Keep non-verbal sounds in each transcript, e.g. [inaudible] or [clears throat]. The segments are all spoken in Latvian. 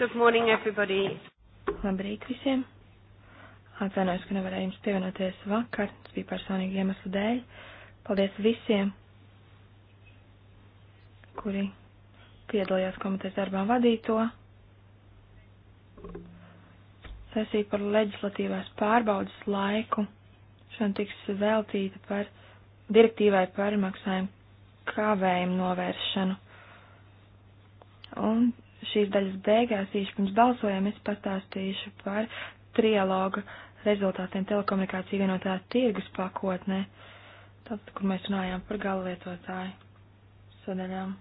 Good morning, everybody. Labrīt visiem. Atvainojos, ka nevarēju jums pievienoties vakar. Tas bija personīgi iemeslu dēļ. Paldies visiem, kuri piedalījās komitejas darbā vadīto. Sesija par leģislatīvās pārbaudas laiku šodien tiks veltīta par direktīvai par maksājumu kavējumu novēršanu. Un šīs daļas beigās, īši pirms balsojām, es pastāstīšu par trialoga rezultātiem telekomunikāciju vienotā tirgus pakotnē, tātad, kur mēs runājām par galvlietotāju sadaļām.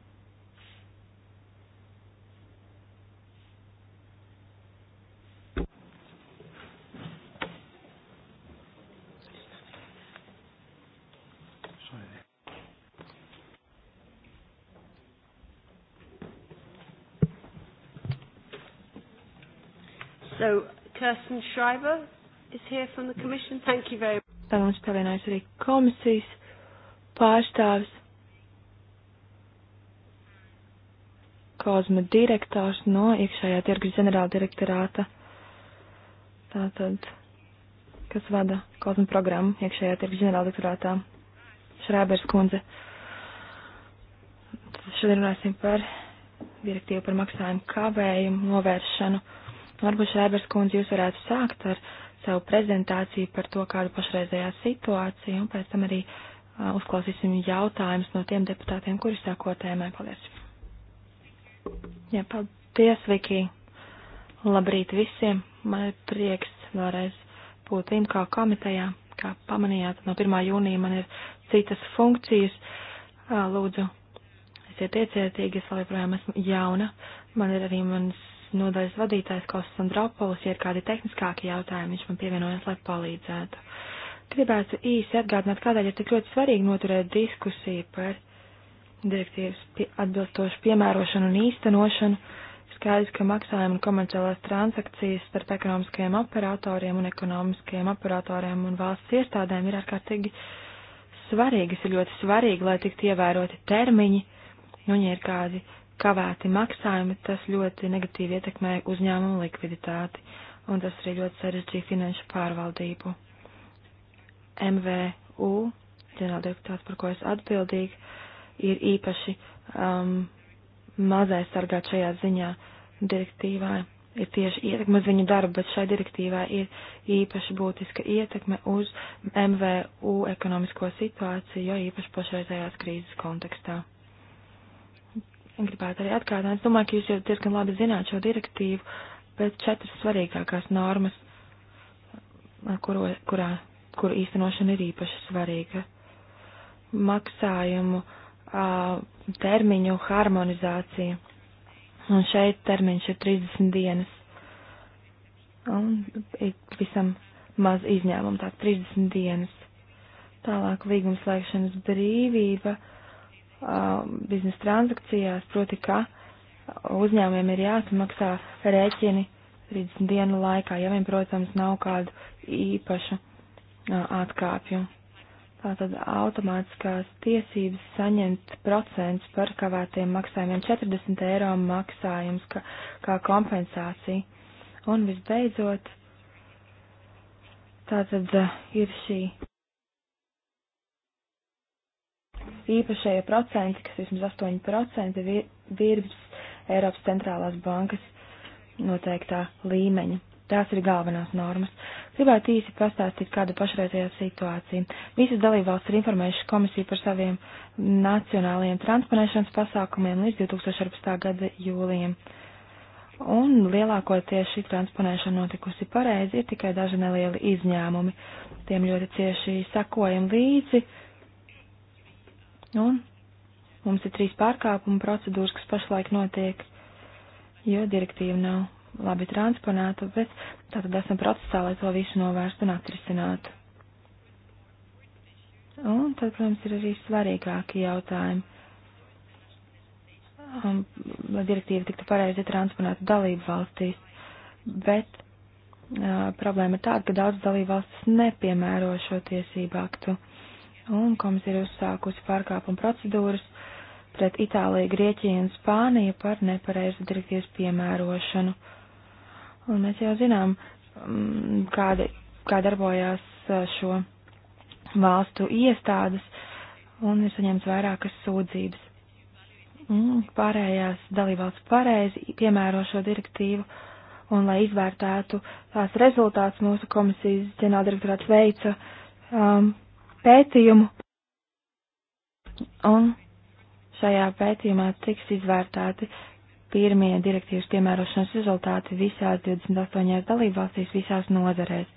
So, Kirsten Schreiber is here from the Commission. Thank you very much. Tā mums pievienojas arī komisijas pārstāvis, Kozma direktors no iekšējā tirgus ģenerāla direktorāta, tātad, kas vada Kozma programmu iekšējā tirgus ģenerāla direktorātā, Šrēbers kundze. Tad šodien runāsim par direktīvu par maksājumu kavējumu novēršanu Varbūt Šēbers kundze jūs varētu sākt ar savu prezentāciju par to, kāda pašreizējā situācija, un pēc tam arī uh, uzklausīsim jautājumus no tiem deputātiem, kuri sāko tēmai. Paldies! Jā, paldies, Viki! Labrīt visiem! Man ir prieks vēlreiz būt imkā komitejā. Kā pamanījāt, no 1. jūnija man ir citas funkcijas. Lūdzu, esiet iecietīgi, es vēl joprojām esmu jauna. Man ir arī mans nodaļas vadītājs Kostas Andropolis, ja ir kādi tehniskāki jautājumi, viņš man pievienojas, lai palīdzētu. Gribētu īsi atgādināt, kādēļ ir tik ļoti svarīgi noturēt diskusiju par direktīvas pie, atbilstošu piemērošanu un īstenošanu. Skaidrs, ka maksājumi un komerciālās transakcijas starp ekonomiskajiem operatoriem un ekonomiskajiem operatoriem un valsts iestādēm ir ārkārtīgi svarīgas, ir ļoti svarīgi, lai tiktu ievēroti termiņi, un ja ir kādi uh, kavēti maksājumi, tas ļoti negatīvi ietekmē uzņēmumu likviditāti, un tas arī ļoti sarežģīja finanšu pārvaldību. MVU, ģenerāldirektāts, par ko es atbildīgi, ir īpaši um, mazai sargāt šajā ziņā direktīvā. Ir tieši ietekme uz viņu darbu, bet šai direktīvā ir īpaši būtiska ietekme uz MVU ekonomisko situāciju, jo īpaši pašreizējās krīzes kontekstā. Gribētu arī atgādināt, domāju, ka jūs jau diezgan labi zināt šo direktīvu, bet četras svarīgākās normas, kuro, kurā, kuru īstenošana ir īpaši svarīga. Maksājumu termiņu harmonizācija. Un šeit termiņš ir 30 dienas. Un ir visam maz izņēmumu, tāds 30 dienas. Tālāk līgums slēgšanas brīvība. Uh, Um, biznesa transakcijās, proti, ka uzņēmumiem ir jāsamaksā rēķini 30 dienu laikā, ja vien, protams, nav kādu īpašu uh, atkāpju. Tātad automātiskās tiesības saņemt procents par kavētiem maksājumiem 40 eiro maksājums kā, kā kompensācija. Un visbeidzot, tātad uh, ir šī īpašie procenti, kas vismaz 8% virs Eiropas centrālās bankas noteiktā līmeņa. Tās ir galvenās normas. Gribētu īsi pastāstīt, kāda pašreizējā situācija. Visas dalībvalsts ir informējušas komisiju par saviem nacionālajiem transponēšanas pasākumiem līdz 2014. gada jūlijam. Un lielākoties šī transponēšana notikusi pareizi, ir tikai daži nelieli izņēmumi. Tiem ļoti cieši sakojam līdzi. Uh, Un nu, mums ir trīs pārkāpuma procedūras, kas pašlaik notiek, jo direktīva nav labi transponēta, bet tātad esam procesā, lai to visu novērstu un atrisinātu. Un tad, protams, ir arī svarīgāki jautājumi. Um, lai direktīva tiktu pareizi transponēta dalību valstīs, bet uh, problēma ir tāda, ka daudz dalību valstis nepiemēro šo tiesību aktu. Uh, un komisija ir uzsākusi pārkāpuma procedūras pret Itāliju, Grieķiju un Spāniju par nepareizu direktīvas piemērošanu. Un mēs jau zinām, mm, kāda, kā darbojās šo valstu iestādes, un ir saņemts vairākas sūdzības. Un pārējās dalībvalsts pareizi piemēro šo direktīvu, un lai izvērtētu tās rezultātus, mūsu komisijas ģenerāldirektorāts veica um, pētījumu, un šajā pētījumā tiks izvērtēti pirmie direktīvas piemērošanas rezultāti visās 28 dalībvalstīs, visās nozarēs.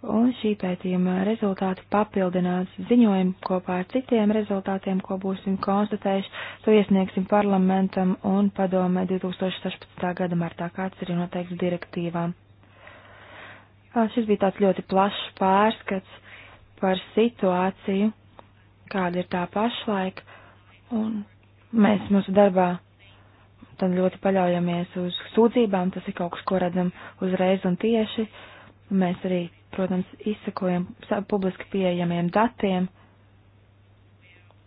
Un šī pētījuma rezultāti papildinās ziņojumu kopā ar citiem rezultātiem, ko būsim konstatējuši, to iesniegsim parlamentam un padomē 2016. gada martā, kāds ir noteikts direktīvām. Šis bija tāds ļoti plašs pārskats par situāciju, kāda ir tā pašlaik, un mēs mūsu darbā tad ļoti paļaujamies uz sūdzībām, tas ir kaut kas, ko redzam uzreiz un tieši. Mēs arī, protams, izsakojam publiski pieejamiem datiem.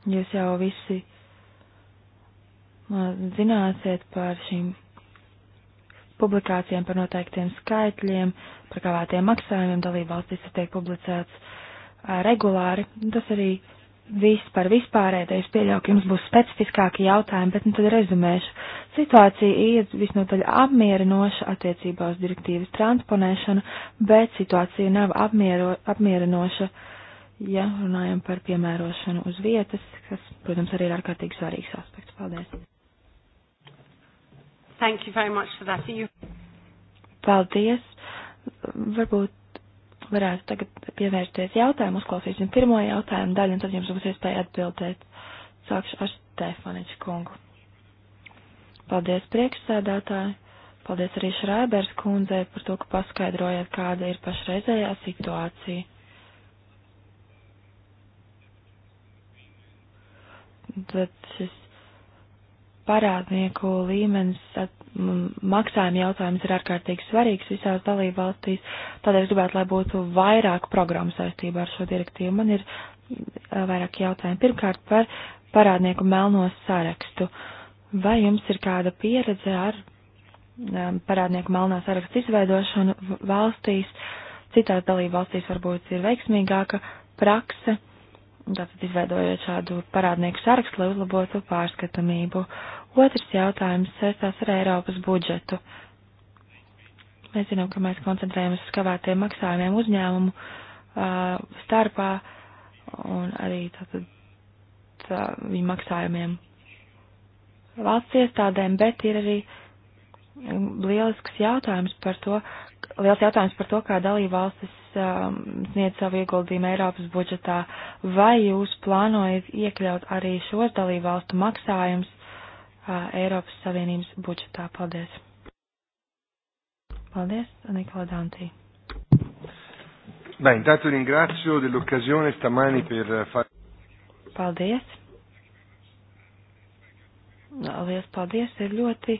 Jūs jau visi uh, zināsiet par šīm publikācijām, par noteiktiem skaitļiem, par kavētiem maksājumiem dalībvalstīs tas tiek publicēts regulāri. Tas arī viss par vispārēju, es pieļauju, ka jums būs specifiskāki jautājumi, bet nu tad rezumēšu. Situācija ir visnotaļ apmierinoša attiecībā uz direktīvas transponēšanu, bet situācija nav apmiero, apmierinoša, ja runājam par piemērošanu uz vietas, kas, protams, arī ir ārkārtīgi svarīgs aspekts. Paldies! Thank you very much for that. You... Paldies! Varbūt varētu tagad pievērsties jautājumu, uzklausīsim pirmo jautājumu daļu, un tad jums būs iespēja atbildēt. Sākšu ar Stefaniču kungu. Paldies priekšsēdētāji, paldies arī Šrēbers kundzei par to, ka paskaidrojāt, kāda ir pašreizējā situācija. Tad šis parādnieku līmenis maksājuma jautājums ir ārkārtīgi svarīgs visās dalību valstīs, tādēļ gribētu, lai būtu vairāk programmu saistībā ar šo direktīvu. Man ir vairāki jautājumi. Pirmkārt, par parādnieku melno sarakstu. Vai jums ir kāda pieredze ar parādnieku melnā sarakstu izveidošanu valstīs? Citās dalību valstīs varbūt ir veiksmīgāka praksa tātad izveidojot šādu parādnieku sarakstu, lai uzlabotu pārskatamību. Otrs jautājums saistās ar Eiropas budžetu. Mēs zinām, ka mēs koncentrējamies uz kavētiem maksājumiem uzņēmumu uh, starpā un arī tātad tā, viņu maksājumiem valsts iestādēm, bet ir arī lielisks jautājums par to, liels jautājums par to, kā dalība valstis um, sniedz savu ieguldījumu Eiropas budžetā, vai jūs plānojat iekļaut arī šos dalībvalstu maksājumus uh, Eiropas Savienības budžetā? Paldies! Paldies, Nikola Dantī! Beh, intanto ringrazio dell'occasione stamani per fare. Paldies. Lielas paldies. Ir ļoti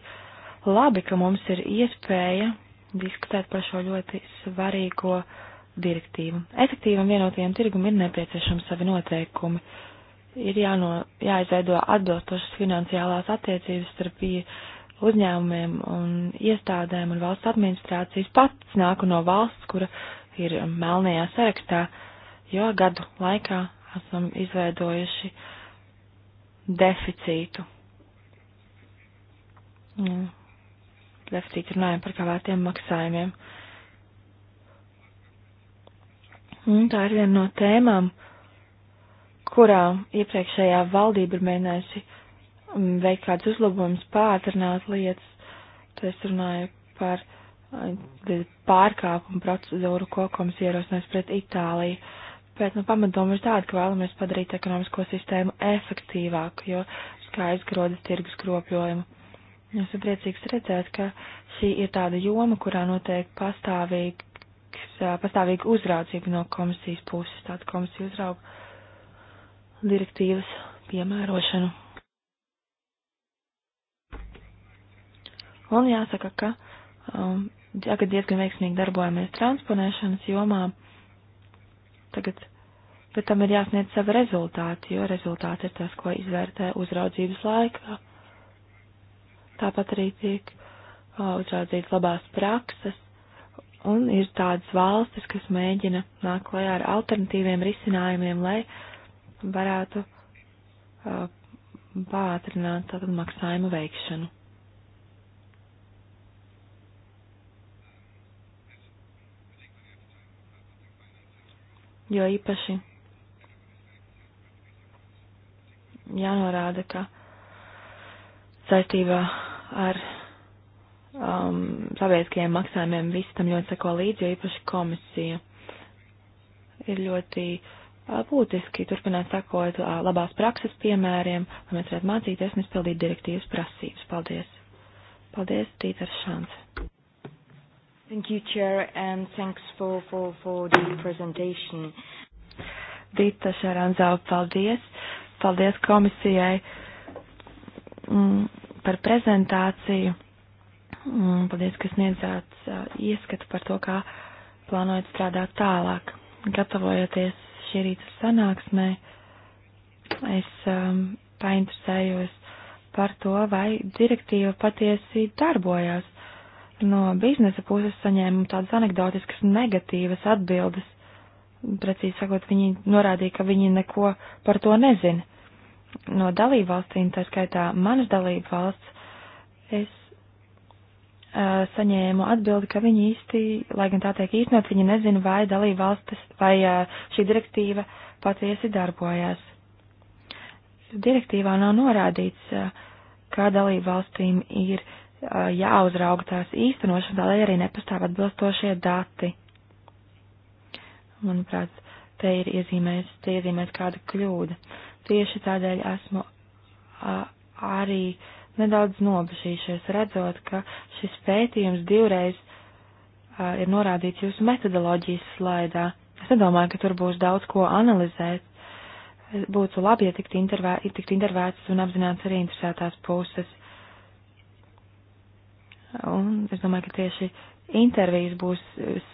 labi, ka mums ir iespēja diskutēt par šo ļoti svarīgo direktīvu. Efektīvam vienotajam tirgum ir nepieciešami savi noteikumi. Ir jāno, jāizveido atbilstošas finansiālās attiecības starp uzņēmumiem un iestādēm un valsts administrācijas. Pats nāku no valsts, kura ir melnajā sarakstā, jo gadu laikā esam izveidojuši deficītu. Mm. Deficīti runājam par kavētiem maksājumiem. Uh, Un tā ir viena no tēmām, kurā iepriekšējā valdība ir mēģinājusi um, veikt kādus uzlabojumus, pātrināt lietas. Tad es runāju par uh, pārkāpumu procedūru, ko komisija ierosinās pret Itāliju. Bet, nu, pamatdoma ir tāda, ka vēlamies padarīt ekonomisko sistēmu efektīvāku, jo skaidrs grodas tirgus kropļojumu. Esmu priecīgs redzēt, ka šī ir tāda joma, kurā notiek pastāvīgi notiks pastāvīga uzraudzība no komisijas puses, tāda komisija uzrauga direktīvas piemērošanu. Un jāsaka, ka um, tagad diezgan veiksmīgi darbojamies transponēšanas jomā. Tagad, bet tam ir jāsniedz savi rezultāti, jo rezultāti ir tas, ko izvērtē uzraudzības laikā. Tāpat arī tiek uh, uzraudzīts labās prakses Un ir tādas valstis, kas mēģina nākt klajā ar alternatīviem risinājumiem, lai varētu uh, pātrināt tātad maksājumu veikšanu. Jo īpaši jānorāda, ka saistībā ar um, sabiedriskajiem maksājumiem viss tam ļoti seko līdzi, īpaši komisija. Ir ļoti uh, būtiski turpināt sakot uh, labās prakses piemēriem, lai mēs varētu mācīties un izpildīt direktīvas prasības. Paldies! Paldies, Tīters Šāns! Thank you, Chair, and thanks for, for, for the presentation. Dita Šaranzau, paldies! Paldies komisijai mm, par prezentāciju Un mm, paldies, ka sniedzāt ieskatu par to, kā plānojat strādāt tālāk. Gatavojoties šī rīta sanāksmē, es um, painteresējos par to, vai direktīva patiesi darbojās. No biznesa puses saņēmu tādas anegdotiskas negatīvas atbildes. Precīzi sakot, viņi norādīja, ka viņi neko par to nezina. No dalībvalstīm, tā skaitā manas dalībvalsts, es Uh, saņēmu atbildi, ka viņi īsti, lai gan tā tiek īstenot, viņi nezina, vai dalība valstis, vai uh, šī direktīva patiesi darbojās. Direktīvā nav norādīts, uh, kā dalība valstīm ir jāuzrauga tās īstenošana, tādēļ arī nepastāv atbilstošie dati. Manuprāt, te ir iezīmēs, te iezīmēs kāda kļūda. Tieši tādēļ esmu arī uh, nedaudz nobažījušies, redzot, ka šis pētījums divreiz uh, ir norādīts jūsu metodoloģijas slaidā. Es nedomāju, ka tur būs daudz ko analizēt. Būtu labi, ja tiktu intervē, tikt intervētas un apzināts arī interesētās puses. Un es domāju, ka tieši intervijas būs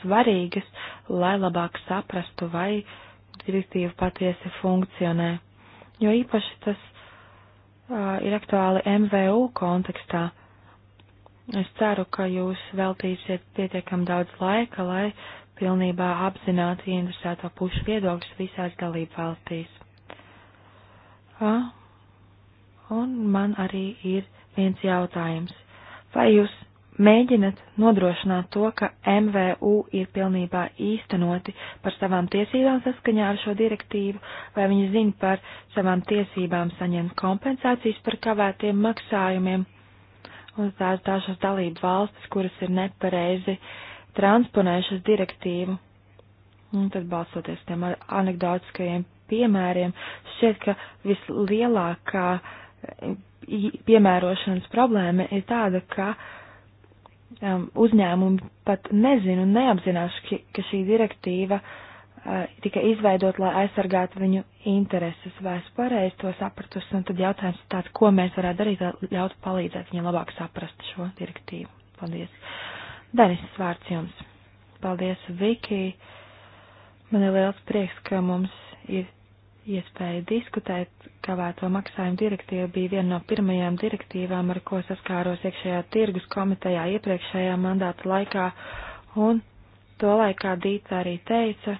svarīgas, lai labāk saprastu, vai direktīva patiesi funkcionē. Jo īpaši tas ir aktuāli MVU kontekstā. Es ceru, ka jūs veltīsiet pietiekam daudz laika, lai pilnībā apzinātu ieinteresēto pušu viedokļus visās dalību valstīs. Un man arī ir viens jautājums. Vai jūs mēģinat nodrošināt to, ka MVU ir pilnībā īstenoti par savām tiesībām saskaņā ar šo direktīvu, vai viņi zina par savām tiesībām saņemt kompensācijas par kavētiem maksājumiem, un tās dažas dalību valstis, kuras ir nepareizi transponējušas direktīvu. Un tad balsoties tiem anegdotiskajiem piemēriem, šķiet, ka vislielākā piemērošanas problēma ir tāda, ka uh, um, uzņēmumi pat nezinu un neapzinās, ka šī direktīva uh, tika izveidot, lai aizsargātu viņu intereses, vai es pareizi to sapratusi, un tad jautājums ir tāds, ko mēs varētu darīt, lai ļautu palīdzēt viņiem labāk saprast šo direktīvu. Paldies. Denis, vārds jums. Paldies, Viki. Man ir liels prieks, ka mums ir iespēja diskutēt, kavēto maksājumu direktīva bija viena no pirmajām direktīvām, ar ko saskāros iekšējā tirgus komitejā iepriekšējā mandāta laikā, un to laikā Dīta arī teica,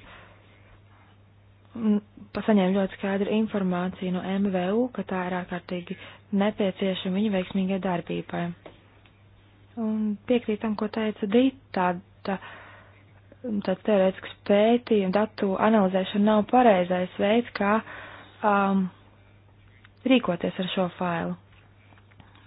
pasaņēma ļoti skaidru informāciju no MVU, ka tā ir ārkārtīgi nepieciešama viņu veiksmīgai darbībai. Un piekrītam, ko teica Dīta, tāda. Tā, tāds teorētisks pētījums, datu analizēšana nav pareizais veids, kā um, rīkoties ar šo failu.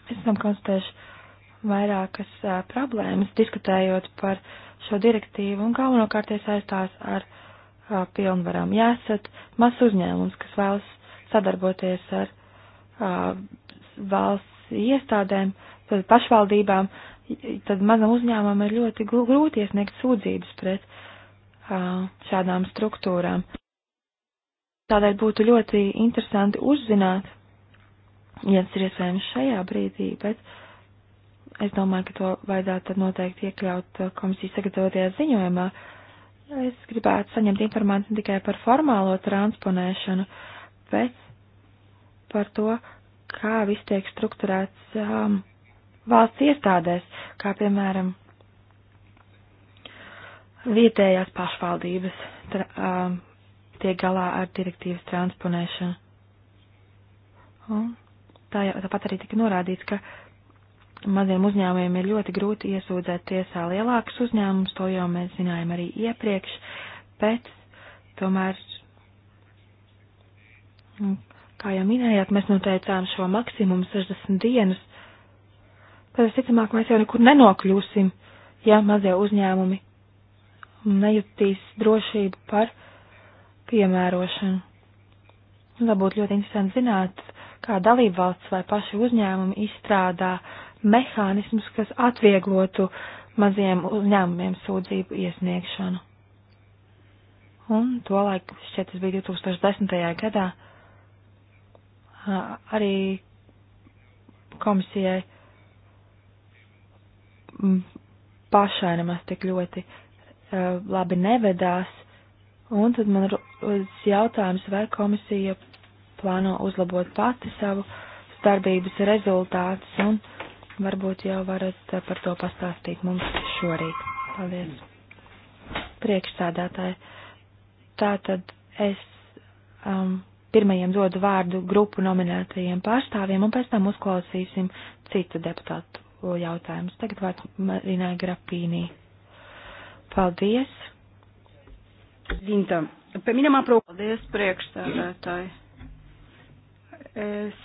Mēs esam konstatējuši vairākas uh, problēmas, diskutējot par šo direktīvu, un galvenokārt iesaistās ar uh, pilnvarām. Ja esat mazs uzņēmums, kas vēlas sadarboties ar uh, valsts iestādēm, pašvaldībām, uh, tad mazam uzņēmumam ir ļoti grūti iesniegt sūdzības pret uh, šādām struktūrām. Tādēļ būtu ļoti interesanti uzzināt, ja tas ir iespējams šajā brīdī, bet es domāju, ka to vajadzētu tad noteikti iekļaut komisijas sagatavotajā ziņojumā. Es gribētu saņemt informāciju ne tikai par formālo transponēšanu, bet par to, kā viss tiek strukturēts um, valsts iestādēs, kā piemēram vietējās pašvaldības tra, um, tiek galā ar direktīvas transponēšanu. Un tā, jau, tāpat arī tika norādīts, ka maziem uzņēmumiem ir ļoti grūti iesūdzēt tiesā lielākus uzņēmumus, to jau mēs zinājām arī iepriekš, bet tomēr, kā jau minējāt, mēs noteicām šo maksimumu 60 dienas bet visticamāk mēs jau nekur nenokļūsim, ja mazie uzņēmumi nejutīs drošību par piemērošanu. Lai būtu ļoti interesanti zināt, kā dalība valsts vai paši uzņēmumi izstrādā mehānismus, kas atvieglotu maziem uzņēmumiem sūdzību iesniegšanu. Un tolaik, šķiet, tas bija 2010. gadā, arī komisijai pašai nemaz tik ļoti uh, labi nevedās. Un tad man ir jautājums, vai komisija plāno uzlabot pati savu darbības rezultātus, un varbūt jau varat par to pastāstīt mums šorīt. Paldies. Priekšsādātāji. Tātad es um, pirmajiem dodu vārdu grupu nominētajiem pārstāvjiem, un pēc tam uzklausīsim citu deputātu jautājumus. Tagad vārds Marinai Grapīnī. Paldies! Zinta, pe mine m-a provocat. Paldies, priekšstādātāji. Es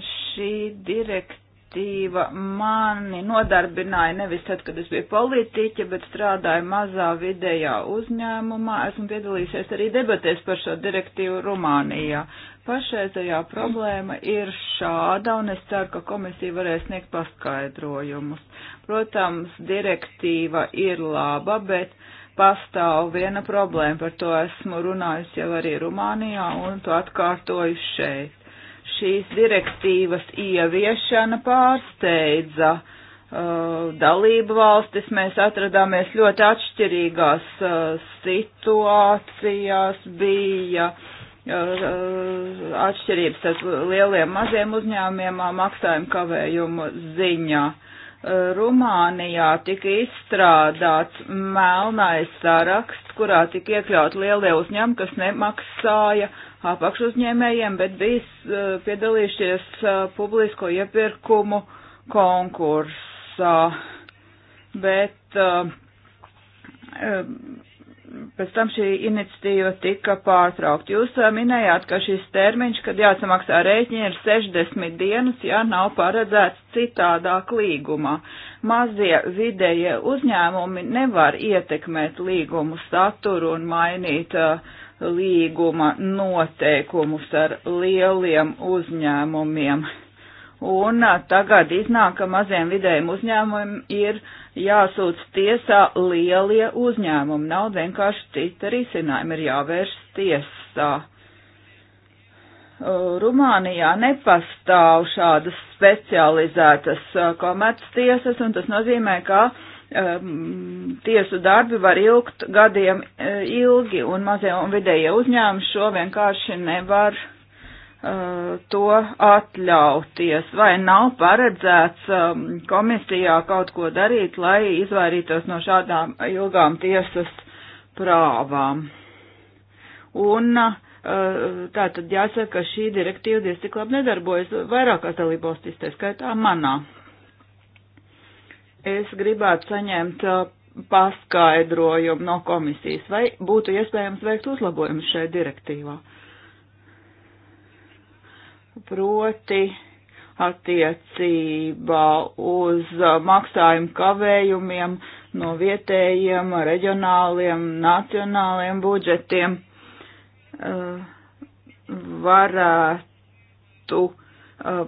šī direktīva mani nodarbināja nevis tad, kad es biju politiķe, bet strādāju mazā vidējā uzņēmumā. Esmu piedalīsies arī debatēs par šo direktīvu Rumānijā pašreizējā problēma ir šāda, un es ceru, ka komisija varēs sniegt paskaidrojumus. Protams, direktīva ir laba, bet pastāv viena problēma, par to esmu runājusi jau arī Rumānijā un to atkārtoju šeit. Šīs direktīvas ieviešana pārsteidza uh, dalību valstis mēs atradāmies ļoti atšķirīgās uh, situācijās, bija uh, Eh, eh, atšķirības starp lieliem maziem uzņēmumiem eh, maksājumu kavējumu ziņā. Rumānijā tika izstrādāts melnais saraksts, kurā tika iekļaut lielie uzņēmumi, kas nemaksāja apakšuzņēmējiem, bet bija piedalījušies publisko iepirkumu konkursā. Bet uh, pēc tam šī iniciatīva tika pārtraukta. Jūs minējāt, ka šis termiņš, kad jāsamaksā rēķini, ir 60 dienas, ja nav paredzēts citādāk līgumā. Mazie vidējie uzņēmumi nevar ietekmēt līgumu saturu un mainīt līguma noteikumus ar lieliem uzņēmumiem Un tagad iznāk, ka maziem vidējiem uzņēmumiem ir jāsūdz tiesā lielie uzņēmumi. Nav vienkārši cita risinājuma, ir jāvērš tiesā. Rumānijā nepastāv šādas specializētas komerctiesas, un tas nozīmē, ka um, tiesu darbi var ilgt gadiem ilgi, un mazie un vidējie uzņēmumi šo vienkārši nevar Uh, to atļauties, vai nav paredzēts um, komisijā kaut ko darīt, lai izvairītos no šādām ilgām tiesas prāvām. Un uh, tā tad jāsaka, ka šī direktīva diez tik labi nedarbojas vairākās dalībvalstīs, tā skaitā manā. Es gribētu saņemt uh, paskaidrojumu no komisijas, vai būtu iespējams veikt uzlabojumus šai direktīvā. Uh, proti attiecībā uz maksājumu kavējumiem no vietējiem, reģionāliem, nacionāliem budžetiem eh, varētu eh,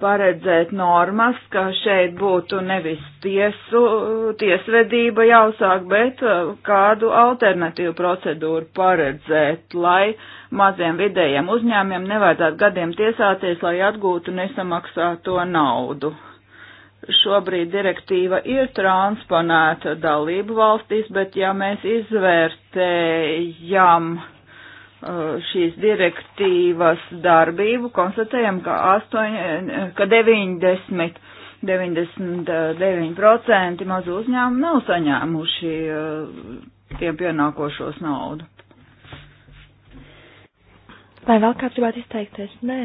paredzēt normas, ka šeit būtu nevis tiesu, tiesvedība jāuzsāk, bet uh, kādu alternatīvu procedūru paredzēt, lai maziem vidējiem uzņēmiem nevajadzētu gadiem tiesāties, lai atgūtu nesamaksāto naudu. Šobrīd direktīva ir transponēta dalību valstīs, bet ja mēs izvērtējam, Uh, šīs direktīvas darbību, konstatējam, ka, 8, ka 90, 99% mazu uzņēmumu nav saņēmuši uh, tiem pienākošos naudu. Vai vēl kāds gribētu izteikties? Nē.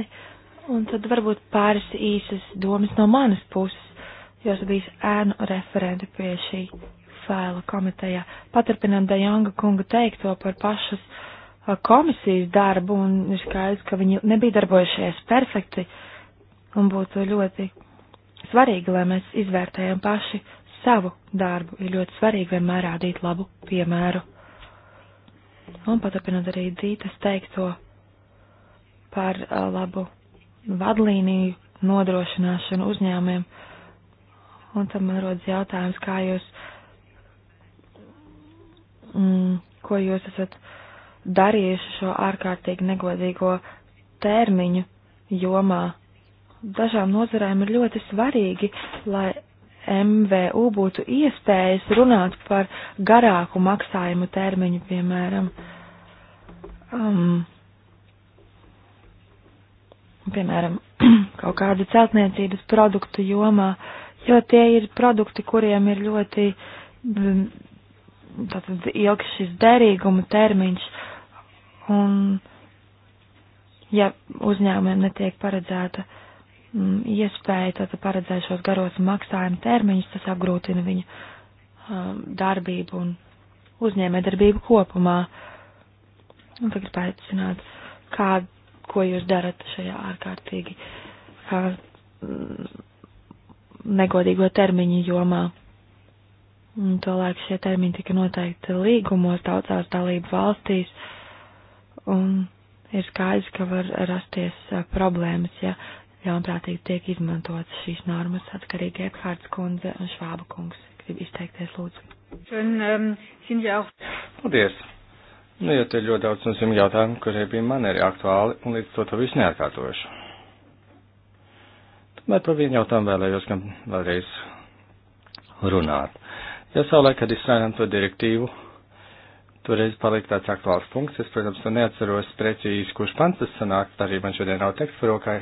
Un tad varbūt pāris īsas domas no manas puses, jo esmu bijis ēnu referenti pie šī faila komitejā. Paturpinām Dajanga kunga teikto par pašas uh, komisijas darbu, un ir skaidrs, ka viņi nebija darbojušies perfekti, un būtu ļoti svarīgi, lai mēs izvērtējam paši savu darbu. Ir ļoti svarīgi vienmēr rādīt labu piemēru. Un paturpinot arī Dītas teikto par labu vadlīniju nodrošināšanu uzņēmiem. Un tad man rodas jautājums, kā jūs, mm, ko jūs esat uh, darījuši šo ārkārtīgi negodīgo termiņu jomā. Dažām nozarēm ir ļoti svarīgi, lai MVU būtu iespējas runāt par garāku maksājumu termiņu, piemēram. Um, piemēram, [clears throat] kaut kāda celtniecības produktu jomā, jo tie ir produkti, kuriem ir ļoti mm, tātad ilgs šis derīguma termiņš, Un, ja uzņēmumiem netiek paredzēta m, mm, iespēja, tad paredzēt šos garos maksājumu termiņus, tas apgrūtina viņu um, darbību un uzņēmē darbību kopumā. Un tagad gribētu zināt, kā, ko jūs darat šajā ārkārtīgi kā, m, mm, negodīgo termiņu jomā. Un to laiku šie termiņi tika noteikti līgumos daudzās dalību valstīs. Uh, Un ir skaidrs, ka var rasties problēmas, ja ļaunprātīgi tiek izmantotas šīs normas atkarīgi Ekhārds kundze un Švāba kungs. Grib izteikties, lūdzu. Un, um, jau... Paldies. Nu, ja te ir ļoti daudz un simt jautājumu, kurie bija man arī aktuāli, un līdz to to visu neatkārtošu. Tomēr par vienu jautājumu vēlējos gan vēlreiz runāt. Ja savulaik, kad izstrādājam to direktīvu, Toreiz palika tāds aktuāls punkts. Es, protams, to neatceros precīzi, kurš pants tas sanāk. Arī man šodien nav teksts rokai.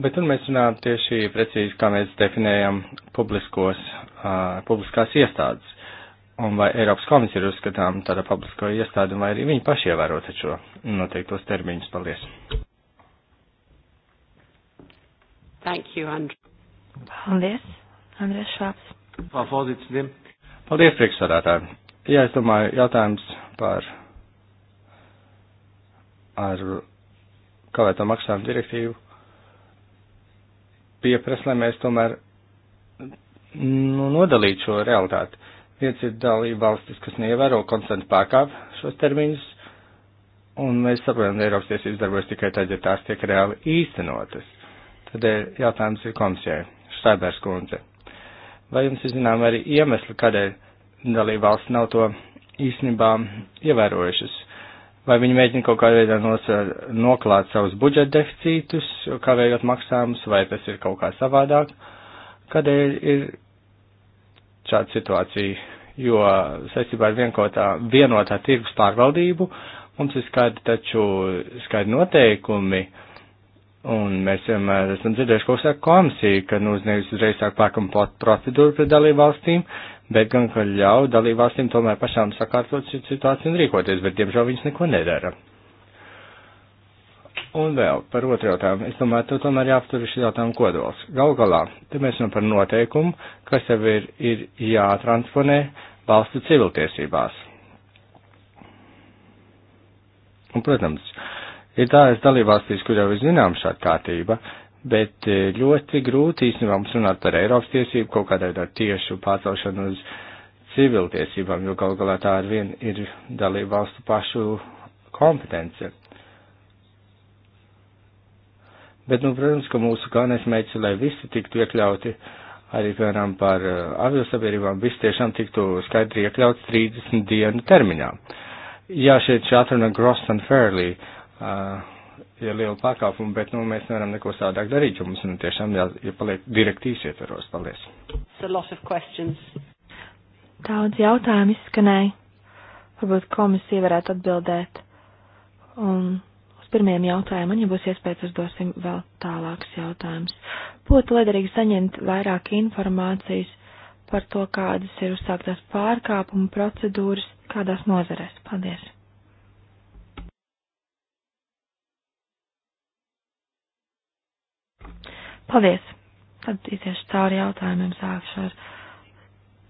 Bet tur mēs runājam tieši precīzi, kā mēs definējam publiskos, uh, publiskās iestādes. Un vai Eiropas komisija ir uzskatām tāda publisko iestādi, vai arī viņi paši ievēro taču noteiktos termiņus. Paldies! Thank you, Andrew. Paldies, Andrēs Švāps. Paldies, priekšsādātāji. Jā, es domāju, jautājums par ar kavēto maksājumu direktīvu pieprasa, lai mēs tomēr nu, nodalītu šo realitāti. Viens ir dalība valstis, kas neievēro konstantu pārkāp šos termiņus, un mēs saprotam, ka Eiropas tiesības darbojas tikai tad, ja tās tiek reāli īstenotas. Tādēļ eh, jautājums ir komisijai, Štaibērs kundze. Vai jums ir zinām arī iemesli, kādēļ dalībvalsts nav to īstenībā ievērojušas? Vai viņi mēģina kaut kādā veidā noklāt savus budžeta deficītus, kavējot maksājumus, vai tas ir kaut kā savādāk? Kādēļ ir šāda situācija? Jo saistībā ar vienotā, vienotā tirgus pārvaldību mums ir skaidri taču skaidri noteikumi, uh, Un mēs vienmēr esam dzirdējuši, ko saka komisija, ka nu nevis uzreiz sāk pārkuma procedūru pret dalībvalstīm, bet gan, ka ļauj dalībvalstīm tomēr pašām sakārtot situāciju un rīkoties, bet diemžēl viņas neko nedara. Un vēl par otru jautājumu. Es domāju, tu tomēr jāaptur šī jautājuma kodols. Gal galā, te mēs runājam par noteikumu, kas jau ir, ir jātransponē valstu civiltiesībās. Un, protams, uh, Ir tādas dalībvalstīs, kur jau ir zinām šāda kārtība, bet e, ļoti grūti īstenībā mums runāt par Eiropas tiesību kaut kādā veidā tiešu pārcelšanu uz civiltiesībām, jo gal galā tā ar vien ir dalībvalstu pašu kompetence. Bet, nu, protams, ka mūsu galvenais mērķis, lai visi tiktu iekļauti arī, piemēram, par e, aviosabiedrībām, viss tiešām tiktu skaidri iekļauts 30 dienu termiņā. Jā, šeit šātruna Gross un Fairley. Uh, ir ah, liela pārkāpuma, bet nu, mēs nevaram neko savādāk darīt, jo mums nu, tiešām jāpaliek ja direktīvas ietveros. Paldies! Daudz jautājumu izskanēja. Varbūt komisija varētu atbildēt. Un uz pirmiem jautājumiem, ja būs iespējas, uzdosim vēl tālākus jautājumus. Būtu liederīgi saņemt vairāk informācijas par to, kādas ir uzsāktās pārkāpuma procedūras, kādās nozarēs. Paldies! Paldies! Tad iziešu cauri jautājumiem, sākšu ar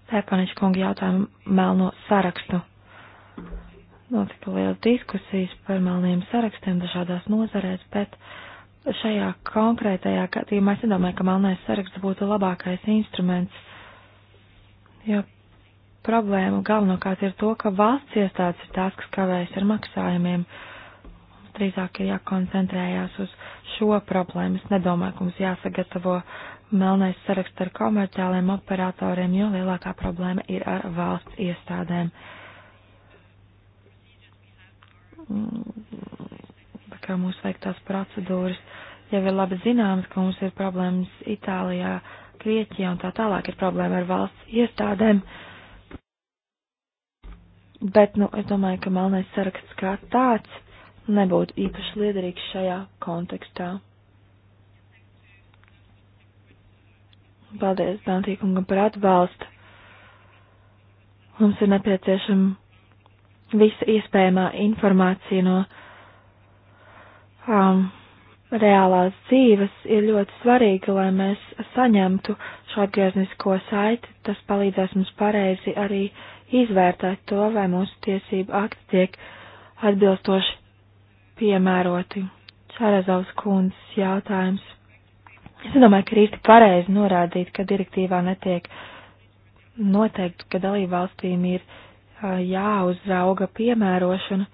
Stepanišu kungu jautājumu melno sarakstu. Notika nu, liels diskusijas par melniem sarakstiem dažādās nozarēs, bet šajā konkrētajā gadījumā es nedomāju, ka melnais saraksts būtu labākais instruments, jo problēma galvenokārt ir to, ka valsts iestādes ir tās, kas kavējas ar maksājumiem. Uh, drīzāk ir jākoncentrējās uz šo problēmu. Es nedomāju, ka mums jāsagatavo melnais saraksts ar komerciāliem operatoriem, jo lielākā problēma ir ar valsts iestādēm. Mm, tā kā mūsu veiktās procedūras jau ir labi zināmas, ka mums ir problēmas Itālijā, Grieķijā un tā tālāk ir problēma ar valsts iestādēm. Bet, nu, es domāju, ka melnais saraksts kā tāds nebūtu īpaši liederīgs šajā kontekstā. Paldies Dantīkungam par atbalstu. Mums ir nepieciešama visa iespējamā informācija no um, reālās dzīves. Ir ļoti svarīgi, lai mēs saņemtu šo atgrieznisko saiti. Tas palīdzēs mums pareizi arī izvērtēt to, vai mūsu tiesību akti tiek atbilstoši piemēroti. Čārezavs kundzes jautājums. Es domāju, ka ir īsti pareizi norādīt, ka direktīvā netiek noteikti, ka dalībvalstīm ir jāuzrauga piemērošana.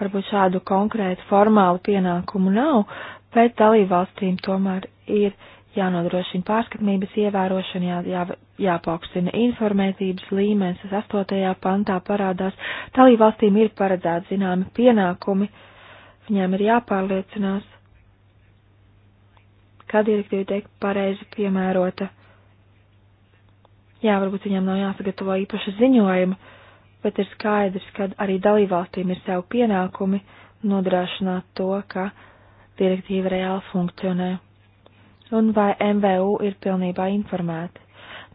Varbūt šādu konkrētu formālu pienākumu nav, bet dalībvalstīm tomēr ir jānodrošina pārskatmības ievērošana, jā, jā, jāpaukstina informētības līmenis, tas astotajā pantā parādās. Dalībvalstīm ir paredzēti zināmi pienākumi uh, Viņām ir jāpārliecinās, kā direktīva tiek pareizi piemērota. Jā, varbūt viņām nav jāsagatavo īpaša ziņojuma, bet ir skaidrs, ka arī dalībvalstīm ir savi pienākumi nodrošināt to, ka direktīva reāli funkcionē. Un vai MVU ir pilnībā informēti?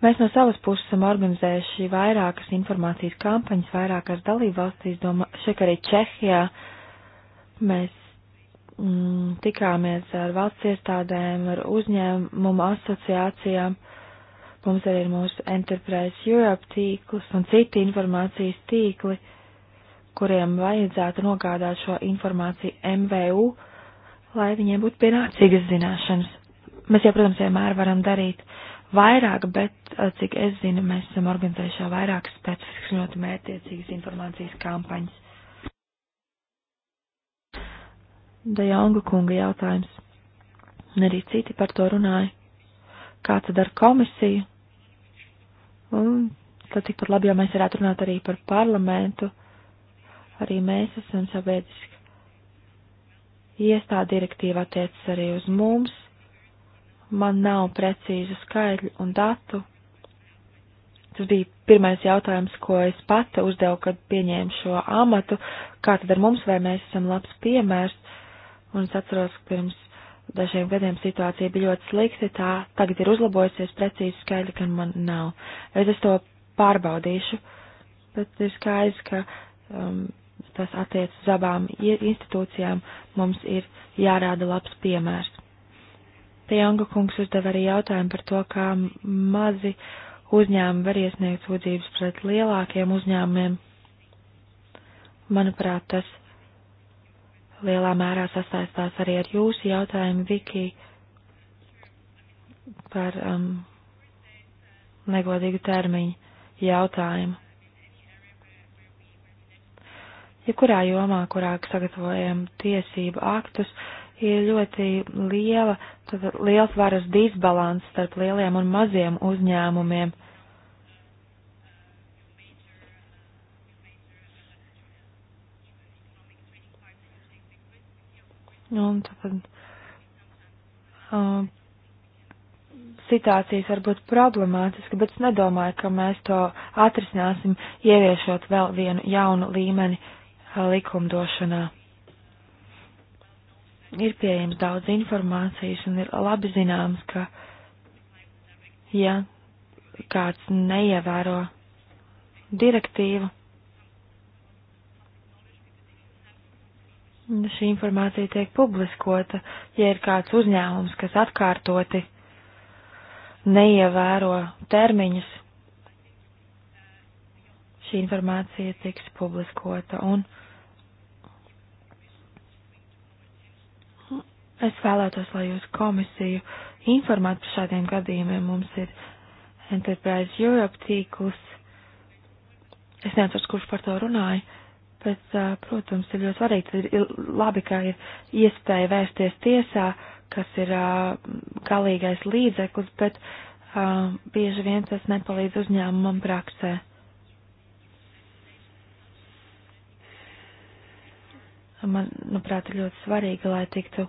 Mēs no savas puses esam organizējuši vairākas informācijas kampaņas vairākās dalībvalstīs, domā, šeit arī Čehijā, uh, Mēs mm, tikāmies ar valsts iestādēm, ar uzņēmumu asociācijām. Mums arī ir mūsu Enterprise Europe tīkls un citi informācijas tīkli, kuriem vajadzētu nogādāt šo informāciju MVU, lai viņiem būtu pienācīgas zināšanas. Mēs jau, protams, vienmēr varam darīt vairāk, bet, eh, cik es zinu, mēs esam organizējuši jau vairākas specifiskas ļoti mērķiecīgas informācijas kampaņas. Dajonga kunga jautājums. Un arī citi par to runāja. Kā tad ar komisiju? Un tad tikpat labi, ja mēs varētu runāt arī par parlamentu. Arī mēs esam sabiedriski. Iestāda direktīva attiecas arī uz mums. Man nav precīzu skaidru un datu. Tas bija pirmais jautājums, ko es pati uzdevu, kad pieņēmu šo amatu. Kā tad ar mums, vai mēs esam labs piemērs? un es atceros, ka pirms dažiem gadiem situācija bija ļoti slikta, tā tagad ir uzlabojusies, precīzi skaidri, ka man nav. Es, es to pārbaudīšu, bet ir skaidrs, ka um, tas attiec uz abām institūcijām, mums ir jārāda labs piemērs. Pieonga kungs uzdev arī jautājumu par to, kā mazi uzņēmumi var iesniegt sūdzības pret lielākiem uzņēmumiem. Manuprāt, tas lielā mērā sasaistās arī ar jūsu jautājumu, Viki, par um, negodīgu termiņu jautājumu. Jebkurā ja jomā, kurā sagatavojam tiesību aktus, ir ļoti liela, liels varas disbalans starp lieliem un maziem uzņēmumiem. Nu, un tātad um, situācijas var būt problemātiska, bet es nedomāju, ka mēs to atrisināsim, ieviešot vēl vienu jaunu līmeni likumdošanā. Ir pieejams daudz informācijas un ir labi zināms, ka, ja kāds neievēro direktīvu, šī informācija tiek publiskota. Ja ir kāds uzņēmums, kas atkārtoti neievēro termiņus, šī informācija tiks publiskota. Un es vēlētos, lai jūs komisiju informētu par šādiem gadījumiem. Mums ir Enterprise Europe tīkls. Es neatceros, kurš par to runāja Bet, protams, ir ļoti svarīgi, ir labi, ka ir iespēja vērsties tiesā, kas ir galīgais līdzeklis, bet bieži vien tas nepalīdz uzņēmumam praksē. Manuprāt, nu, ir ļoti svarīgi, lai tiktu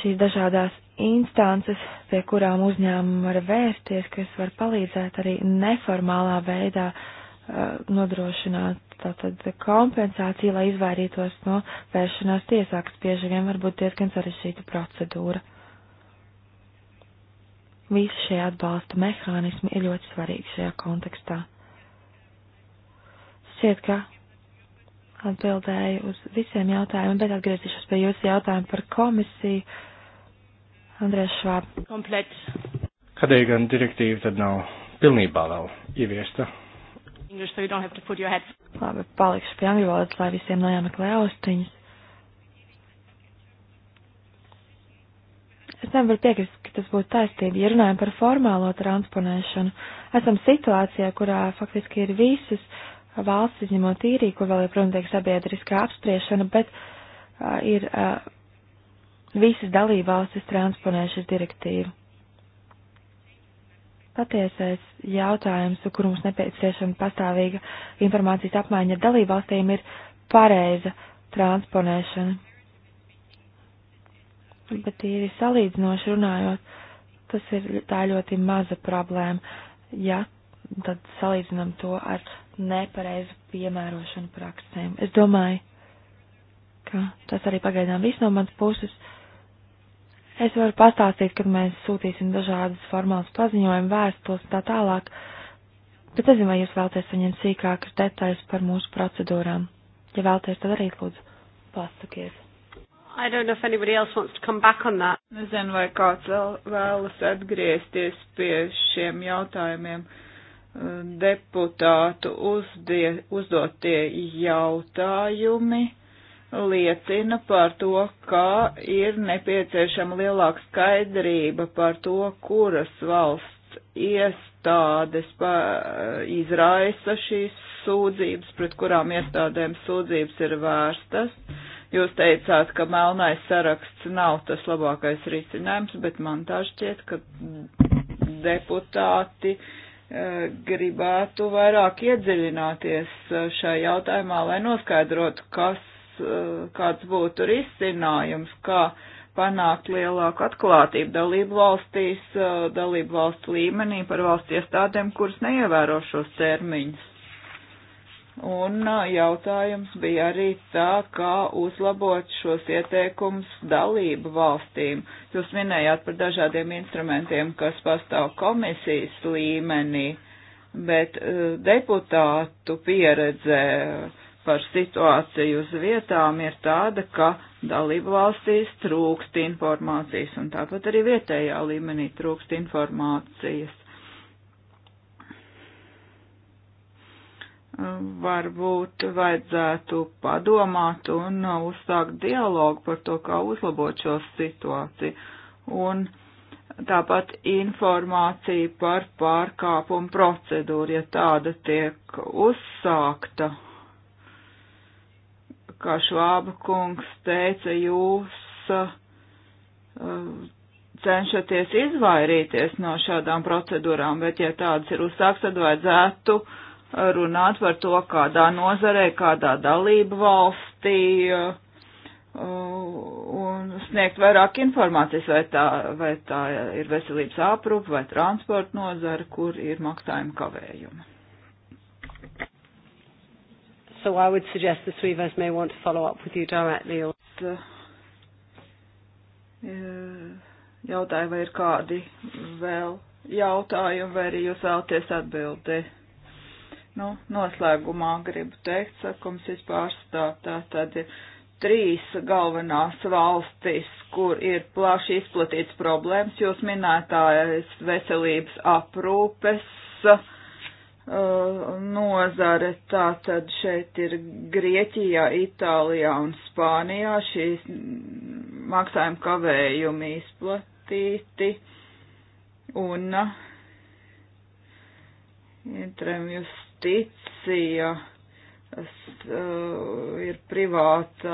šīs dažādās instances, pie kurām uzņēmumi var vērsties, kas var palīdzēt arī neformālā veidā uh, Uh, nodrošināt tātad kompensāciju, lai izvairītos no vēršanās tiesā, kas bieži vien var būt diezgan sarežģīta procedūra. Visi šie atbalsta mehānismi ir ļoti svarīgi šajā kontekstā. Šķiet, ka atbildēju uz visiem jautājumiem, bet atgriezīšos pie jūsu jautājumu par komisiju. Andrēs Švāb. Kompleks. Kādēļ gan direktīva tad nav pilnībā vēl ieviesta? English, so you don't have to put your head. Labi, palikšu pie angļu valodas, lai visiem nojameklē austiņas. Es nevaru piekrist, ka tas būtu taisnība. Ja runājam par formālo transponēšanu, esam situācijā, kurā faktiski ir visas valsts, izņemot īriju, kur vēl joprojām tiek sabiedriskā apspriešana, bet uh, ir uh, visas dalībvalstis transponējušas direktīvu. Patiesais jautājums, kur mums nepieciešama pastāvīga informācijas apmaiņa ar dalībvalstīm, ir pareiza transponēšana. Bet īri salīdzinoši runājot, tas ir tā ļoti maza problēma, ja tad salīdzinam to ar nepareizu piemērošanu praksēm. Es domāju, ka tas arī pagaidām viss no manas puses. Uh, Es varu pastāstīt, kad mēs sūtīsim dažādas formālas paziņojumu, vēstos tā tālāk, bet es zinu, vai jūs vēlaties saņemt sīkākas detaļas par mūsu procedūrām. Ja vēlaties, tad arī lūdzu pasakiet. I don't know if anybody else wants to come back on that. Nezinu, vai kāds vēl vēlas atgriezties pie šiem jautājumiem deputātu uzdie, uzdotie jautājumi liecina par to, ka ir nepieciešama lielāka skaidrība par to, kuras valsts iestādes pa, izraisa šīs sūdzības, pret kurām iestādēm sūdzības ir vērstas. Jūs teicāt, ka melnais saraksts nav tas labākais risinājums, bet man tā šķiet, ka deputāti e, gribētu vairāk iedziļināties e, šajā jautājumā, lai noskaidrotu, kas Eh, kāds būtu risinājums, kā panākt lielāku atklātību dalību valstīs, eh, dalību valstu līmenī par valsts iestādēm, kuras neievēro šos termiņus. Un eh, jautājums bija arī tā, kā uzlabot šos ieteikumus dalību valstīm. Jūs minējāt par dažādiem instrumentiem, kas pastāv komisijas līmenī, bet deputātu pieredze par situāciju uz vietām ir tāda, ka dalību valstīs trūkst informācijas, un tāpat arī vietējā līmenī trūkst informācijas. Varbūt vajadzētu padomāt un uzsākt dialogu par to, kā uzlabot šo situāciju. Un tāpat informācija par pārkāpumu procedūru, ja tāda tiek uzsākta kā Švāba kungs teica, jūs eh, cenšaties izvairīties no šādām procedūrām, bet ja tādas ir uzsāks, tad vajadzētu runāt par to, kādā nozarē, kādā dalību valstī eh, un sniegt vairāk informācijas, vai tā, vai tā ir veselības aprūpa vai transporta nozara, kur ir maksājuma kavējuma. So I would suggest the three of us may want to follow up with you directly. Or... E, Jautāju, vai ir kādi vēl jautājumi, vai arī jūs vēlaties atbildi. Nu, noslēgumā gribu teikt, sakums ir pārstāv, tā tad ir trīs galvenās valstis, kur ir plaši izplatīts problēmas, jūs minētājas veselības aprūpes, uh, Uh, nozare. Tātad šeit ir Grieķijā, Itālijā un Spānijā šīs maksājuma kavējumi izplatīti. Un uh, Intremjus ticija es, uh, ir privāta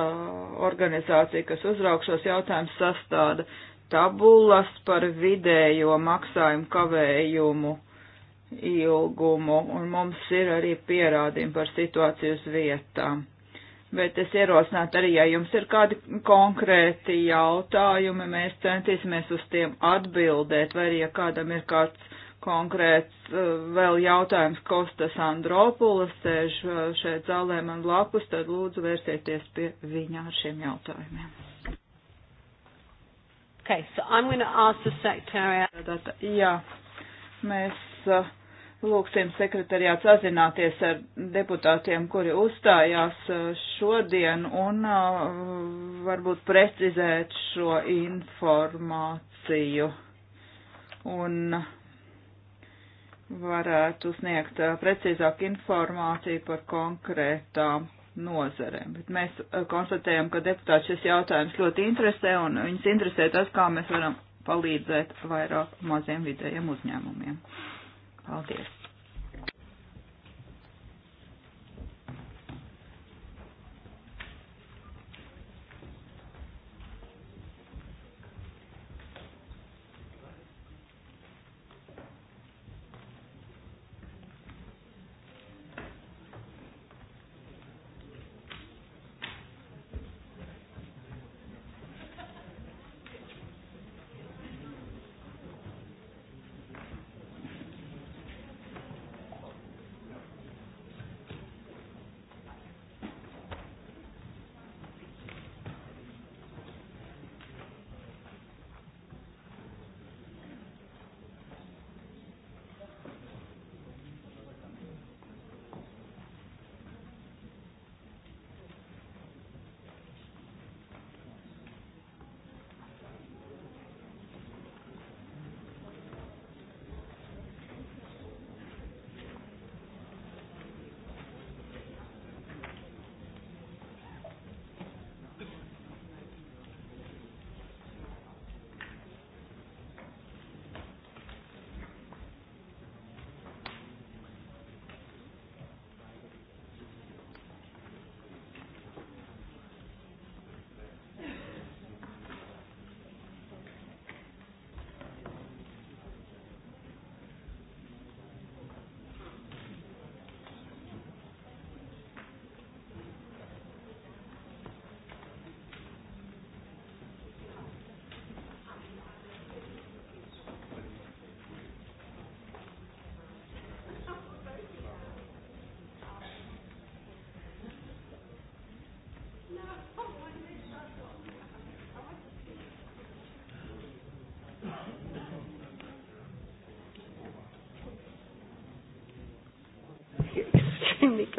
organizācija, kas uzrauk šos jautājumus sastāda tabulas par vidējo maksājumu kavējumu uh, ilgumu, un mums ir arī pierādījumi par situāciju uz vietām. Bet es ierosinātu arī, ja jums ir kādi konkrēti jautājumi, mēs centīsimies uz tiem atbildēt, vai arī, ja kādam ir kāds konkrēts eh, vēl jautājums Kostas Andropulas sēž eh, šeit zālē man lapus, tad lūdzu vērsieties pie viņa ar šiem jautājumiem. Okay, so I'm going to ask the secretariat. Jā, mēs uh, Lūksim sekretariāts sazināties ar deputātiem, kuri uzstājās eh, šodien un eh, varbūt precizēt šo informāciju un varētu sniegt eh, precīzāku informāciju par konkrētām nozarēm. Bet mēs konstatējam, ka deputāti šis jautājums ļoti interesē un viņus interesē tas, kā mēs varam palīdzēt vairāk maziem vidējiem uzņēmumiem. Paldies!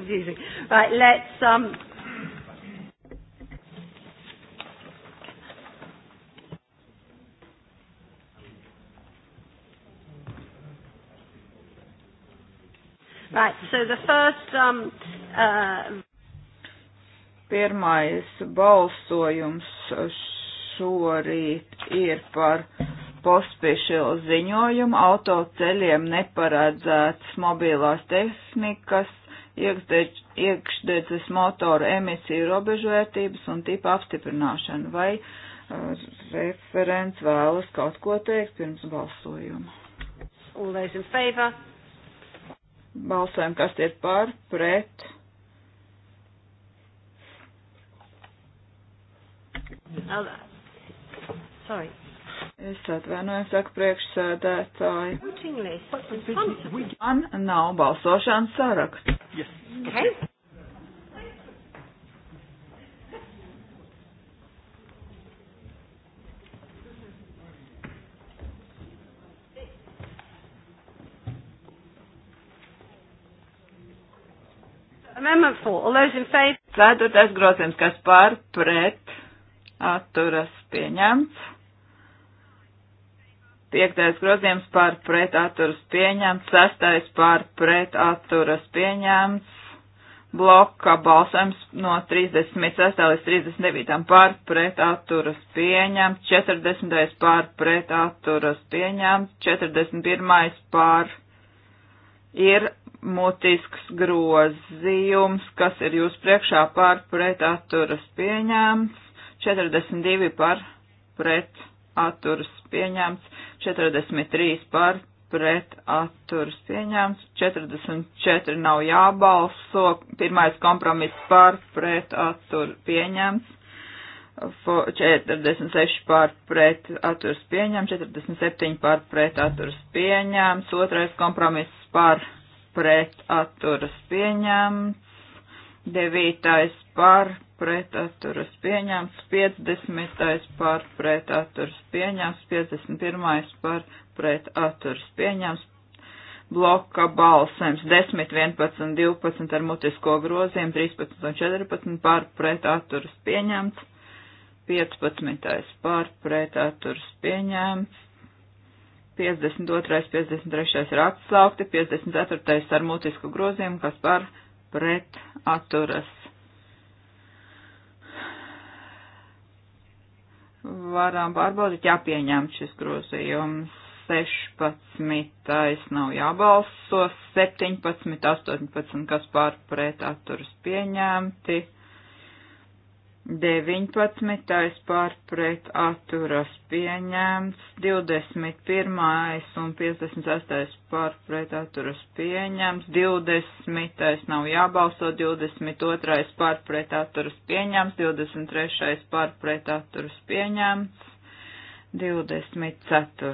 confusing. Right, let's. Um, Right, so the first, um, uh, Pirmais balsojums šorīt ir par pospiešilu ziņojumu autoceļiem neparedzētas mobilās tehnikas iekšdeč, iekšdedzes motoru emisiju robežvērtības un tipa apstiprināšanu. Vai uh, referents vēlas kaut ko teikt pirms balsojuma? Balsojam, kas ir par, pret. Oh, sorry. Es atvainojos, saka priekšsēdētāji. Man nav balsošanas saraksts okay? Amendment 4. All those in favor? Ceturtais grozījums, kas par pret atturas pieņemts. Piektais grozījums par pret atturas pieņemts. Sestais par pret atturas pieņemts bloka balsojums no 36. līdz 39. pār pret atturas pieņem, 40. pār pret atturas pieņem, 41. pār ir mutisks grozījums, kas ir jūs priekšā pār pret atturas pieņemts, 42 pār pret atturas pieņemts, 43 pār pret atturs pieņēmts, 44 nav jābalso, pirmais kompromiss par pret atturs pieņēmts, 46 par pret atturs pieņēmts, 47 par pret atturs pieņēmts, otrais kompromiss par pret atturs pieņēmts, devītais par pret atturs pieņēmts, 50 par pret atturs pieņēmts, 51 par pret atturs pieņems. Bloka balsēms 10, 11, 12 ar mutisko groziem, 13 un 14 pār pret atturs pieņemts. 15. pār pret atturs pieņemts. 52. 53. ir atsaukti, 54. ar mutisku grozījumu, kas par pret atturas. Varam pārbaudīt, jāpieņem šis grozījums. 16. nav jābalso, 17, 18, kas pārpret atturas pieņemti, 19. pārpret atturas pieņemts, 21. un 56. pārpret atturas pieņemts, 20. nav jābalso, 22. pārpret atturas pieņemts, 23. pārpret atturas pieņemts, 24.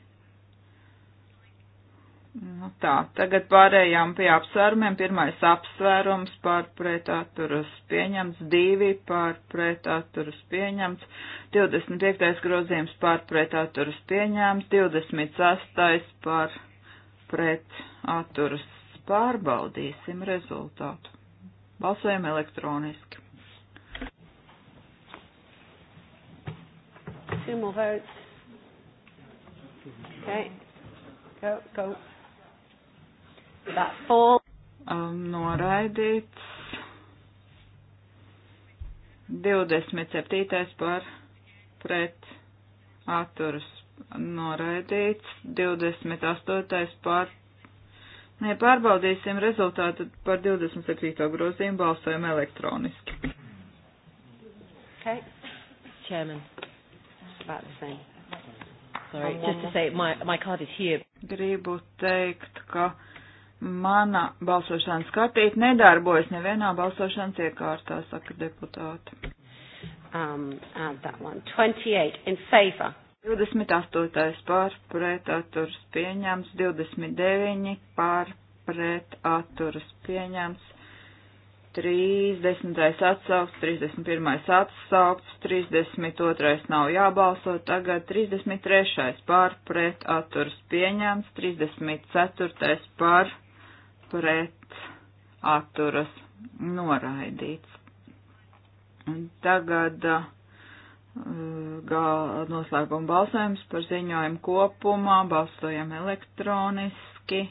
Nu tā, tagad pārējām pie apsvērumiem. Pirmais apsvērums par pretāturas pieņemts, divi par pretāturas pieņemts, 25. grozījums par pretāturas pieņemts, 26. par pretāturas pārbaudīsim rezultātu. Balsojam elektroniski. Two more votes. Okay. Go, go. That fall. Um, noraidīts. 27. par pret atturas noraidīts, 28. par. Nē, pārbaudīsim rezultātu par 27. grozījumu balsojumu elektroniski. Okay. Chairman, it's about the same. Sorry, just to say, my, my card is here. Gribu teikt, ka Mana balsošanas kartīte nedarbojas nevienā balsošanas iekārtā, saka deputāti. Um, add that one. 28 in favor. 28. pār pret atturas pieņems, 29 pār pret atturas pieņems, 30. atsaukts, 31. atsaukts, 32. nav jābalso, tagad 33. pār pret atturas pieņems, 34. pār pret atturas noraidīts. Tagad uh, noslēguma balsojums par ziņojumu kopumā, balsojam elektroniski.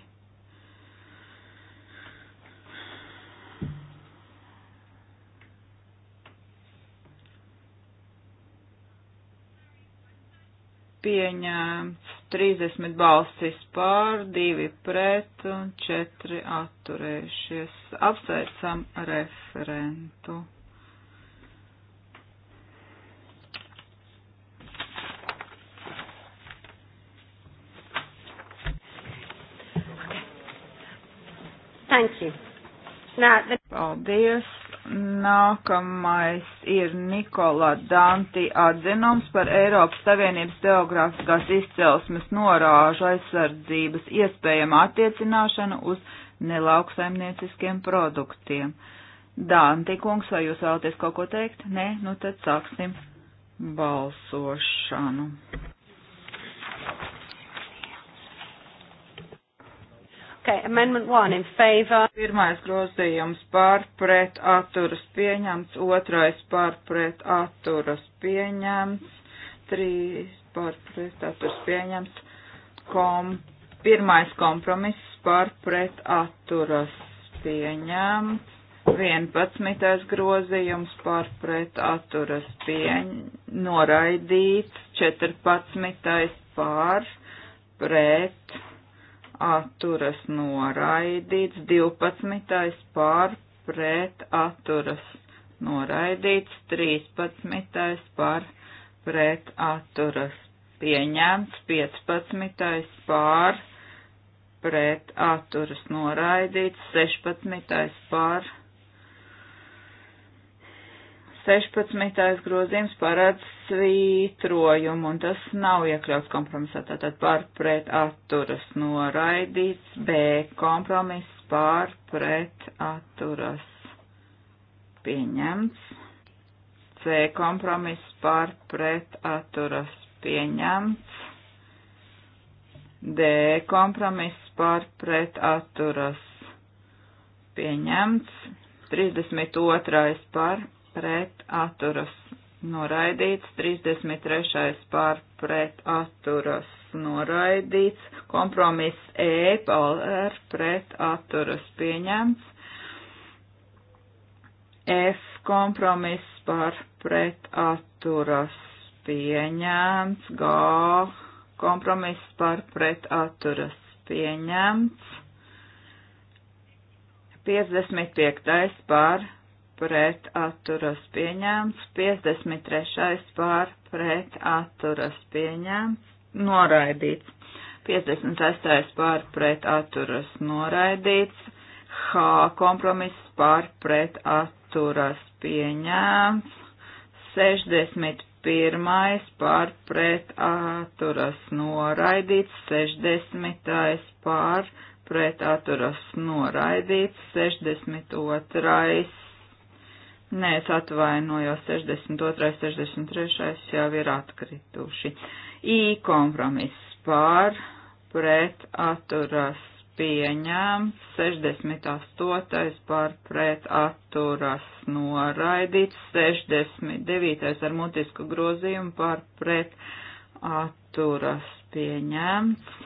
pieņēmts 30 balsis pār, 2 pret un 4 atturējušies. Apsveicam referentu. Thank you. Now, the... Paldies. Nākamais ir Nikola Danti atzinums par Eiropas Savienības geogrāfiskās izcelsmes norāžu aizsardzības iespējama attiecināšanu uz nelauksaimnieciskiem produktiem. Danti kungs, vai jūs vēlaties kaut ko teikt? Nē, nu tad sāksim balsošanu. Okay, amendment 1 in favor. Pirmais grozījums par pret atturas pieņemts, otrais par pret atturas pieņemts, trīs par pret atturas pieņemts, kom, pirmais kompromiss par pret atturas pieņemts, vienpadsmitais grozījums par pret atturas pieņ, noraidīts, četrpadsmitais par pret atturas pieņemts atturas noraidīts, 12. pār pret atturas noraidīts, 13. pār pret atturas pieņemts, 15. pār pret atturas noraidīts, 16. pār 16. grozījums parāds svītrojumu, un tas nav iekļauts kompromisā, tātad pār pret atturas noraidīts, B kompromiss pār pret atturas pieņemts, C kompromiss pār pret atturas pieņemts, D kompromiss pār pret atturas pieņemts, 32. pār pret atturas noraidīts, 33. pār pret atturas noraidīts, kompromiss E par pret atturas pieņemts, F kompromiss par pret atturas pieņemts, G kompromiss par pret atturas pieņemts, 55. par pret atturas pieņēmts, 53. pār pret atturas pieņēmts, noraidīts, 56. pār pret atturas noraidīts, H kompromiss pār pret atturas pieņēmts, 61. pār pret atturas noraidīts, 60. pār pret atturas noraidīts, 62 Nē, es atvainojos, 62. 63. jau ir atkrituši. I kompromiss pār, pret atturas pieņēmts, 68. par pret atturas noraidīts, 69. ar mutisku grozījumu par pret atturas pieņēmts,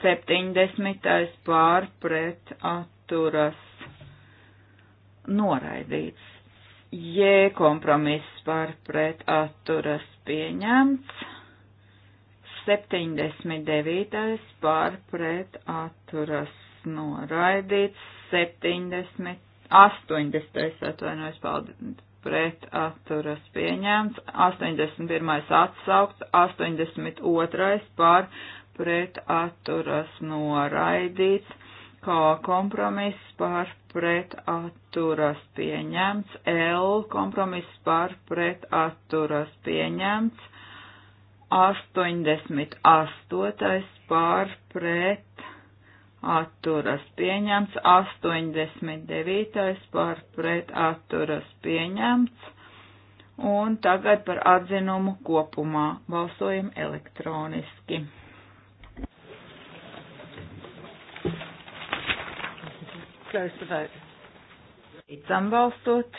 70. par pret atturas noraidīts. J kompromiss par pret atturas pieņemts. 79. par pret atturas noraidīts. 70. 80. atvainojas paldies pret atturas pieņemts. 81. atsaukts. 82. par pret atturas noraidīts kā kompromiss par pret atturas pieņemts, L kompromiss par pret atturas pieņemts, 88. par pret atturas pieņemts, 89. par pret atturas pieņemts, un tagad par atzinumu kopumā balsojam elektroniski. Close the vote. Beidzam balsot.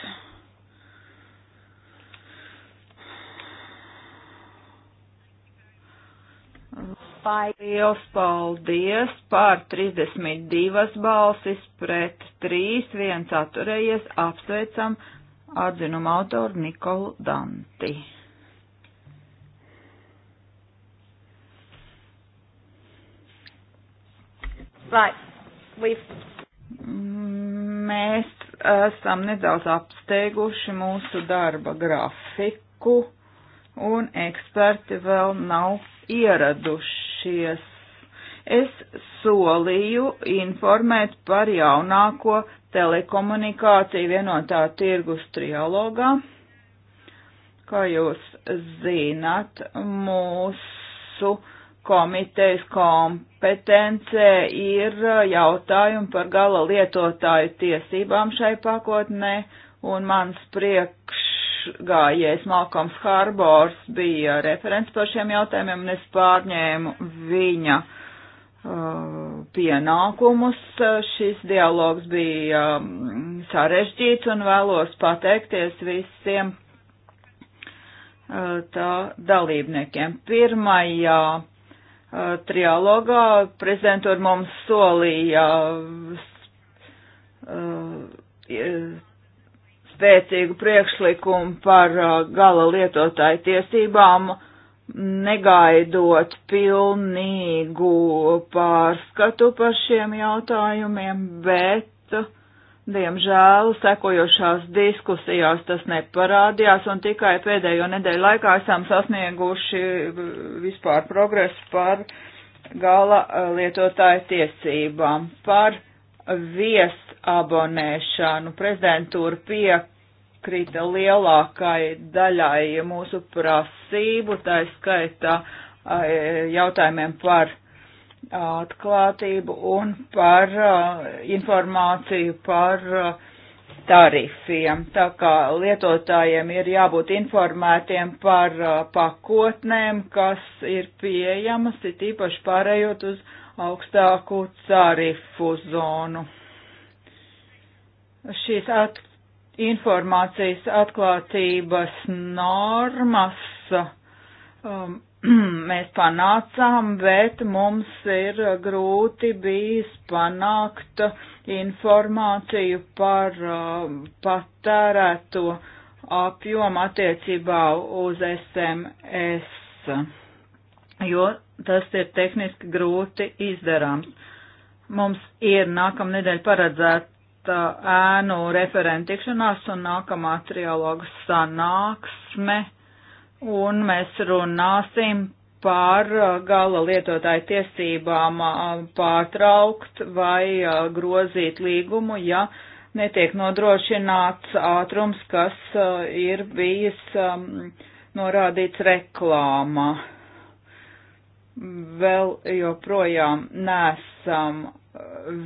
Liels paldies par 32 balsis pret 3, 1 atturējies. Apsveicam atzinumu autoru Nikolu Danti. Right. We've Mēs esam nedaudz apsteiguši mūsu darba grafiku, un eksperti vēl nav ieradušies. Es solīju informēt par jaunāko telekomunikāciju vienotā tirgus trialogā. Kā jūs zināt, mūsu komitejas kompetence ir uh, jautājumi par gala lietotāju tiesībām šai pakotnē, un mans priekšgājies Malkoms Harbors bija referents par šiem jautājumiem, un es pārņēmu viņa uh, pienākumus. Uh, šis dialogs bija um, sarežģīts un vēlos pateikties visiem tā dalībniekiem. Pirmajā Eh, trialogā prezidentūra mums solīja eh, spēcīgu priekšlikumu par eh, gala lietotāju tiesībām, negaidot pilnīgu pārskatu par šiem jautājumiem, bet Diemžēl sekojošās diskusijās tas neparādījās, un tikai pēdējo nedēļu laikā esam sasnieguši vispār progresu par gala eh, lietotāju tiesībām, par viesabonēšanu. Prezidentūra piekrita lielākai daļai mūsu prasību, tā skaitā eh, jautājumiem par atklātību un par uh, informāciju par uh, tarifiem. Tā kā lietotājiem ir jābūt informētiem par uh, pakotnēm, kas ir pieejamas, ir tīpaši pārējot uz augstāku tarifu zonu. Šīs at informācijas atklātības normas um, [clears throat] mēs panācām, bet mums ir grūti bijis panākt informāciju par uh, patērēto apjomu attiecībā uz SMS, jo tas ir tehniski grūti izdarāms. Mums ir nākamnedēļ paredzēta ēnu referentikšanās un nākamā trialogu sanāksme un mēs runāsim par uh, gala lietotāju tiesībām uh, pārtraukt vai uh, grozīt līgumu, ja netiek nodrošināts ātrums, kas ir bijis um, norādīts reklāmā. Vēl joprojām nesam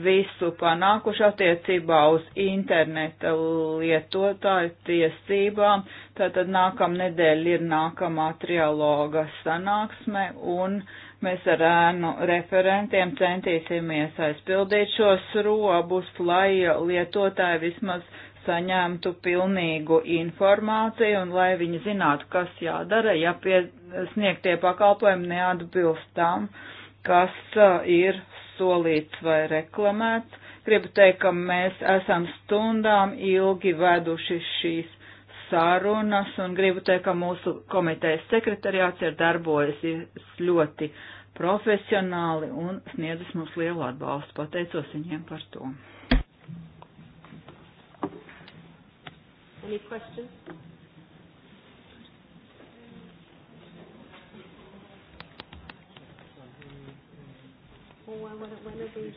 visu panākuši attiecībā uz interneta lietotāju tiesībām. Tātad nākam nedēļ ir nākamā trialoga sanāksme un mēs ar ēnu referentiem centīsimies aizpildīt šos robus, lai lietotāji vismaz saņemtu pilnīgu informāciju un lai viņi zinātu, kas jādara, ja sniegtie pakalpojumi neatbilst tam, kas uh, ir solīts vai reklamēts. Gribu teikt, ka mēs esam stundām ilgi veduši šīs sarunas un gribu teikt, ka mūsu komitejas sekretariāts ir darbojusies ļoti profesionāli un sniedzis mums lielu atbalstu. Pateicos viņiem par to. Any questions? Well, when, when, when are these?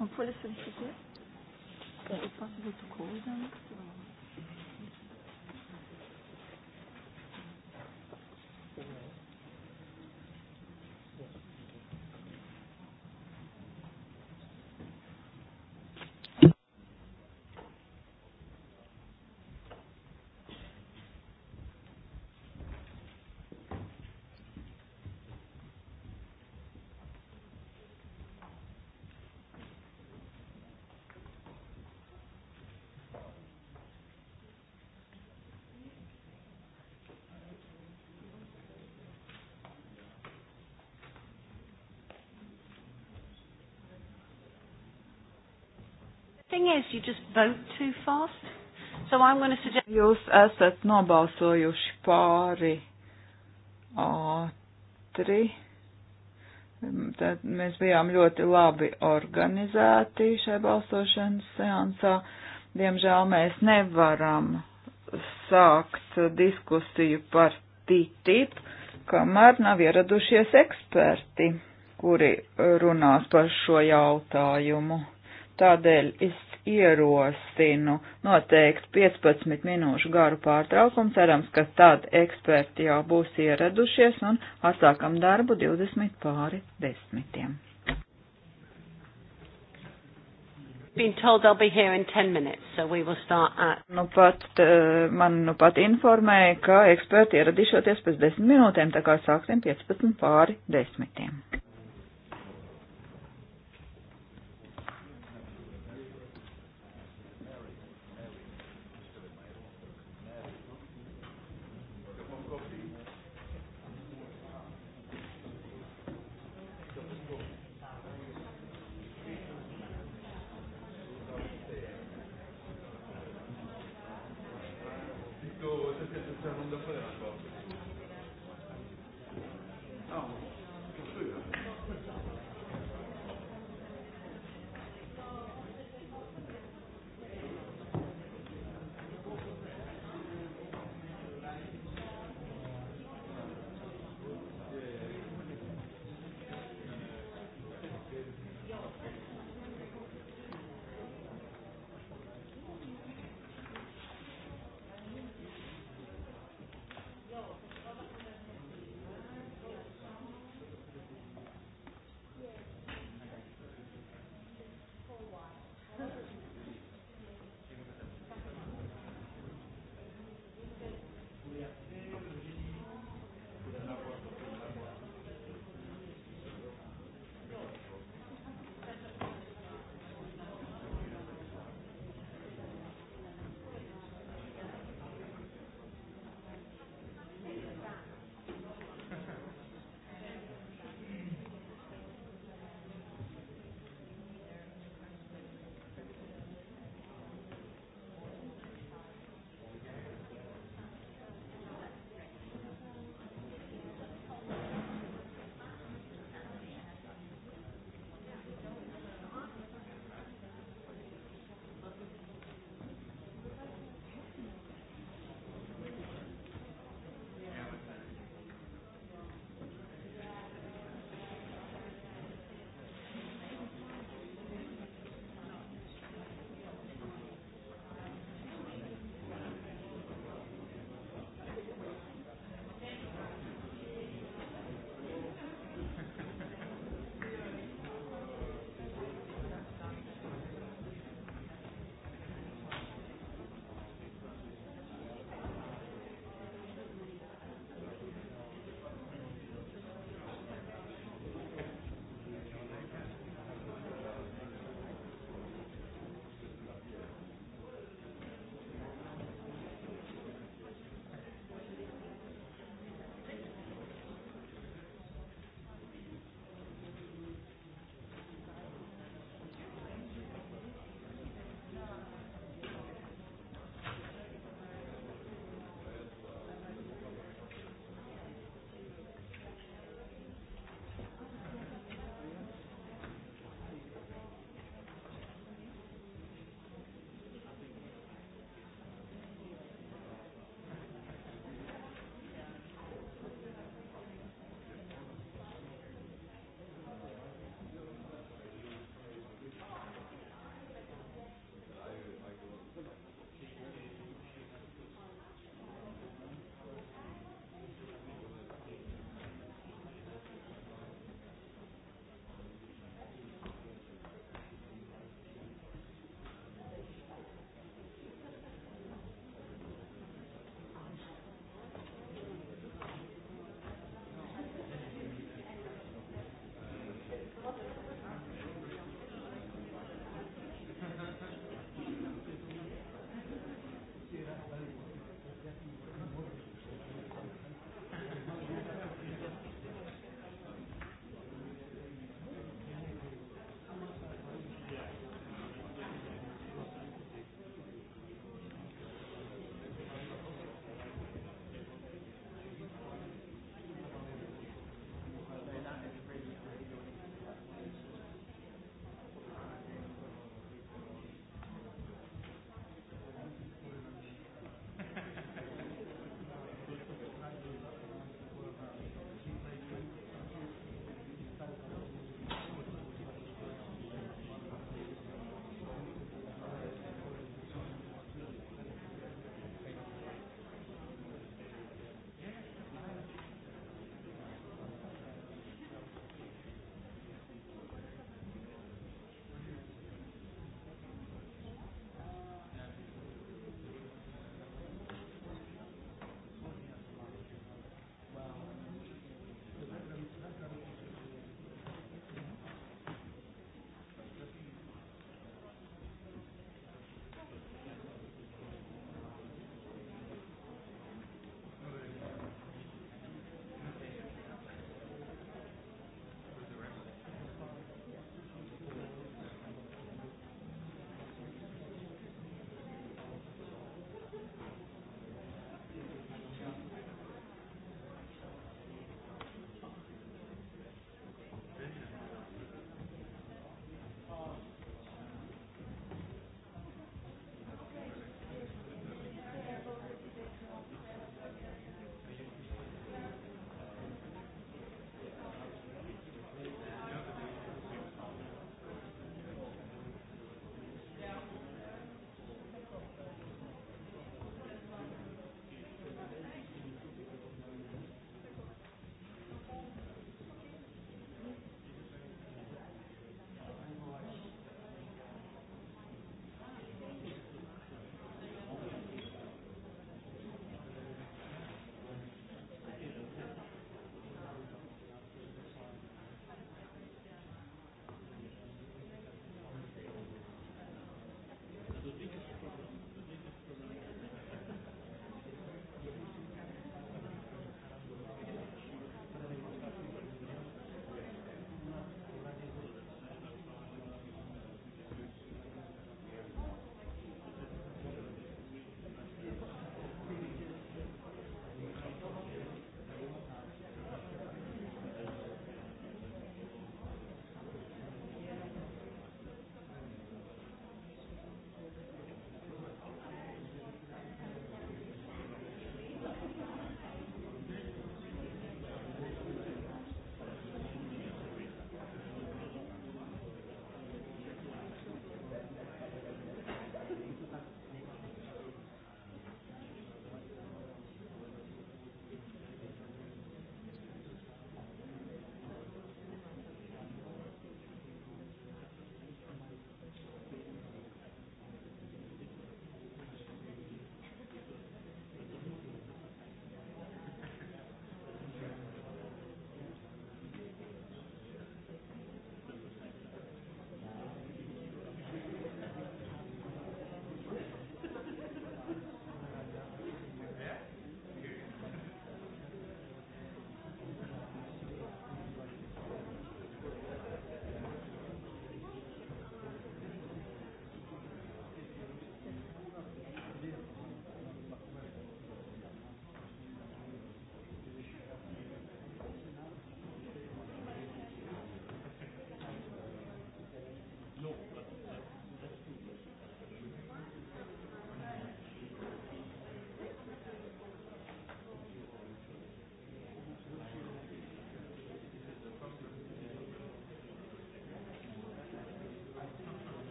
On peut les solliciter. It's possible to call them. is you just vote too fast. So I'm going to suggest. Jūs esat nobalsojuši pāri ātri. Tad mēs bijām ļoti labi organizēti šajā balsošanas seansā. Diemžēl mēs nevaram sākt diskusiju par TTIP, kamēr nav ieradušies eksperti, kuri runās par šo jautājumu. Tādēļ es ierosinu noteikti 15 minūšu garu pārtraukumu. Cerams, ka tad eksperti jau būs ieradušies un atsākam darbu 20 pāri desmitiem. been told they'll be here in 10 minutes, so we will start at... Nu pat, man nu pat informēja, ka eksperti ieradīšoties pēc 10 minūtēm, tā kā sāksim 15 pāri desmitiem.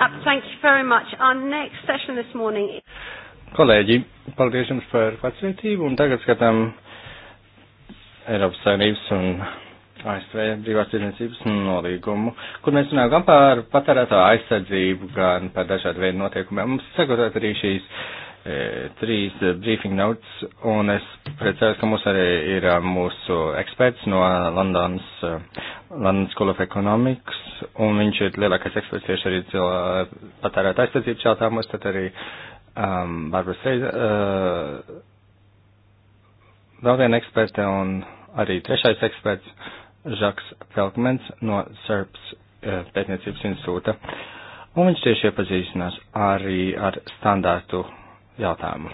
Uh, thank you very much. Our next session this morning. Kolēģi, paldies jums par pacietību un tagad skatām Eiropas Savienības un ASV brīvās tirdzniecības nolīgumu, kur mēs runājam gan par patērētā aizsardzību, gan par dažādu veidu notiekumiem. Mums sagatavot arī šīs e, trīs briefing notes, un es priecājos, ka mums arī ir mūsu eksperts no Londonas, e, London School of Economic, un viņš ir lielākais eksperts tieši arī patērēt aizsardzības jautājumus, tad arī um, Barbara Streiza, uh, vēl viena eksperte un arī trešais eksperts, Žaks Pelkmens no Serbs uh, pētniecības institūta. Un viņš tieši iepazīstinās arī ar standārtu jautājumu.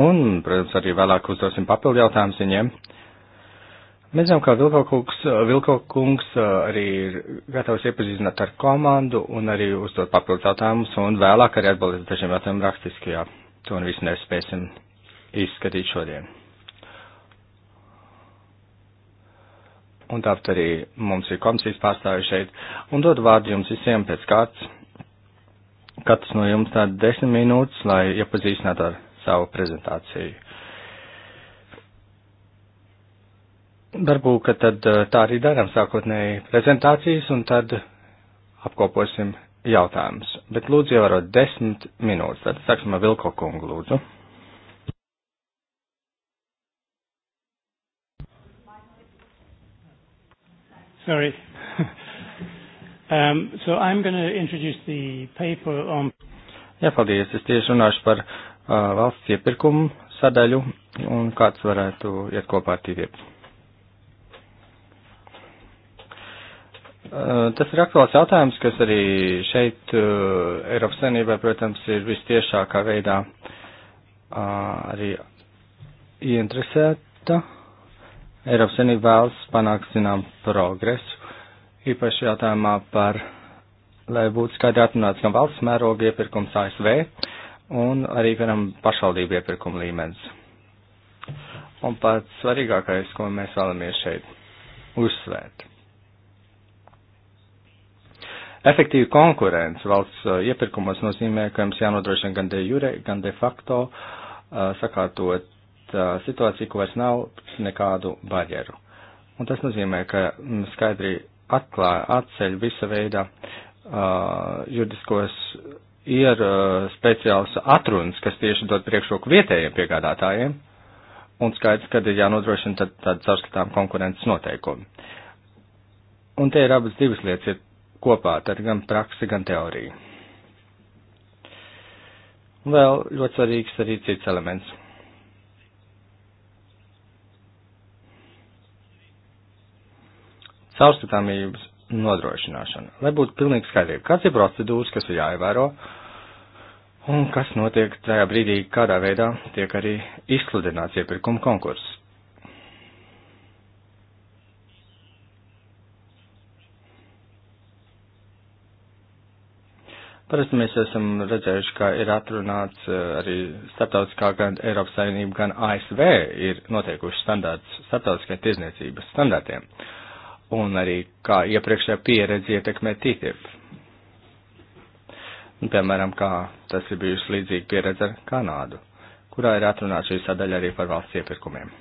Un, protams, arī vēlāk uzdosim papildu jautājumus viņiem. Ja Mēs zinām, ka Vilko kungs, Vilko kungs uh, arī ir gatavs iepazīstināt ar komandu un arī uzdot papildus jautājumus un vēlāk arī atbildēt dažiem jautājumiem rakstiski, jā. To un nu visu nespēsim izskatīt šodien. Un tāpat arī mums ir komisijas pārstāvi šeit. Un dod vārdu jums visiem pēc kārtas. Katrs no jums tāda desmit minūtes, lai iepazīstinātu ar savu prezentāciju. Varbūt, ka tad eh, tā arī darām sākotnēji prezentācijas un tad apkoposim jautājumus. Bet lūdzu ievērot desmit minūtes. Tad sāksim ar Vilko kungu lūdzu. Sorry. [laughs] um, so I'm going to introduce the paper on. Jā, paldies. Es tieši runāšu par uh, valsts iepirkumu sadaļu un kāds varētu iet kopā ar tīvību. Tas ir aktuāls jautājums, kas arī šeit Eiropas Savienībā, protams, ir vistiešākā veidā arī ieinteresēta. Eiropas Savienība vēlas panākt zinām progresu, īpaši jautājumā par, lai būtu skaidri atrunāts gan valsts mēroga iepirkums ASV un arī, piemēram, pašvaldību iepirkuma līmenis. Un pats svarīgākais, ko mēs vēlamies šeit uzsvērt. Efektīva konkurence valsts uh, iepirkumos nozīmē, ka jums jānodrošina gan de jure, gan de facto uh, sakārtot uh, situāciju, ka vairs nav nekādu barjeru. Un tas nozīmē, ka mm, skaidri atklāja, atceļ visa veida uh, juridiskos ir uh, speciāls atruns, kas tieši dod priekšroku vietējiem piegādātājiem, un skaidrs, ka ir jānodrošina tad, tad caurskatām konkurences noteikumi. Un te ir abas divas lietas, ir kopā, tad gan praksi, gan teorija. Un vēl ļoti svarīgs arī cits elements. Caurskatāmības nodrošināšana, lai būtu pilnīgi skaidrība, kāds ir procedūras, kas ir jāievēro, un kas notiek tajā brīdī, kādā veidā tiek arī izsludināts iepirkuma konkurss. Parasti mēs esam redzējuši, ka ir atrunāts eh, arī starptautiskā gan Eiropas Savienība, gan ASV ir noteikuši standārts starptautiskai tirzniecības standārtiem. Un arī kā iepriekšējā pieredze ietekmē TTIP. Un, piemēram, kā tas ir bijusi līdzīga pieredze ar Kanādu, kurā ir atrunāta šī sadaļa arī par valsts iepirkumiem.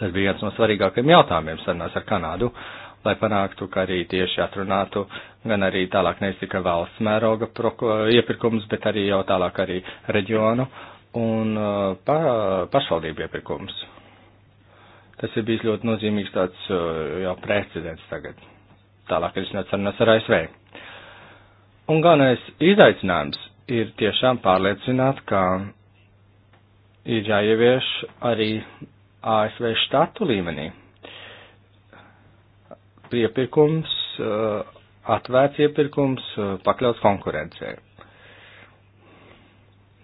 Tas bija viens no svarīgākajiem jautājumiem sarunās ar Kanādu, uh, lai panāktu, ka arī tieši atrunātu gan arī tālāk nevis tikai valsts mēroga iepirkums, bet arī jau tālāk arī reģionu un uh, pa, pašvaldību iepirkums. Tas ir bijis ļoti nozīmīgs tāds uh, jau precedents tagad. Tālāk ir iznāca sarunas ar ASV. Un galvenais izaicinājums ir tiešām pārliecināt, ka ir jāievieš arī ASV štatu līmenī iepirkums, eh, atvērts iepirkums, eh, pakļauts konkurencē.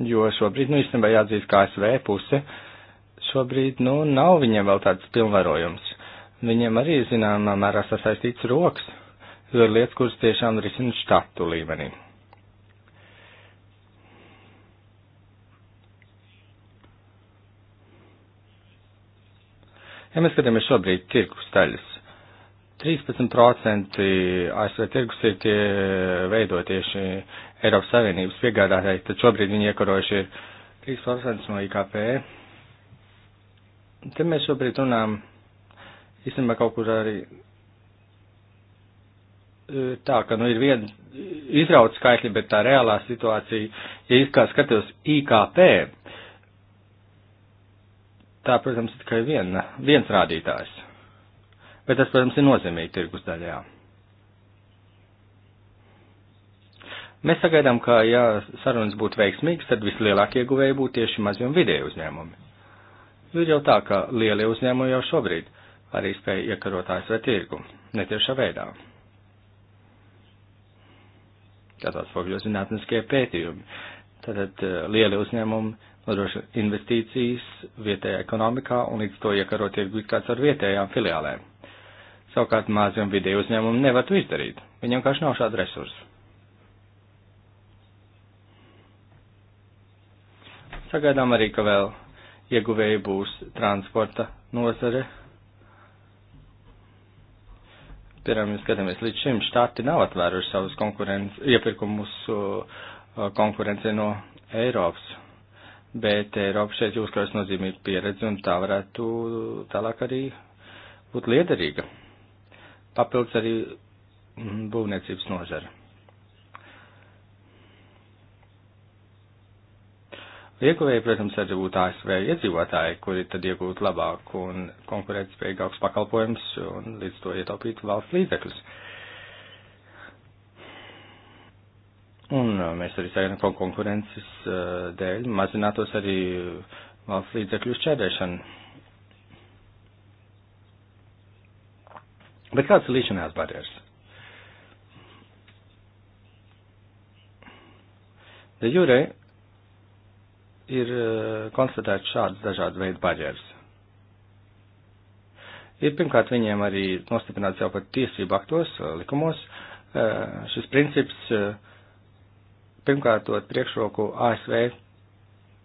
Jo šobrīd, nu, īstenībā jāatzīst, ka ASV puse šobrīd, nu, nav viņiem vēl tāds pilnvarojums. Viņiem arī, zināmā mērā, sasaistīts rokas, jo ir lietas, kuras tiešām risina štatu līmenī. Ja mēs skatāmies šobrīd tirkus daļas, 13% ASV tirgus ir tie veidot tieši Eiropas Savienības piegādātāji, tad šobrīd viņi iekarojuši ir 3% no IKP. Te mēs šobrīd runājam, īstenībā kaut kur arī e, tā, ka nu ir viena izrauc skaitļi, bet tā reālā situācija, ja it kā skatos IKP, tā, protams, ir tikai viena, viens rādītājs bet tas, protams, ir nozīmīgi tirgus daļā. Mēs sagaidām, ka, ja sarunas būtu veiksmīgas, tad vislielākie ieguvēji būtu tieši mazie un vidēji uzņēmumi. Ir jau tā, ka lielie uzņēmumi jau šobrīd arī spēja iekarot ASV tirgu, netiešā veidā. Tātad spogļo zinātniskie pētījumi. Tātad eh, lieli uzņēmumi nodrošina investīcijas vietējā ekonomikā un līdz to iekarot tirgu it kāds ar vietējām filiālēm. Savukārt mazi un vidēji uzņēmumi nevar to izdarīt. Viņiem vienkārši nav šāda resursa. Sagaidām arī, ka vēl ieguvēji būs transporta nozare. Piemēram, mēs skatāmies līdz šim štāti nav atvēruši savus iepirkumus uh, konkurencei no Eiropas, bet Eiropa šeit jūs kā es nozīmīgi pieredzi un tā varētu tālāk arī būt liederīga papildus arī mm, būvniecības nozara. Ieguvēji, protams, arī būtu ASV iedzīvotāji, kuri tad iegūtu labāku un konkurētspējīgākus pakalpojumus un līdz to ietaupītu valsts līdzekļus. Un uh, mēs arī sagaidām, ka konkurences uh, dēļ mazinātos arī valsts līdzekļu šķērdēšanu. Bet kāds ir līdzinās barjeras? De jure ir eh, konstatēts šādas dažādas veidu barjeras. Ir pirmkārt viņiem arī nostiprināts jau pat tiesību aktos, eh, likumos, eh, šis princips pirmkārtot priekšroku ASV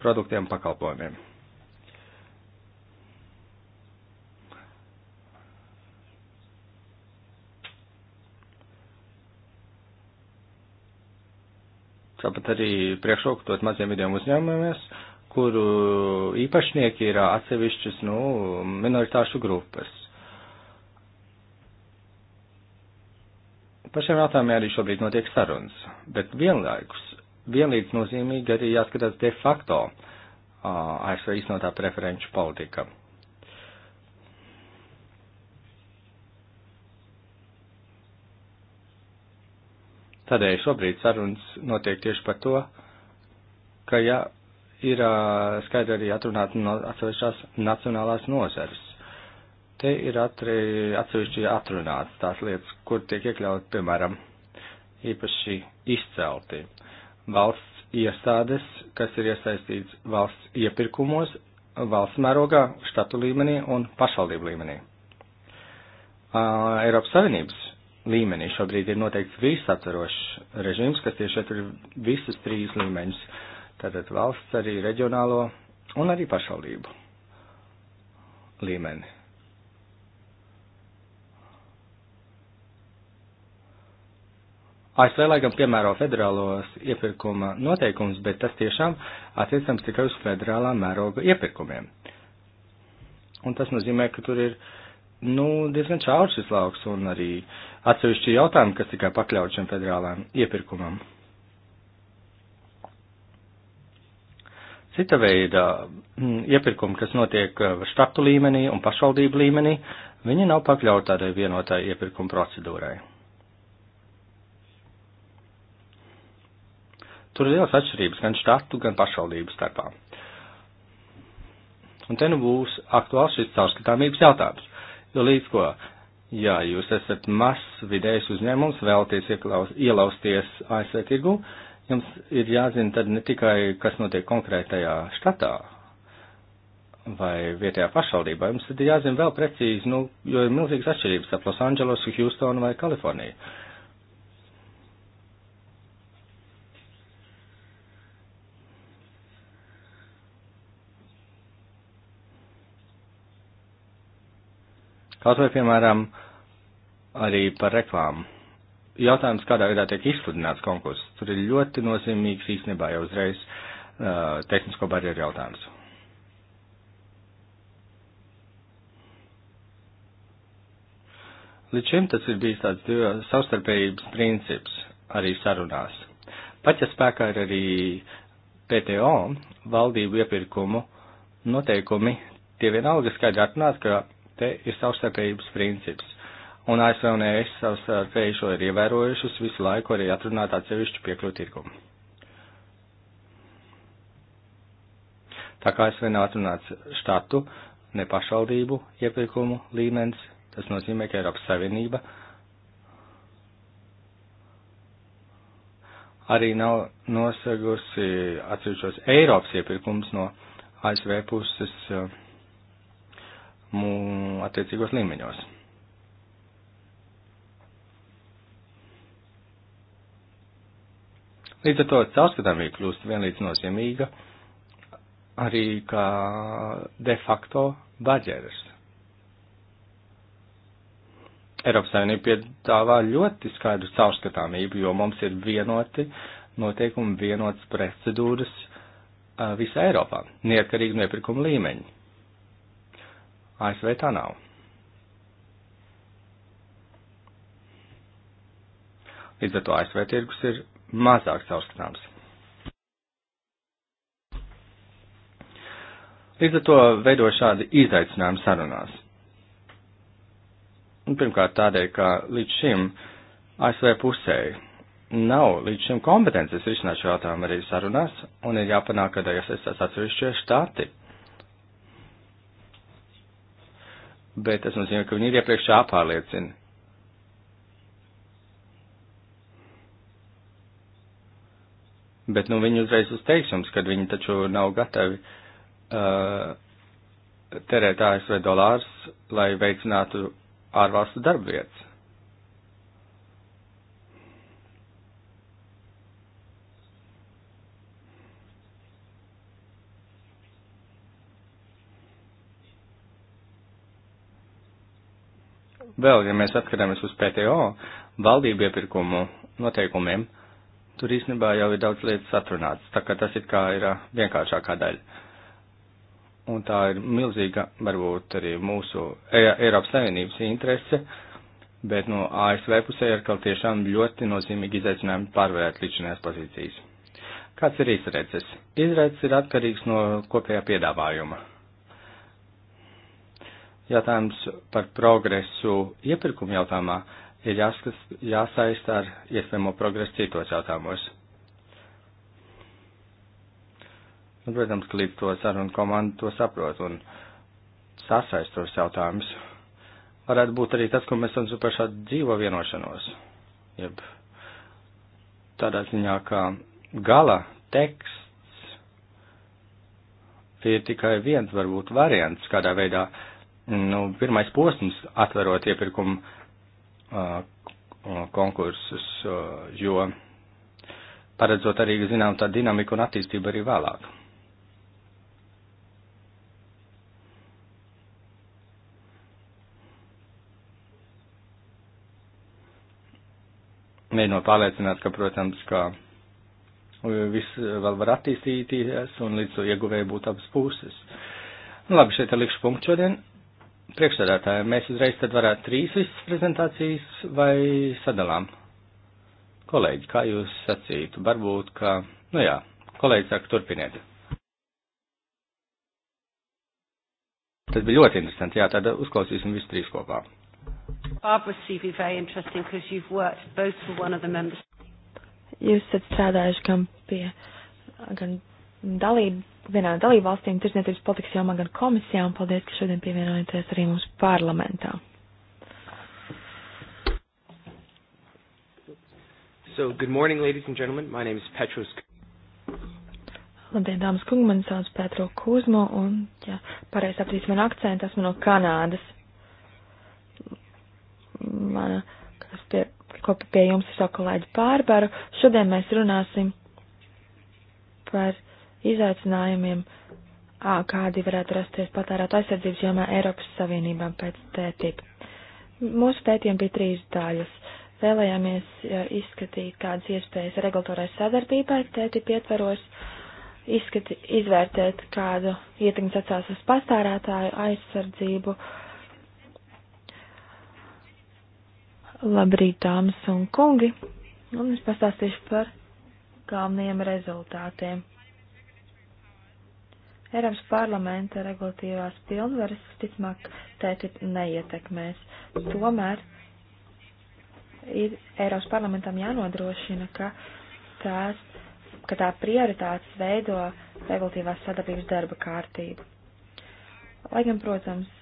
produktiem pakalpojumiem. tāpat arī priekšroku dot maziem vidiem uzņēmumies, kuru īpašnieki ir atsevišķas, nu, minoritāšu grupas. Par šiem jautājumiem arī šobrīd notiek sarunas, bet vienlaikus, vienlīdz nozīmīgi arī jāskatās de facto uh, ASV iznotā preferenču politika. Tādēļ šobrīd sarunas notiek tieši par to, ka ja ir skaidri arī atrunāti no atsevišķās nacionālās nozares. Te ir atri, atsevišķi atrunāts tās lietas, kur tiek iekļaut, piemēram, īpaši izcelti valsts iestādes, kas ir iesaistīts valsts iepirkumos, valsts mērogā, štatu līmenī un pašvaldību līmenī. Uh, Eiropas Savienības līmenī. Šobrīd ir noteikts visaptvarošs režīms, kas tieši tur ir visus trīs līmeņus. Tātad valsts, arī reģionālo un arī pašvaldību līmeni. ASV laikam piemēro federālos iepirkuma noteikumus, bet tas tiešām attiecams tikai uz federālā mēroga iepirkumiem. Un tas nozīmē, ka tur ir, nu, diezgan čaurs šis lauks un arī uh, atsevišķi jautājumi, kas tikai pakļaut šim federālajam iepirkumam. Cita veida mm, iepirkumi, kas notiek eh, štatu līmenī un pašvaldību līmenī, viņi nav pakļaut tādai vienotai iepirkuma procedūrai. Tur ir liels atšķirības gan štatu, gan pašvaldību starpā. Un te nu būs aktuāls šis caurskatāmības jautājums, jo līdz ko Jā, jūs esat mazs vidējs uzņēmums, vēlaties ieklaus, ielausties ASV tirgu, jums ir jāzina tad ne tikai, kas notiek konkrētajā štatā vai vietējā pašvaldībā, jums tad ir jāzina vēl precīzi, nu, jo ir milzīgas atšķirības ap Los Angeles, Houstonu vai Kaliforniju. Kaut vai, piemēram, arī par reklāmu. Jautājums, kādā veidā tiek izsludināts konkurss, tur ir ļoti nozīmīgs īstenībā jau uzreiz uh, tehnisko barjeru jautājums. Līdz šim tas ir bijis tāds savstarpējības princips arī sarunās. Pat ja spēkā ir arī PTO valdību iepirkumu noteikumi, tie vienalga skaidri atrunāt, ka te ir savstarpējības princips. Un ASV un ES savstarpēji šo ir ievērojušas visu laiku arī atrunāt atsevišķu piekļu tirgumu. Tā kā ASV nav atrunāts štatu, ne pašvaldību iepirkumu līmenis, tas nozīmē, ka Eiropas Savienība arī nav nosagusi atsevišķos Eiropas iepirkums no ASV puses. Uh, attiecīgos līmeņos. Līdz ar to caurskatāmība kļūst vienlīdz nozīmīga arī kā de facto barjeras. Eiropas Savienība piedāvā ļoti skaidru caurskatāmību, jo mums ir vienoti noteikumi, vienotas procedūras uh, visā Eiropā, neatkarīgi no iepirkuma līmeņa. ASV tā nav. Līdz ar to ASV tirgus ir mazāk caurskatāms. Līdz ar to veido šādi izaicinājumi sarunās. Un pirmkārt tādēļ, ka līdz šim ASV pusē nav līdz šim kompetences risināt šo jautājumu arī sarunās, un ir jāpanāk, ka ASV atsevišķie štati bet tas nozīmē, ka viņi ir iepriekš jāpārliecina. Bet nu, viņi uzreiz uzteiks jums, kad viņi taču nav gatavi uh, terēt ASV dolārus, lai veicinātu ārvalstu darbvietas. Vēl, ja mēs atskatāmies uz PTO valdību iepirkumu noteikumiem, tur īstenībā jau ir daudz lietas atrunāts, tā kā tas it kā ir vienkāršākā daļa. Un tā ir milzīga, varbūt arī mūsu e, Eiropas Savienības interese, bet no ASV pusē ir kaut tiešām ļoti nozīmīgi izaicinājumi pārvērt līdzinās pozīcijas. Kāds ir izredzes? Izredzes ir atkarīgs no kopējā piedāvājuma jautājums par progresu iepirkumu jautājumā ir jāskas, jāsaist ar iespējamo progresu citos jautājumos. Un, protams, ka līdz to sarunu komandu to saprot un sasaist tos jautājumus. Varētu būt arī tas, ko mēs esam par šādu dzīvo vienošanos. Jeb tādā ziņā, ka gala teksts ir tikai viens varbūt variants, kādā veidā uh, nu, pirmais posms atverot iepirkumu uh, konkursus, uh, jo paredzot arī, zinām, tā dinamiku un attīstību arī vēlāk. Mēģinot pārliecināt, ka, protams, ka viss vēl var attīstīties un līdz to ieguvēju būtu abas puses. Nu, labi, šeit ir likšu punktu šodien priekšsēdētāji, mēs uzreiz tad varētu trīs visas prezentācijas vai sadalām? Kolēģi, kā jūs sacītu? Varbūt, ka, nu jā, kolēģi saka, turpiniet. Tas bija ļoti interesanti, jā, tad uzklausīsim visus trīs kopā. Barbara CV very interesting because you've worked both for one of the members. Jūs esat strādājuši gan pie gan dalību, vienā no dalību valstīm tirsniecības politikas jomā gan komisijā, un paldies, ka šodien pievienojaties arī mums parlamentā. So, good morning, ladies and gentlemen. My name is Petros. Labdien, dāmas kungi, mani sauc Petro Kuzmo, un, ja pareizi apzīst manu akcentu, esmu no Kanādas. Mana, kas pie, kopā pie jums ir savu kolēģi pārbaru, šodien mēs runāsim par izaicinājumiem, kādi varētu rasties patērēt aizsardzības jomā Eiropas Savienībā pēc tētip. Mūsu tētiem bija trīs daļas. Vēlējāmies izskatīt, kādas iespējas regulatorai sadarbībai tētip ietveros, izskati, izvērtēt, kādu ietekmi sacās uz patērētāju aizsardzību. Labrīt, dāmas un kungi! Un es pastāstīšu par galvenajiem rezultātiem. Eiropas parlamenta regulatīvās pilnvaras, visticamāk, tētip neietekmēs. Tomēr ir Eiropas parlamentam jānodrošina, ka, tās, ka tā prioritātes veido regulatīvās sadarbības darba kārtību. Lai gan, protams,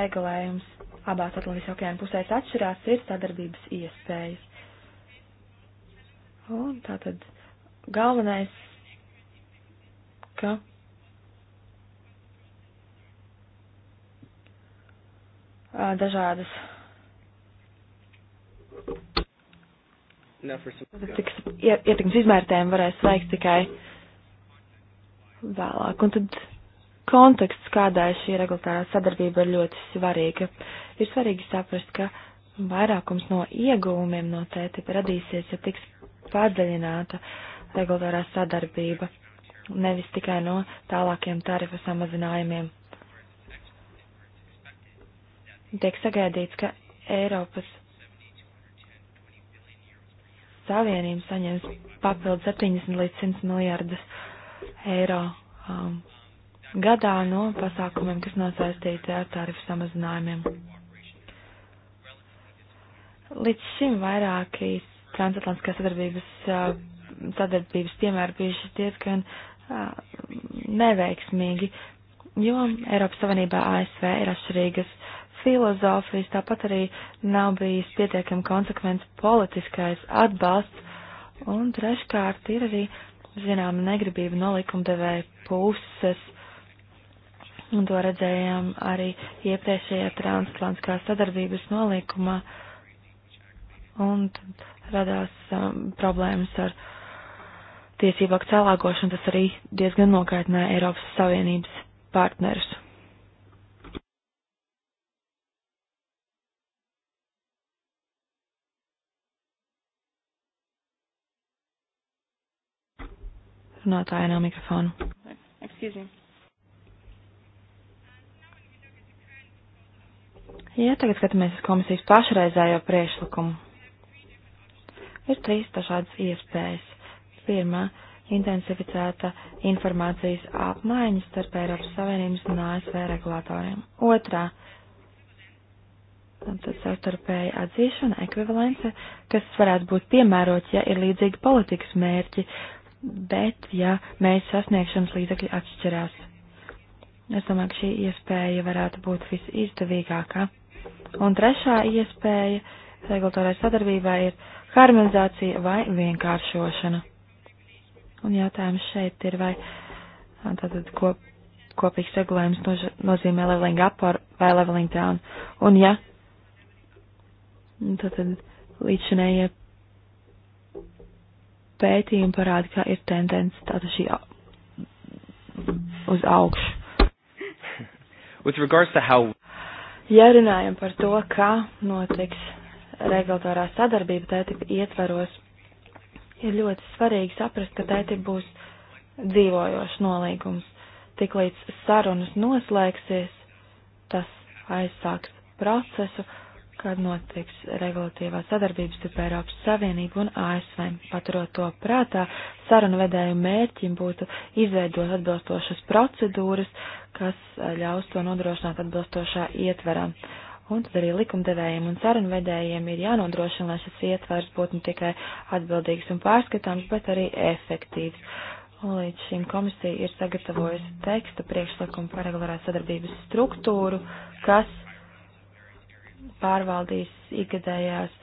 regulējums abās Atlantijas okeāna pusēs atšķirās, ir sadarbības iespējas. Un tātad galvenais, ka Uh, dažādas. Tiks ietekmes izmērtējumu varēs veikt tikai vēlāk. Un tad konteksts, kādā šī regulārā sadarbība ir ļoti svarīga. Ir svarīgi saprast, ka vairākums no ieguvumiem no CETIP radīsies, ja tiks padziļināta regulārā sadarbība, nevis tikai no tālākiem tarifu samazinājumiem tiek sagaidīts, ka Eiropas Savienība saņems papildu 70 līdz 100 miljardus eiro um, gadā no pasākumiem, kas nosaistīti ar tarifu samazinājumiem. Līdz šim vairāki transatlantiskās sadarbības, uh, sadarbības piemēri bijuši diezgan uh, neveiksmīgi, jo Eiropas Savienībā ASV ir atšķirīgas filozofijas, tāpat arī nav bijis pietiekami konsekvents politiskais atbalsts, un treškārt ir arī, zinām, negribība no likumdevēja puses, un to redzējām arī iepriekšējā transatlantiskā sadarbības nolīkumā, un radās um, problēmas ar tiesību aktu cēlāgošanu, tas arī diezgan nokaitināja Eiropas Savienības partnerus. Runātāja nav mikrofonu. Excuse me. Ja tagad skatāmies uz komisijas pašreizējo priešlikumu, ir trīs dažādas iespējas. Pirmā - intensificēta informācijas apmaiņa starp Eiropas Savienības un ASV regulātoriem. Otrā - tad savstarpēja atzīšana, ekvivalence, kas varētu būt piemērots, ja ir līdzīgi politikas mērķi, bet ja mēs sasniegšanas līdzekļi atšķirās. Es domāju, ka šī iespēja varētu būt visizdevīgākā. Un trešā iespēja regulatorai sadarbībai ir harmonizācija vai vienkāršošana. Un jautājums šeit ir, vai tātad kop, kopīgs regulējums nož, nozīmē leveling up or, vai leveling down. Un ja, tātad līdzinējie pētījumi parāda, ka ir tendence tāda šī uz augšu. [laughs] With regards to how. Ja runājam par to, kā notiks regulatorā sadarbība tētipa ietvaros, ir ļoti svarīgi saprast, ka tētipa būs dzīvojošs nolīgums. Tiklīdz sarunas noslēgsies, tas aizsāks procesu, kad notiks regulatīvā sadarbības starp Eiropas Savienību un ASV. Paturot to prātā, sarunu vedēju mērķim būtu izveidot atbilstošas procedūras, kas eh, ļaus to nodrošināt atbilstošā ietverā. Un tad arī likumdevējiem un sarunu vedējiem ir jānodrošina, lai šis ietvers būtu ne tikai atbildīgs un pārskatāms, bet arī efektīvs. Un līdz šim komisija ir sagatavojusi teksta priekšlikumu par regulārās sadarbības struktūru, kas pārvaldīs ikgadējās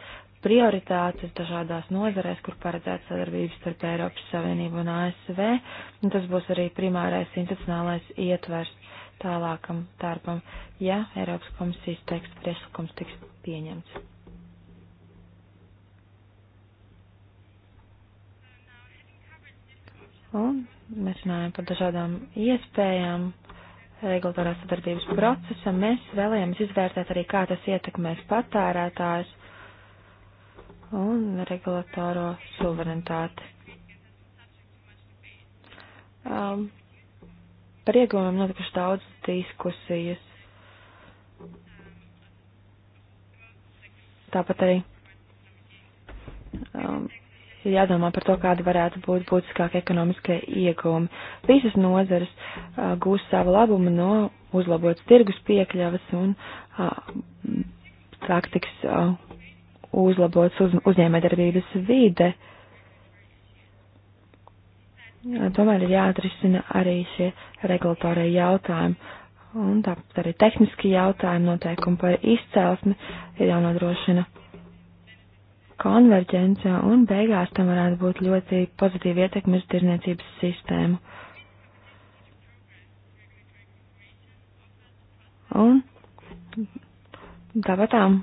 prioritātes dažādās nozarēs, kur paredzēts sadarbības starp Eiropas Savienību un ASV, un tas būs arī primārais institucionālais ietvers tālākam darbam, ja Eiropas komisijas teksts priekšlikums tiks pieņemts. Un mēs runājam par dažādām iespējām regulatorās sadarbības procesa, mēs vēlējāmies izvērtēt arī, kā tas ietekmēs patērētājs un regulatoro suverenitāti. Um, par ieguvumiem notikuši daudz diskusijas. Tāpat arī um, ir jādomā par to, kāda varētu būt būtiskākie ekonomiskie iegūmi. Visas nozares uh, gūs savu labumu no uzlabotas tirgus piekļavas un uh, sāk tiks uh, uzlabots uz, uzņēmējdarbības vide. Uh, tomēr ir jāatrisina arī šie regulatorie jautājumi. Un tāpat arī tehniski jautājumi noteikumi par izcelsmi ir jānodrošina konverģence un beigās tam varētu būt ļoti pozitīva ietekme uz tirniecības sistēmu. Un tāpatām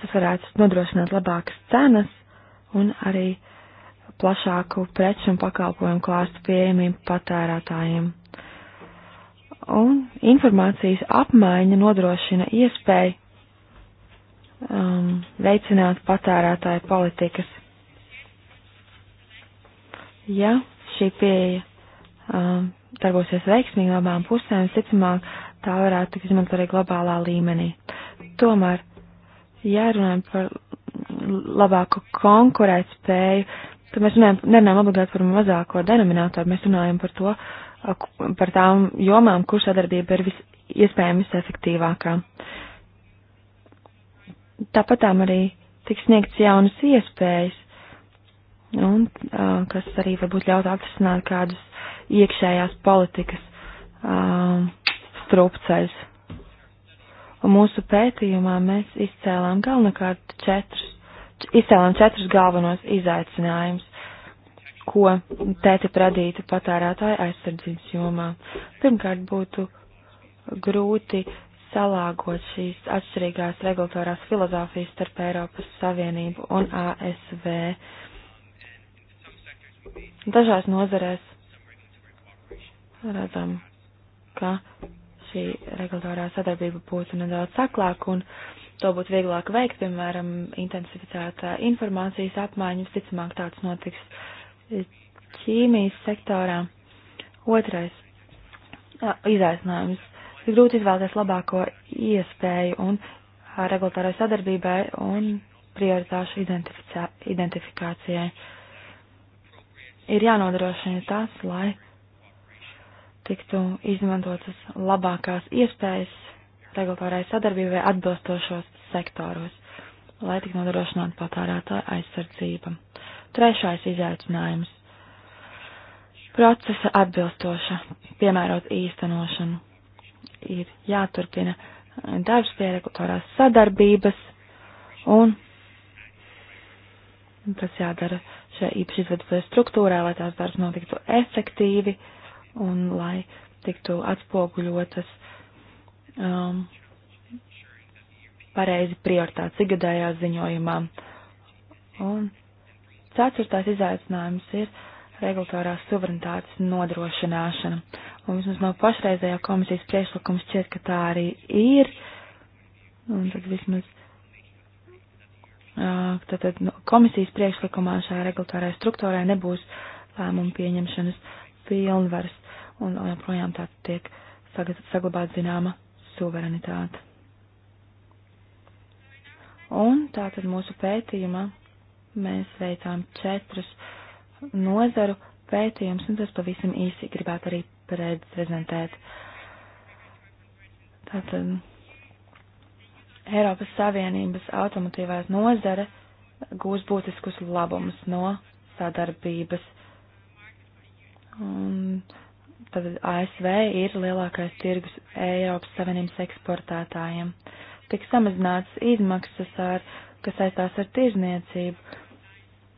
tas varētu nodrošināt labākas cenas un arī plašāku preču un pakalpojumu klāstu pieejamību patērētājiem. Un informācijas apmaiņa nodrošina iespēju um, veicināt patērētāju politikas. Ja šī pieeja um, darbosies veiksmīgi abām pusēm, visticamāk, tā varētu tikt izmantot arī globālā līmenī. Tomēr, ja runājam par labāku konkurētspēju, tad mēs runājam, nerunājam obligāti par mazāko denominatoru, mēs runājam par to, par tām jomām, kur sadarbība ir vis, iespējami visefektīvākā. Uh, Tāpatām arī tiks sniegts jaunas iespējas, un, uh, kas arī varbūt ļaut atrisināt kādus iekšējās politikas uh, strupceļus. Un mūsu pētījumā mēs izcēlām galvenokārt četrus, izcēlām četrus galvenos izaicinājumus, ko tēti radītu patērētāju aizsardzības jomā. Pirmkārt būtu grūti salāgot šīs atšķirīgās regulatorās filozofijas starp Eiropas Savienību un ASV. Dažās nozarēs redzam, ka šī regulatorā sadarbība būtu nedaudz saklāka un to būtu vieglāk veikt, piemēram, intensificēta informācijas apmaiņa, visticamāk tāds notiks ķīmijas sektorā. Otrais izaicinājums ir grūti izvēlēties labāko iespēju un regulatārai sadarbībai un prioritāšu identifikācijai. Ir jānodrošina tas, lai tiktu izmantotas labākās iespējas regulatārai sadarbībai atbilstošos sektoros, lai tik nodrošinātu patērētāju aizsardzību. Trešais izaicinājums - procesa atbilstoša, piemērot īstenošanu ir jāturpina darbs pie regulatorās sadarbības, un tas jādara šajā īpaši izvedotajā struktūrā, lai tās darbs notiktu efektīvi un lai tiktu atspoguļotas um, pareizi prioritātes ikgadējā ziņojumā. Un ceturtais izaicinājums ir regulatorās suverenitātes nodrošināšana. Un vismaz no pašreizējā komisijas priekšlikuma šķiet, ka tā arī ir. Un tad vismaz tātad, no nu, komisijas priekšlikumā šajā regulatorajā struktūrā nebūs lēmumu pieņemšanas pilnvaras. Un joprojām tā tiek saglabāt zināma suverenitāte. Un tātad mūsu pētījumā mēs veicām četrus uh, nozaru pētījums, un tas pavisam īsi gribētu arī prezentēt. Tātad Eiropas Savienības automotīvās nozare gūs būtiskus labumus no sadarbības. Un tad ASV ir lielākais tirgus Eiropas Savienības eksportētājiem. Tik samazināts izmaksas, ar, kas saistās ar tirzniecību,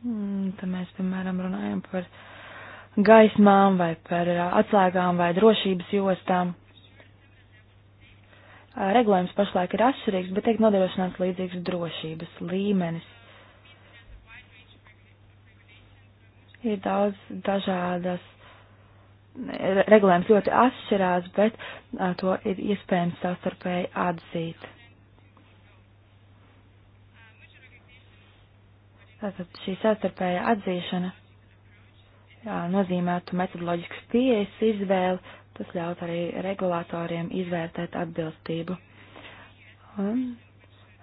Mm, tad mēs, piemēram, runājam par gaismām vai par atslēgām vai drošības jostām. Regulējums pašlaik ir atšķirīgs, bet tiek nodrošināts līdzīgs drošības līmenis. Ir daudz dažādas, regulējums ļoti atšķirās, bet to ir iespējams savstarpēji atzīt. Tātad šī sastarpēja atzīšana jā, nozīmētu metodoloģiskas pieejas izvēli, tas ļaut arī regulātoriem izvērtēt atbilstību. Un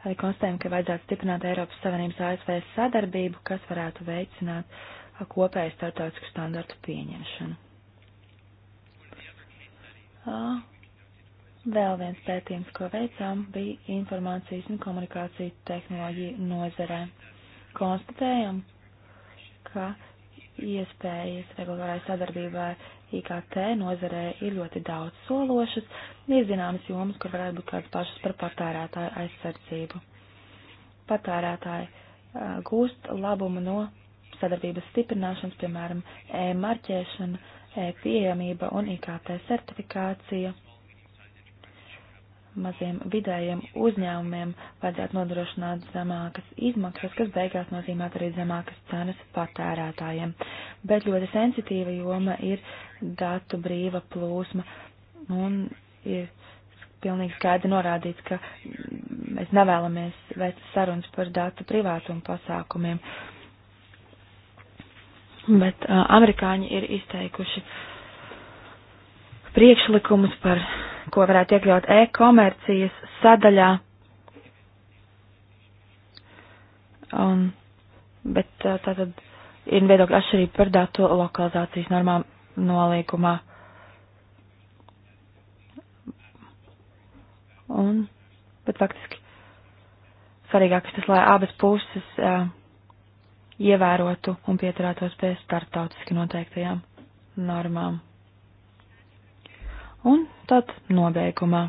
arī konstatējam, ka vajadzētu stiprināt Eiropas Savienības ASV sadarbību, kas varētu veicināt kopēju startautisku standartu pieņemšanu. Vēl viens pētījums, ko veicām, bija informācijas un komunikāciju tehnoloģiju nozarē konstatējam, ka iespējas regulārai sadarbībai IKT nozarē ir ļoti daudz sološas, ir zināmas jomas, kur varētu būt kādas pašas par patērētāju aizsardzību. Patērētāji uh, gūst labumu no sadarbības stiprināšanas, piemēram, e-marķēšana, e-pieejamība un IKT certifikācija maziem vidējiem uzņēmumiem vajadzētu nodrošināt zemākas izmaksas, kas beigās nozīmē arī zemākas cenas patērētājiem. Bet ļoti sensitīva joma ir datu brīva plūsma un ir pilnīgi skaidri norādīts, ka mēs nevēlamies veikt sarunas par datu privātumu pasākumiem. Bet uh, amerikāņi ir izteikuši uh, priekšlikumus par, ko varētu iekļaut e-komercijas sadaļā. Un, bet tātad ir viedokļa atšķirība par datu lokalizācijas normām nolīgumā. Un, bet faktiski svarīgākais tas, lai abas puses uh, ievērotu un pieturētos pie starptautiski noteiktajām normām. Un tad nobeigumā.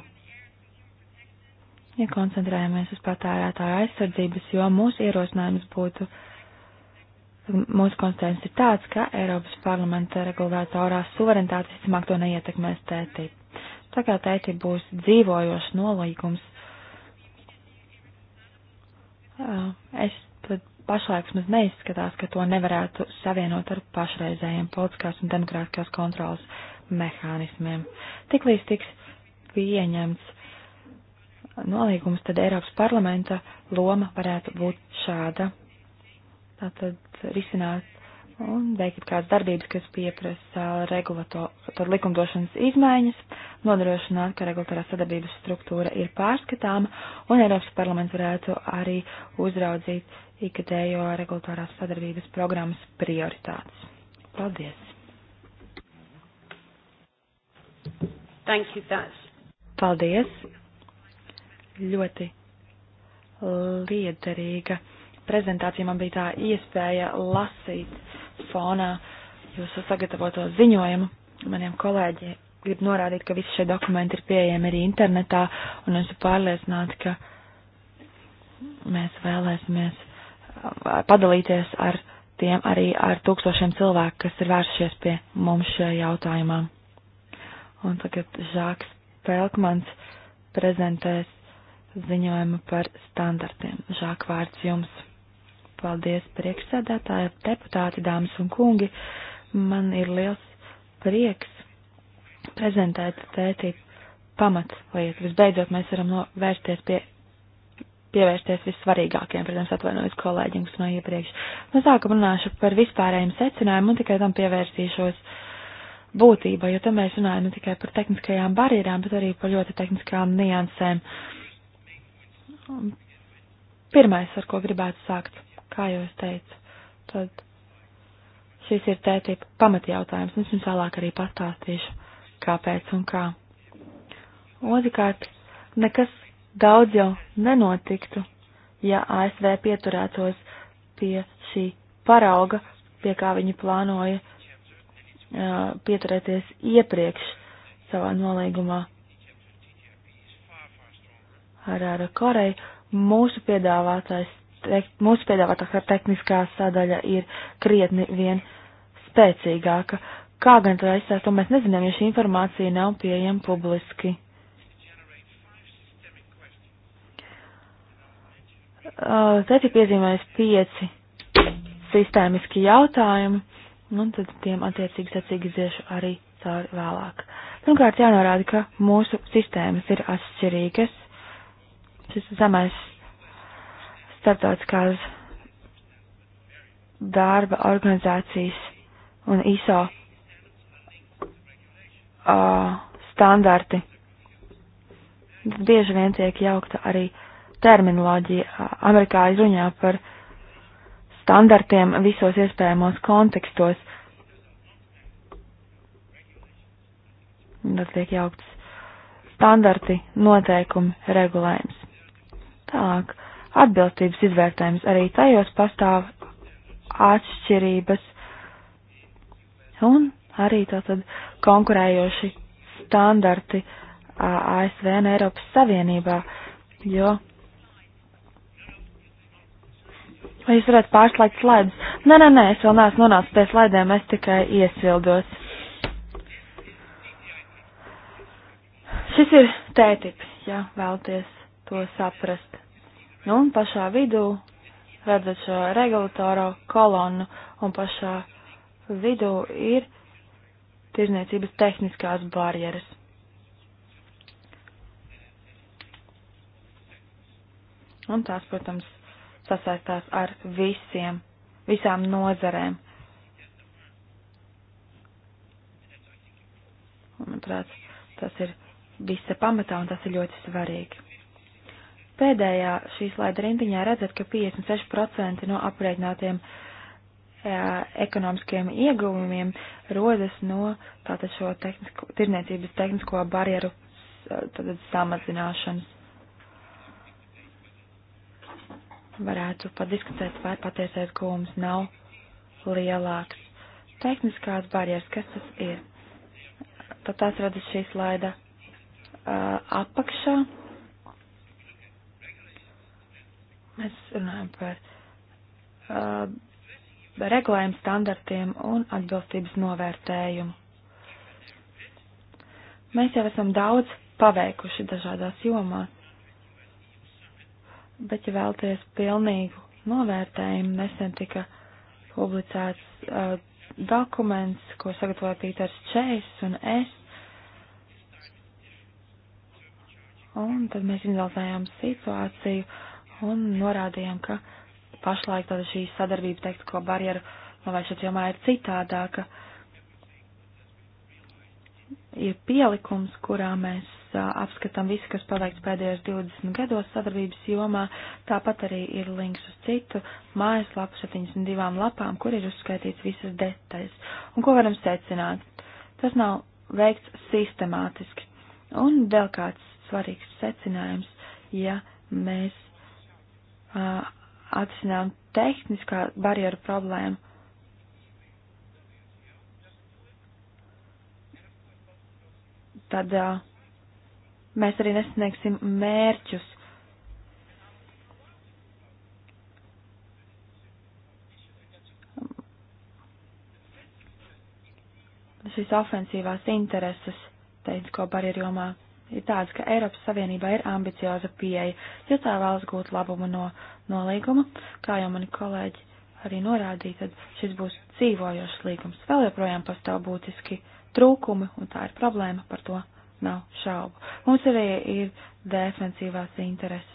Ja koncentrējamies uz patērētāju aizsardzības, jo mūsu ierosinājums būtu, mūsu konstatējums ir tāds, ka Eiropas parlamenta regulētorā suverenitāte visticamāk to neietekmēs tētī. Tā kā tētī būs dzīvojošs nolīgums, es tad pašlaik maz neizskatās, ka to nevarētu savienot ar pašreizējiem politiskās un demokrātiskās kontrolas mehānismiem. Tiklīdz tiks pieņemts nolīgums, tad Eiropas parlamenta loma varētu būt šāda. Tātad risināt un veikt kādas darbības, kas pieprasa regulatoru likumdošanas izmaiņas, nodrošināt, ka regulatorā sadarbības struktūra ir pārskatāma, un Eiropas parlaments varētu arī uzraudzīt ikgadējo regulatorās sadarbības programmas prioritātes. Paldies! Thank you, that's. Paldies. Ļoti liederīga prezentācija. Man bija tā iespēja lasīt fonā jūsu sagatavoto ziņojumu. Maniem kolēģiem grib norādīt, ka visi šie dokumenti ir pieejami arī internetā, un esmu pārliecināta, ka mēs vēlēsimies padalīties ar tiem arī ar tūkstošiem cilvēku, kas ir vērsušies pie mums šajā jautājumā. Un tagad Žāks Pelkmans prezentēs ziņojumu par standartiem. Žāk vārds jums. Paldies priekšsēdētāji, deputāti, dāmas un kungi. Man ir liels prieks prezentēt tētī pamatlietu. Visbeidzot, mēs varam novērsties pie pievērsties vissvarīgākajiem, protams, atvainojos kolēģiem, kas no iepriekš. No sākuma runāšu par vispārējiem secinājumiem un tikai tam pievērsīšos uh, būtība, jo te mēs runājam ne tikai par tehniskajām barjerām, bet arī par ļoti tehniskām niansēm. Pirmais, ar ko gribētu sākt, kā jau es teicu, tad šis ir tētība pamatjautājums, un es jums vēlāk arī pastāstīšu, kāpēc un kā. Otrkārt, nekas daudz jau nenotiktu, ja ASV pieturētos pie šī parauga, pie kā viņi plānoja pieturēties iepriekš savā nolīgumā ar, ar Koreju. Mūsu piedāvātais, te, mūsu piedāvātā tehniskā sadaļa ir krietni vien spēcīgāka. Kā gan tā aizstās, to mēs nezinām, jo šī informācija nav pieejama publiski. Te tika piezīmēs pieci sistēmiski jautājumi Nu, un tad tiem attiecīgi secīgi iziešu arī cauri vēlāk. Pirmkārt, jānorāda, ka mūsu sistēmas ir atšķirīgas. Šis zemais starptautiskās darba organizācijas un ISO uh, standarti. Bieži vien tiek jaukta arī terminoloģija. Amerikāņi runā par uh, standartiem visos iespējamos kontekstos. Tas tiek jaukts standarti, noteikumi, regulējums. Tālāk, atbilstības izvērtējums arī tajos pastāv atšķirības un arī tātad konkurējoši standarti ASV un Eiropas Savienībā, jo Vai jūs varētu pārslēgt slaidus? Nē, nē, nē, es vēl neesmu nonācis pie slaidiem, es tikai iesvildos. Šis ir tētips, ja vēlties to saprast. Nu, un pašā vidū redzat šo regulatoro kolonnu, un pašā vidū ir tirzniecības tehniskās barjeras. Un tās, protams, sasaistās ar visiem, visām nozarēm. Manuprāt, tas ir visa pamatā un tas ir ļoti svarīgi. Pēdējā šīs laida rindiņā redzat, ka 56% no aprēķinātiem ekonomiskiem ieguvumiem rodas no tātad šo tehnisko, tirniecības tehnisko barjeru tātad samazināšanas. varētu padiskutēt, vai patiesais gūms nav lielāks. Tehniskās barjeras, kas tas ir? Tad tās redzat šī slaida uh, apakšā. Mēs runājam par uh, regulējumu standartiem un atbilstības novērtējumu. Mēs jau esam daudz paveikuši dažādās jomās bet, ja vēlaties pilnīgu novērtējumu, nesen tika publicēts uh, dokuments, ko sagatavoja Pīters Čejs un es. Un tad mēs izanalizējām situāciju un norādījām, ka pašlaik tāda šī sadarbība tekstisko barjeru novēršanas jomā ir citādāka. Ir pielikums, kurā mēs apskatām visu, kas paveikts pēdējos 20 gados sadarbības jomā. Tāpat arī ir links uz citu mājaslapu 72 lapām, kur ir uzskaitīts visas detaļas. Un ko varam secināt? Tas nav veikts sistemātiski. Un vēl kāds svarīgs secinājums, ja mēs uh, atrisinām tehniskā barjeru problēmu, tad uh, mēs arī nesasniegsim mērķus. Šīs ofensīvās intereses, teicu, ko barjerjomā, ir tāds, ka Eiropas Savienībā ir ambicioza pieeja, ja tā vēlas gūt labumu no nolīguma, kā jau mani kolēģi arī norādīja, tad šis būs dzīvojošs līgums. Vēl joprojām pastāv būtiski trūkumi, un tā ir problēma par to nav šaubu. Mums arī ir defensīvās intereses.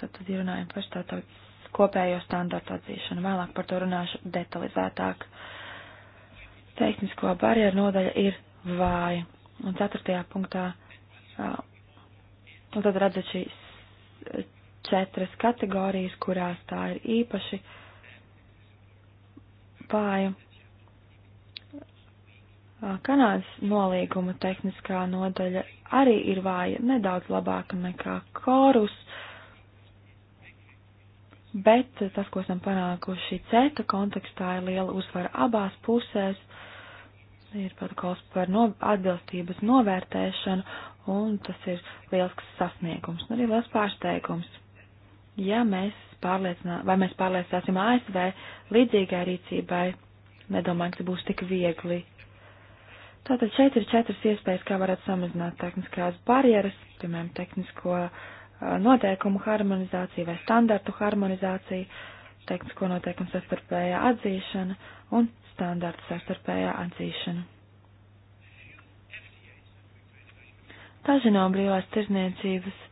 Tad, tad ir runājumi par tātad kopējo standartu atzīšanu. Vēlāk par to runāšu detalizētāk. Tehnisko barjeru nodaļa ir vāja. Un ceturtajā punktā, un tad redzat šīs četras kategorijas, kurās tā ir īpaši vāja Kanādas nolīguma tehniskā nodaļa arī ir vāja, nedaudz labāka nekā korus, bet tas, ko esam panākuši CETA kontekstā, ir liela uzvara abās pusēs. Ir protokols par no, atbilstības novērtēšanu, un tas ir liels sasniegums, un arī liels pārsteigums. Ja mēs pārliecinā, vai mēs pārliecināsim ASV līdzīgai rīcībai, nedomāju, ka tas būs tik viegli Tātad šeit ir četras iespējas, kā varētu samazināt tehniskās barjeras, piemēram, tehnisko noteikumu harmonizāciju vai standartu harmonizāciju, tehnisko noteikumu sastarpējā atzīšana un standartu sastarpējā atzīšana. Daži no brīvās tirzniecības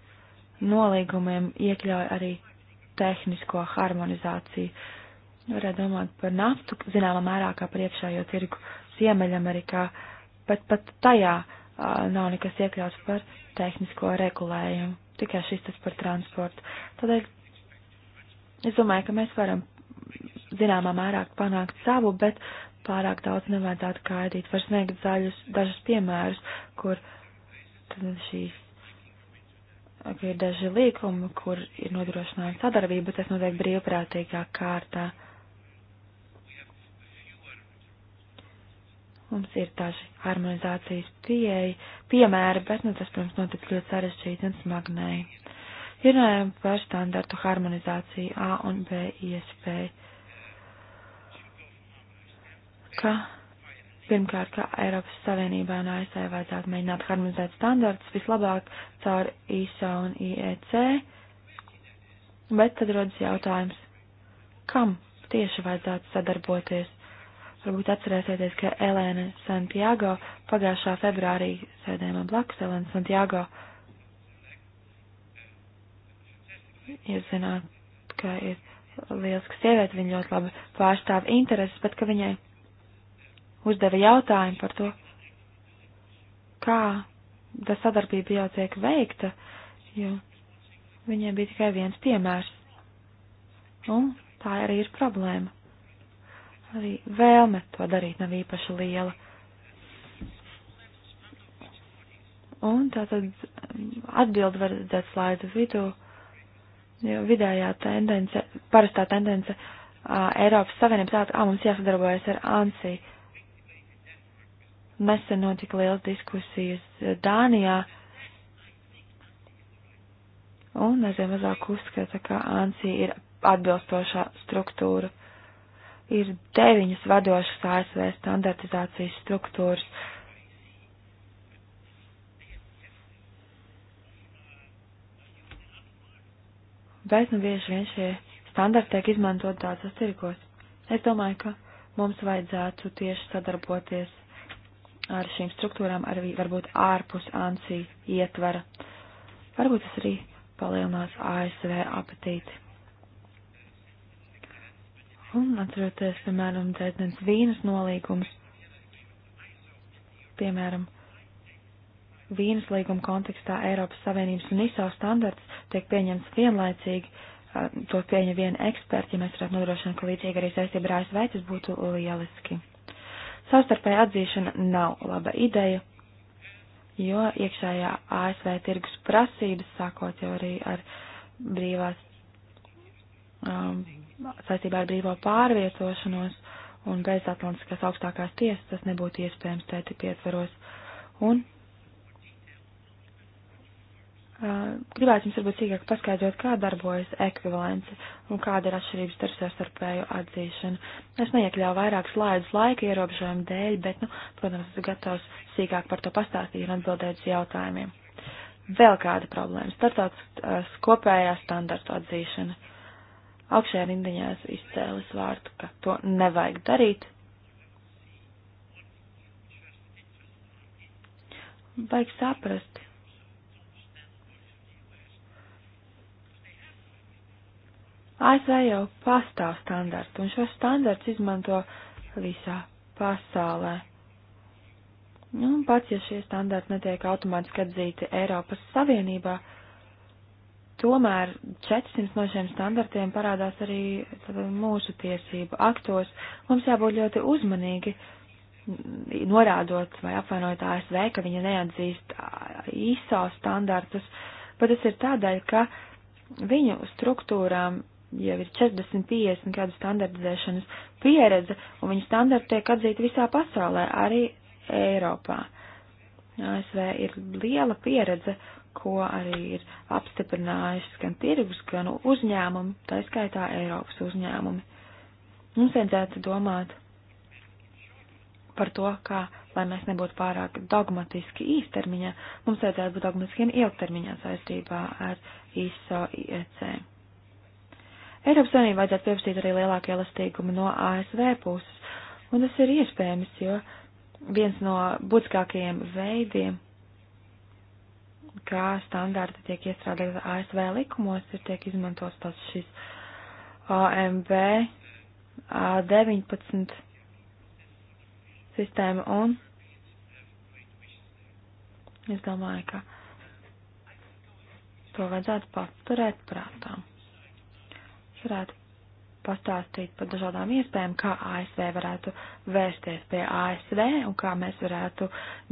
nolīgumiem iekļauj arī tehnisko harmonizāciju. Varētu domāt par naftu, zināmā mērā kā par iekšējo tirgu Ziemeļamerikā. Uh, bet pat tajā uh, nav nekas iekļauts par tehnisko regulējumu, tikai šis tas par transportu. Tādēļ es domāju, ka mēs varam zināmā mērā panākt savu, bet pārāk daudz nevajadzētu gaidīt. Var sniegt zaļus, dažus piemērus, kur šīs, kur ir daži līkumi, kur ir nodrošināta sadarbība, tas notiek brīvprātīgā kārtā. Uh, Mums ir daži harmonizācijas pieeja, piemēri, bet, nu, tas, protams, notika ļoti sarežģīti un smagnēji. Ir par standartu harmonizāciju A un B iespēju. Ka Pirmkārt, kā Eiropas Savienībā un ASV e vajadzētu mēģināt harmonizēt standartus vislabāk caur ISO un IEC, bet tad rodas jautājums, kam tieši vajadzētu sadarboties Varbūt atcerēsieties, ka Elēna Santiago pagājušā februārī sēdēja man blakus Elēna Santiago. Jūs zināt, ka ir lieliska sieviete, viņa ļoti labi pārstāv intereses, bet ka viņai uzdeva jautājumu par to, kā tā sadarbība jau tiek veikta, jo viņai bija tikai viens piemērs. Un tā arī ir problēma. Arī vēlme to darīt nav īpaši liela. Un tātad um, atbildi var redzēt slaidu vidū, jo vidējā tendence, parastā tendence uh, Eiropas Savienības tāda, ah, mums jāsadarbojas ar ANSI. Nesen notika liels diskusijas Dānijā, un aizvien mazāk uzskata, ka ANSI ir atbilstošā struktūra ir deviņas vadošas ASV standartizācijas struktūras. Bet nu bieži vien šie standarti tiek izmantot daudzos tirgos. Es domāju, ka mums vajadzētu tieši sadarboties ar šīm struktūrām, arī varbūt ārpus ANSI ietvara. Varbūt tas arī palielinās ASV apetīti. Un atceroties, piemēram, dzērdnes vīnas nolīgums, piemēram, vīnas līguma kontekstā Eiropas Savienības un ISO standarts tiek pieņemts vienlaicīgi, to pieņem viena eksperta, ja mēs varētu nodrošināt, ka līdzīgi arī saistība ar ASV tas būtu lieliski. Savstarpēja atzīšana nav laba ideja, jo iekšējā ASV tirgus prasības, sākot jau arī ar brīvās um, saistībā ar brīvo pārvietošanos un bez Atlantiskās augstākās tiesas tas nebūtu iespējams tēti pietveros. Un uh, gribētu jums varbūt sīkāk paskaidrot, kā darbojas ekvivalence un kāda ir atšķirības starp savstarpēju atzīšanu. Es neiekļauju vairāk slaidus laika ierobežojumu dēļ, bet, nu, protams, esmu gatavs sīkāk par to pastāstīt un atbildēt uz jautājumiem. Vēl kāda problēma - starptautiskās kopējā standarta atzīšana augšējā rindiņās izcēlis vārtu, ka to nevajag darīt. Vajag saprast. ASV jau pastāv standarti, un šos standarts izmanto visā pasaulē. Nu, un pats, ja šie standarti netiek automātiski atzīti Eiropas Savienībā, uh, Tomēr 400 no šiem standartiem parādās arī uh, mūsu tiesību aktos. Mums jābūt ļoti uzmanīgi, norādot vai apvainojot ASV, ka viņi neatzīst ISO standartus, bet tas ir tādēļ, ka viņu struktūrām jau ir 40, 50 gadu standartizēšanas pieredze, un viņu standarti tiek atzīti visā pasaulē, arī Eiropā. ASV ir liela pieredze, ko arī ir apstiprinājis gan tirgus, gan uzņēmumi, tā skaitā Eiropas uzņēmumi. Mums vajadzētu domāt par to, kā, lai mēs nebūtu pārāk dogmatiski īstermiņā, mums vajadzētu būt dogmatiskiem ilgtermiņā saistībā ar ISO IEC. Eiropas Savienībai vajadzētu pieprasīt arī lielāku elastīgumu no ASV puses, un tas ir iespējams, jo viens no būtiskākajiem veidiem, kā standarti tiek iestrādāti ASV likumos, ir tiek izmantos tas šis OMB 19 sistēma un es domāju, ka to vajadzētu paturēt prātā. Es varētu pastāstīt par dažādām iespējām, kā ASV varētu vērsties pie ASV un kā mēs varētu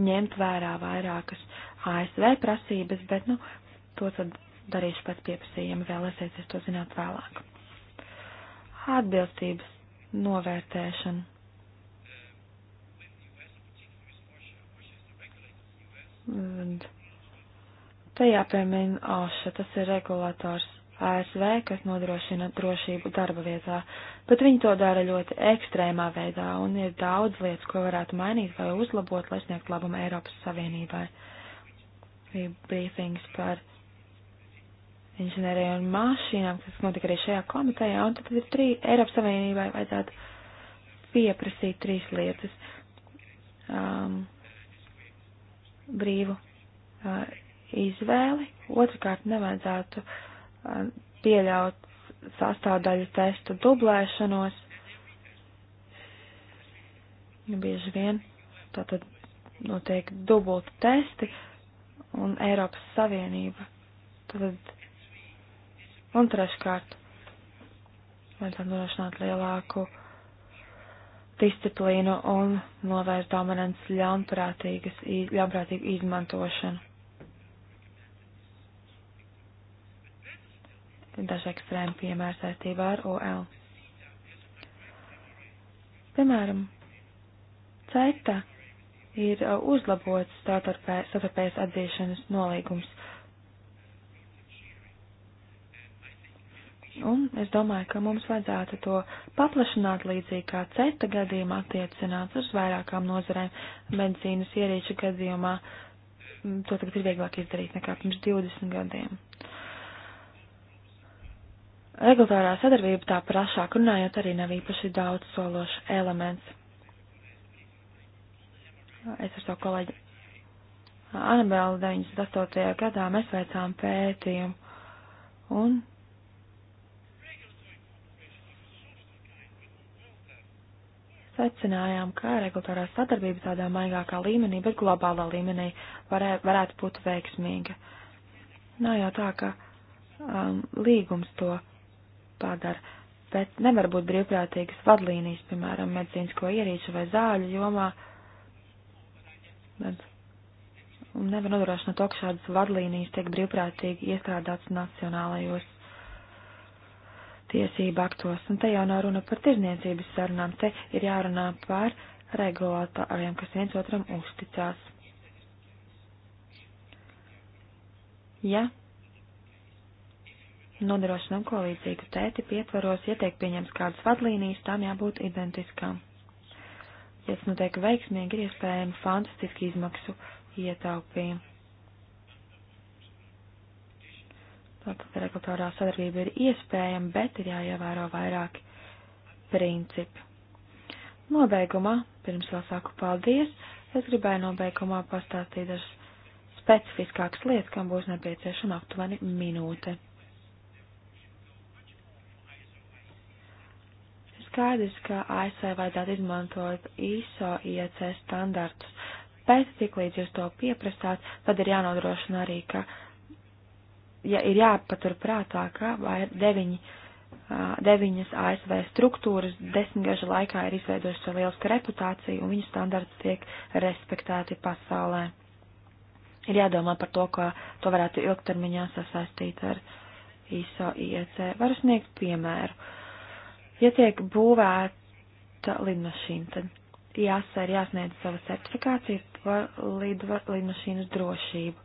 ņemt vērā vairākas ASV prasības, bet, nu, to tad darīšu pēc pieprasījuma, vēlēsiet, es to zināt vēlāk. Atbilstības novērtēšana. Un te jāpiemina Oša, tas ir regulators ASV, kas nodrošina drošību darba vietā, bet viņi to dara ļoti ekstrēmā veidā un ir daudz lietas, ko varētu mainīt vai uzlabot, lai sniegtu labumu Eiropas Savienībai. Bija brīfings par inženieriem un mašīnām, kas notika arī šajā komitejā, un tad ir trī, Eiropas Savienībai vajadzētu pieprasīt trīs lietas. Um, brīvu uh, izvēli, otrkārt nevajadzētu uh, pieļaut sastāvdaļu testu dublēšanos. Bieži vien tātad notiek dubulti testi un Eiropas Savienība. Tātad un treškārt vajadzētu nodrošināt lielāku disciplīnu un novērst dominants ļaunprātīgas, ļaunprātīgu izmantošanu. daži ekstrēmi piemēri saistībā ar OL. Piemēram, CETA ir uh, uzlabots starptautspējas atzīšanas nolīgums. Un es domāju, ka mums vajadzētu to paplašināt līdzīgi kā CETA gadījumā attiecināt uz vairākām nozarēm medicīnas ierīču gadījumā. Mm, to tagad ir vieglāk izdarīt nekā pirms 20 gadiem. Uh, Regulārā sadarbība tā plašāk runājot arī nav īpaši daudz sološs elements. Es ar savu kolēģi Anabelu 98. gadā mēs veicām pētījumu un secinājām, ka regulārā sadarbība tādā maigākā līmenī, bet globālā līmenī varē, varētu būt veiksmīga. Nav jau tā, ka um, līgums to padara, bet nevar būt brīvprātīgas vadlīnijas, piemēram, medicīnisko ierīču vai zāļu jomā. Bet nevar nodrošināt to, ka šādas vadlīnijas tiek brīvprātīgi iestrādātas nacionālajos tiesību aktos. Un te jau nav runa par tirzniecības sarunām, te ir jārunā par regulātoriem, kas viens otram uzticās. Ja nodrošinām ko līdzīgu tēti pietvaros, ieteikt pieņems kādas vadlīnijas, tām jābūt identiskām. Ja tas notiek veiksmīgi, ir iespējami fantastiski izmaksu ietaupījumi. Tātad regulatorā sadarbība ir iespējama, bet ir jāievēro vairāki principi. Nobeigumā, pirms vēl sāku paldies, es gribēju nobeigumā pastāstīt dažas specifiskākas lietas, kam būs nepieciešama aptuveni minūte. skaidrs, ka ASV vajadzētu izmantot ISO IEC standartus. Pēc tik līdz jūs to pieprasāt, tad ir jānodrošina arī, ka ja ir jāpatur prātā, ka vai deviņi, deviņas ASV struktūras desmitgaža laikā ir izveidojušas savu lielisku reputāciju un viņu standarts tiek respektēti pasaulē. Ir jādomā par to, ka to varētu ilgtermiņā sasaistīt ar ISO IEC. Varu sniegt piemēru. Uh, Ja tiek būvēta lidmašīna, tad jāsver jāsniedz sava certifikācija par lidva, lidmašīnas drošību.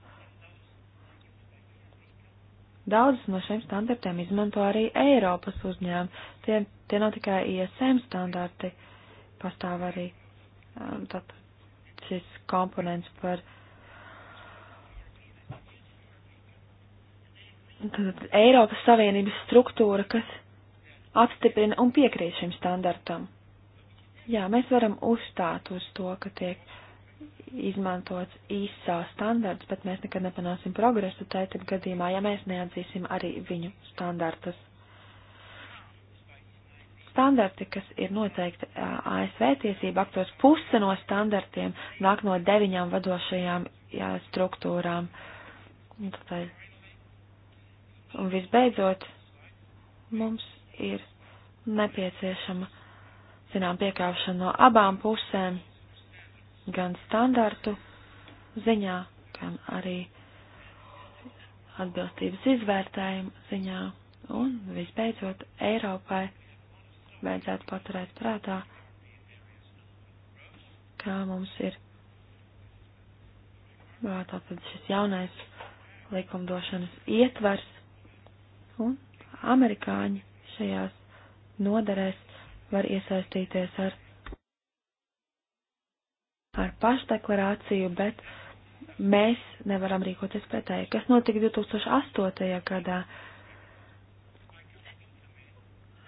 Daudzas no šiem standartiem izmanto arī Eiropas uzņēmumi. Tie, tie nav tikai ISM standarti, pastāv arī um, tātad šis komponents par tātad, Eiropas Savienības struktūra, kas apstiprina un piekrīt šim standartam. Jā, mēs varam uzstāt uz to, ka tiek izmantots īsā standarts, bet mēs nekad nepanāsim progresu tētim gadījumā, ja mēs neatzīsim arī viņu standartus. Standarti, kas ir noteikti ASV tiesību aktos, puse no standartiem nāk no deviņām vadošajām jā, struktūrām. Un, tātad, un visbeidzot, mums ir nepieciešama, zinām, piekāpšana no abām pusēm, gan standartu ziņā, gan arī atbilstības izvērtējumu ziņā, un visbeidzot Eiropai vajadzētu paturēt prātā, kā mums ir tātad šis jaunais likumdošanas ietvers, un amerikāņi šajās nodarēs var iesaistīties ar, ar pašdeklarāciju, bet mēs nevaram rīkoties pretēji. Kas notika 2008. gadā?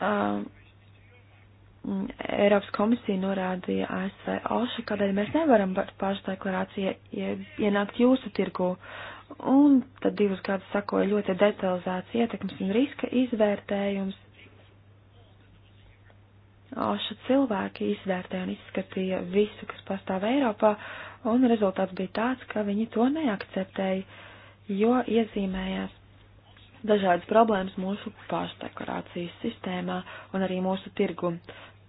Um, Eiropas komisija norādīja ASV Alša, kādēļ mēs nevaram par pašdeklarāciju ienākt jūsu tirgu. Un tad divus gadus sakoja ļoti detalizēts ietekmes un riska izvērtējums, šie cilvēki izvērtēja un izskatīja visu, kas pastāv Eiropā, un rezultāts bija tāds, ka viņi to neakceptēja, jo iezīmējās dažādas problēmas mūsu pārsteigurācijas sistēmā un arī mūsu tirgu.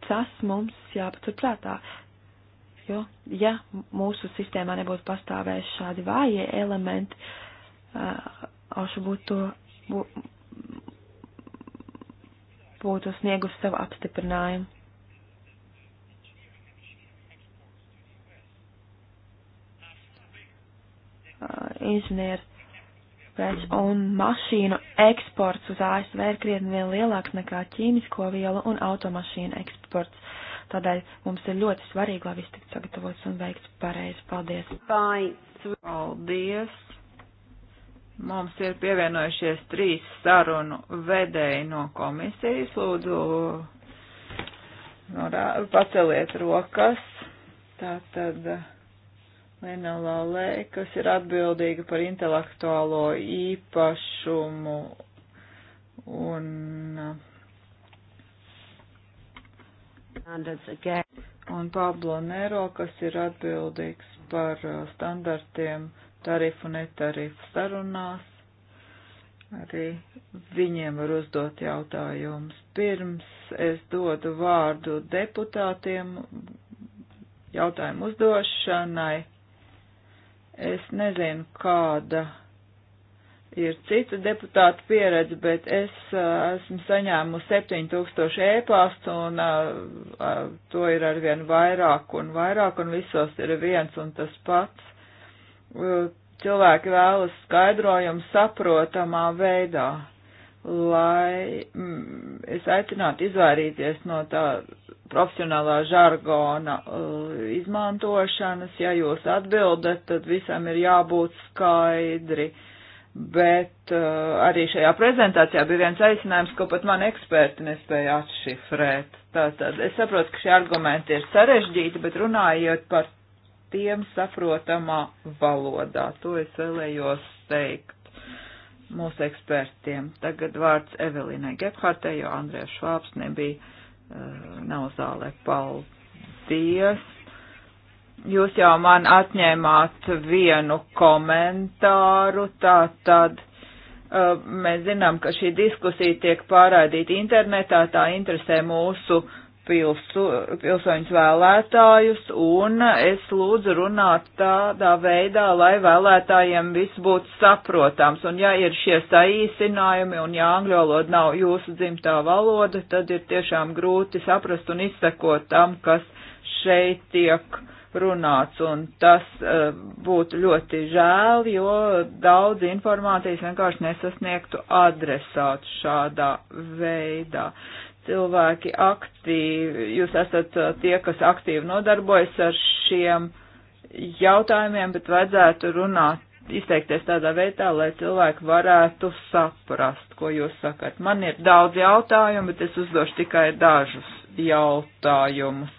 Tas mums jāpatur prātā, jo, ja mūsu sistēmā nebūtu pastāvējuši šādi vājie elementi, Auša būtu, bū, būtu sniegusi savu apstiprinājumu. inženieru preču un mašīnu eksports uz ASV ir krietni vien lielāks nekā ķīmisko vielu un automašīnu eksports. Tādēļ mums ir ļoti svarīgi, lai viss tiktu sagatavots un veikts pareizi. Paldies! Bye. Paldies! Mums ir pievienojušies trīs sarunu vedēji no komisijas. Lūdzu, norā, paceliet rokas. Tātad. Uh, Lena Lalē, kas ir atbildīga par intelektuālo īpašumu un un Pablo Nero, kas ir atbildīgs par uh, standartiem tarifu un netarifu sarunās. Arī viņiem var uzdot jautājumus. Pirms es dodu vārdu deputātiem jautājumu uzdošanai. Es nezinu, kāda ir cita deputāta pieredze, bet es uh, esmu saņēmusi 7000 ēpastu un uh, uh, to ir arvien vairāk un vairāk un visos ir viens un tas pats. Uh, cilvēki vēlas skaidrojumu saprotamā veidā lai mm, es aicinātu izvairīties no tā profesionālā žargona uh, izmantošanas. Ja jūs atbildat, tad visam ir jābūt skaidri. Bet uh, arī šajā prezentācijā bija viens aicinājums, ko pat man eksperti nespēja atšifrēt. Tātad es saprotu, ka šie argumenti ir sarežģīti, bet runājot par tiem saprotamā valodā, to es vēlējos teikt mūsu ekspertiem. Tagad vārds Evelīnai Gebhartei, jo Andrēs Švāps nebija, eh, nav zālē. Paldies! Jūs jau man atņēmāt vienu komentāru, tā tad eh, mēs zinām, ka šī diskusija tiek pārādīta internetā, tā interesē mūsu uh, pilsu, pilsoņus vēlētājus, un es lūdzu runāt tādā veidā, lai vēlētājiem viss būtu saprotams. Un ja ir šie saīsinājumi, un ja angļu valoda nav jūsu dzimtā valoda, tad ir tiešām grūti saprast un izsekot tam, kas šeit tiek runāts, un tas uh, būtu ļoti žēl, jo daudz informācijas vienkārši nesasniegtu adresātu šādā veidā. Uh, cilvēki aktīvi, jūs esat uh, tie, kas aktīvi nodarbojas ar šiem jautājumiem, bet vajadzētu runāt, izteikties tādā veidā, lai cilvēki varētu saprast, ko jūs sakat. Man ir daudz jautājumu, bet es uzdošu tikai dažus jautājumus.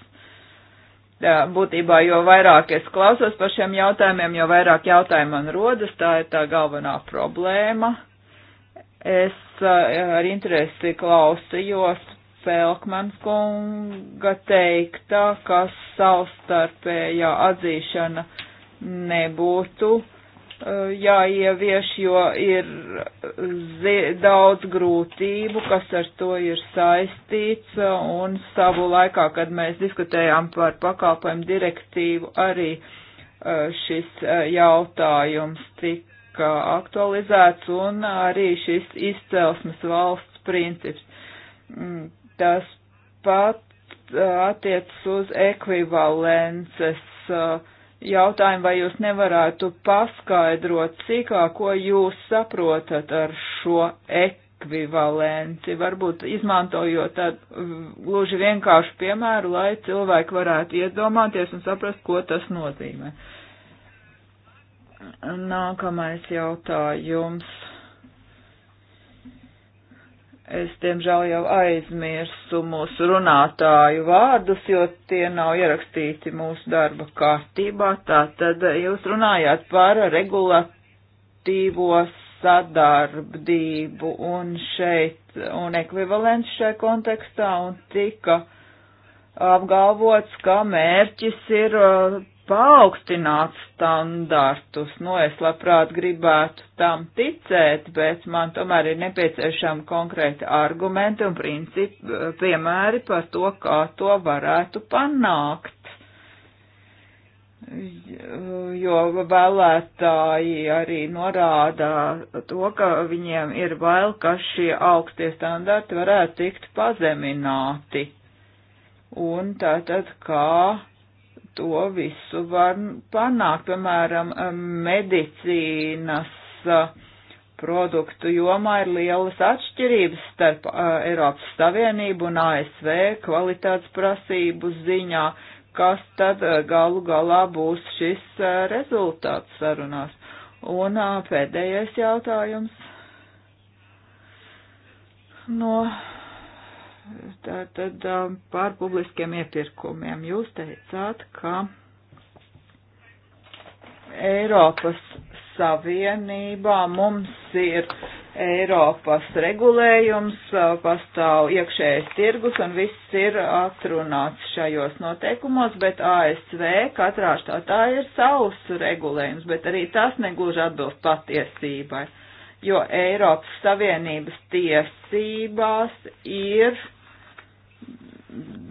Jā, būtībā, jo vairāk es klausos par šiem jautājumiem, jo vairāk jautājumu man rodas, tā ir tā galvenā problēma. Es uh, ar interesi klausījos Felkmans kunga teiktā, ka savstarpējā atzīšana nebūtu eh, jāievieš, jo ir daudz grūtību, kas ar to ir saistīts, un savu laikā, kad mēs diskutējām par pakalpojumu direktīvu, arī eh, šis eh, jautājums tika aktualizēts, un arī šis izcelsmes valsts princips mm, Tas pat attiecas uz ekvivalences jautājumu, vai jūs nevarētu paskaidrot sīkāk, ko jūs saprotat ar šo ekvivalenci, varbūt izmantojot tādu gluži vienkāršu piemēru, lai cilvēki varētu iedomāties un saprast, ko tas nozīmē. Nākamais jautājums Es, diemžēl, jau aizmirsu mūsu runātāju vārdus, jo tie nav ierakstīti mūsu darba kārtībā. Tātad jūs runājāt par regulatīvo sadarbību un šeit, un ekvivalents šai kontekstā, un tika apgalvots, ka mērķis ir uh, paaugstināt standartus. Nu, es labprāt gribētu tam ticēt, bet man tomēr ir nepieciešami konkrēti argumenti un principi, piemēri par to, kā to varētu panākt. Jo vēlētāji arī norāda to, ka viņiem ir bail, ka šie augstie standarti varētu tikt pazemināti. Un tātad kā to visu var panākt, piemēram, medicīnas uh, produktu jomā ir lielas atšķirības starp uh, Eiropas Savienību un ASV kvalitātes prasību ziņā, kas tad uh, galu galā būs šis rezultāts sarunās. Un pēdējais jautājums no Tātad um, par publiskiem iepirkumiem. Jūs teicāt, ka Eiropas Savienībā mums ir Eiropas regulējums, uh, pastāv iekšējais tirgus un viss ir atrunāts šajos noteikumos, bet ASV katrā štatā ir savs regulējums, bet arī tas negluži atbilst patiesībai, jo Eiropas Savienības tiesībās ir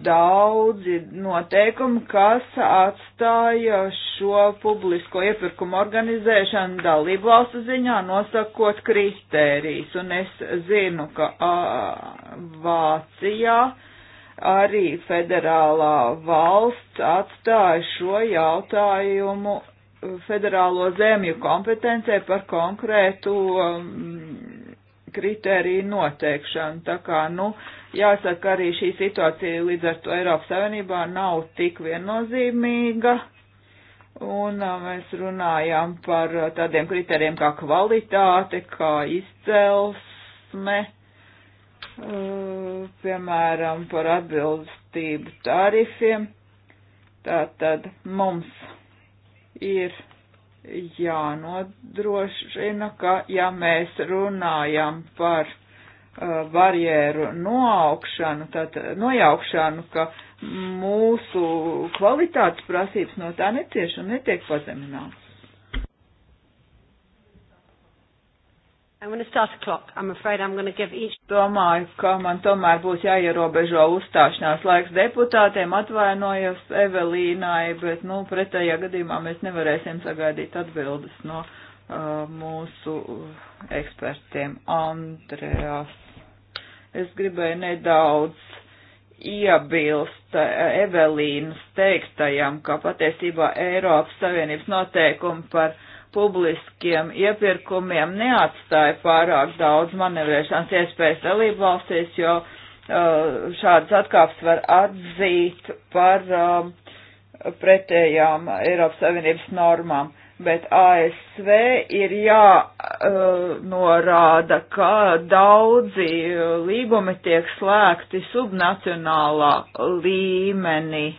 daudzi noteikumi, kas atstāja šo publisko iepirkumu organizēšanu dalību valstu ziņā, nosakot kritērijus. Un es zinu, ka a, Vācijā arī federālā valsts atstāja šo jautājumu federālo zemju kompetencē par konkrētu um, kritēriju noteikšanu. Tā kā, nu, uh, Jāsaka, arī šī situācija līdz ar to Eiropas Savienībā nav tik viennozīmīga, un uh, mēs runājām par uh, tādiem kriterijiem kā kvalitāte, kā izcelsme, uh, piemēram, par atbilstību tarifiem. Tātad mums ir jānodrošina, ka ja mēs runājam par Uh, barjeru noaugšanu, tātad nojaukšanu, ka mūsu kvalitātes prasības no tā necieš un netiek pazemināts. I'm going to start a clock. I'm afraid I'm going to give each. Domāju, ka man tomēr būs jāierobežo uzstāšanās laiks deputātiem. Atvainojos Evelīnai, bet, nu, pretējā gadījumā mēs nevarēsim sagaidīt atbildes no uh, mūsu uh, ekspertiem. Andreas. Es gribēju nedaudz iebilst eh, Evelīnas teiktajam, ka patiesībā Eiropas Savienības noteikumi par publiskiem iepirkumiem neatstāja pārāk daudz manevrēšanas iespējas dalību valstīs, jo uh, šādas atkāpes var atzīt par uh, pretējām Eiropas Savienības normām. Uh, bet ASV ir jānorāda, eh, uh, ka daudzi eh, līgumi tiek slēgti subnacionālā līmenī.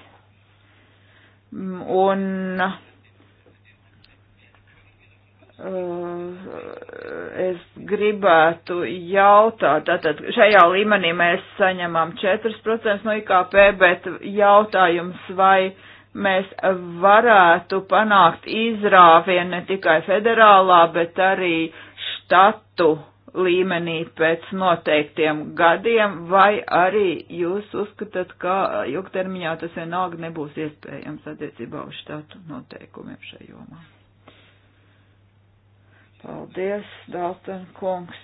Mm, un uh, es gribētu jautāt, tātad šajā līmenī mēs saņemam 4% no IKP, bet jautājums vai uh, mēs varētu panākt izrāvienu ne tikai federālā, bet arī štatu līmenī pēc noteiktiem gadiem, vai arī jūs uzskatāt, ka ilgtermiņā tas vienalga nebūs iespējams attiecībā uz štatu noteikumiem šajā jomā? Paldies, Dalton kungs.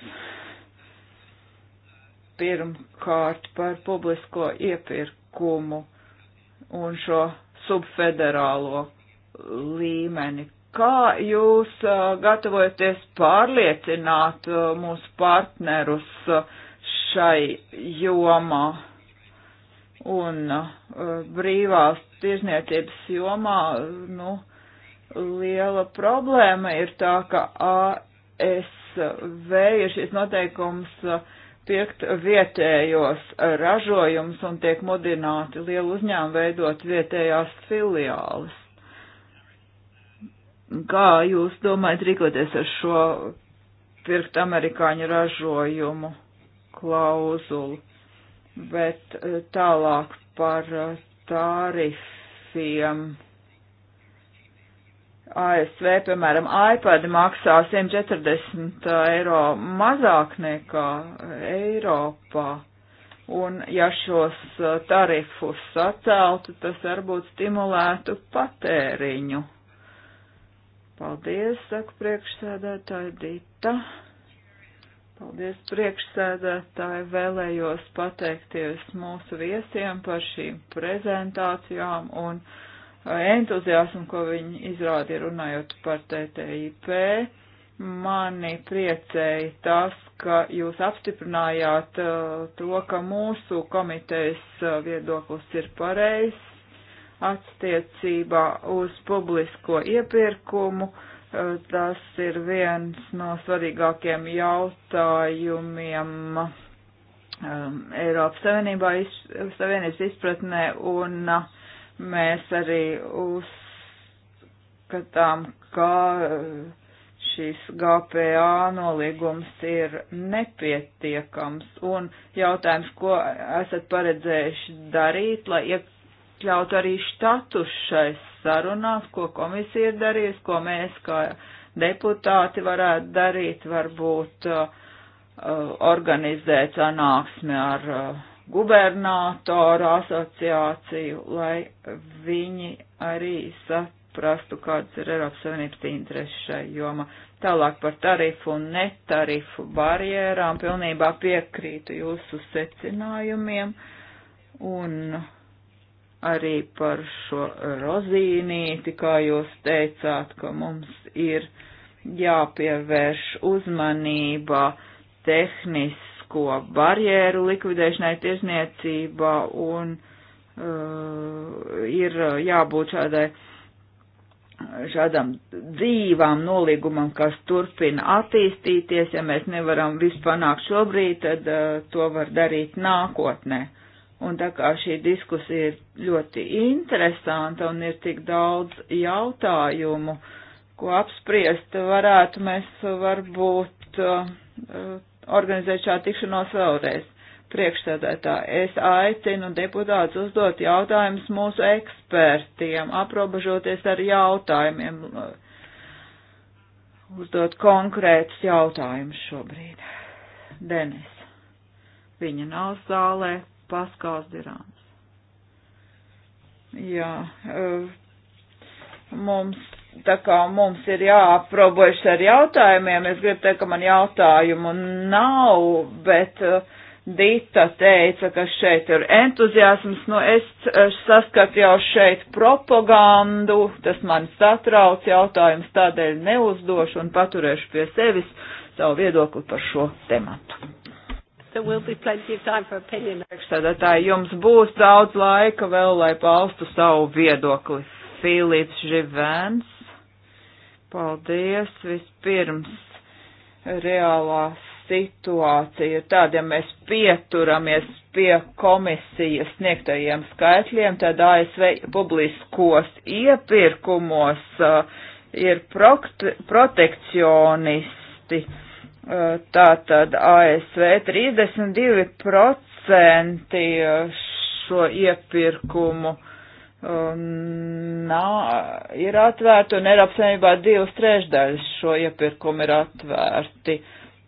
Pirmkārt par publisko iepirkumu un šo subfederālo līmeni. Kā jūs gatavojaties pārliecināt mūsu partnerus šai jomā un brīvās tirzniecības jomā? Nu, liela problēma ir tā, ka ASV ir šis noteikums uh, pirkt vietējos ražojumus un tiek mudināti lielu uzņēmumu veidot vietējās filiāles. Kā jūs domājat rīkoties ar šo pirkt amerikāņu ražojumu klauzulu, bet eh, tālāk par eh, tārifiem? ASV, piemēram, iPad maksā 140 eiro mazāk nekā Eiropā. Un ja šos uh, tarifus saceltu, tas varbūt stimulētu patēriņu. Paldies, saka priekšsēdētāja Dita. Paldies priekšsēdētāji, vēlējos pateikties mūsu viesiem par šīm prezentācijām un entuziasmu, ko viņi izrādīja runājot par TTIP. Mani priecēja tas, ka jūs apstiprinājāt uh, to, ka mūsu komitejas uh, viedoklis ir pareizs attiecībā uz publisko iepirkumu. Uh, tas ir viens no svarīgākiem jautājumiem um, Eiropas Savienībā, iz, Savienības izpratnē un uh, Mēs arī uzskatām, ka eh, šīs GPA nolīgums ir nepietiekams un jautājums, ko esat paredzējuši darīt, lai iekļaut arī štatus šai sarunās, ko komisija ir darījusi, ko mēs kā deputāti varētu darīt, varbūt uh, organizēt sanāksmi ar uh, gubernatoru asociāciju, lai viņi arī saprastu, kādas ir Eiropas Savienības intereses šai jomā. Tālāk par tarifu un netarifu barjerām pilnībā piekrītu jūsu secinājumiem un arī par šo rozīnīti, kā jūs teicāt, ka mums ir jāpievērš uzmanība tehnis birokrātisko barjeru likvidēšanai tiesniecībā un uh, ir uh, jābūt šādai šādam dzīvām nolīgumam, kas turpina attīstīties. Ja mēs nevaram visu panākt šobrīd, tad uh, to var darīt nākotnē. Un tā kā šī diskusija ir ļoti interesanta un ir tik daudz jautājumu, ko apspriest, varētu mēs varbūt uh, organizēt šādu tikšanos vēlreiz. Priekšsēdētā es aicinu deputātus uzdot jautājumus mūsu ekspertiem, aprobežoties ar jautājumiem, uzdot konkrētus jautājumus šobrīd. Denis. Viņa nav zālē, paskās dirāms. Jā, eh, mums tā kā mums ir jāaprobežas ar jautājumiem, es gribu teikt, ka man jautājumu nav, bet uh, Dita teica, ka šeit ir entuziasms, nu es saskatu jau šeit propagandu, tas man satrauc jautājums, tādēļ neuzdošu un paturēšu pie sevis savu viedokli par šo tematu. Priekšstādātāji, jums būs daudz laika vēl, lai paustu savu viedokli. Filips Živens. Paldies vispirms reālā situācija. Tad, ja mēs pieturamies pie komisijas sniegtajiem skaitļiem, tad ASV publiskos iepirkumos uh, ir protekcionisti. Uh, tātad ASV 32% uh, šo iepirkumu uh, nā, ir atvērti un Eiropas Savienībā divas trešdaļas šo iepirkumu ir atvērti.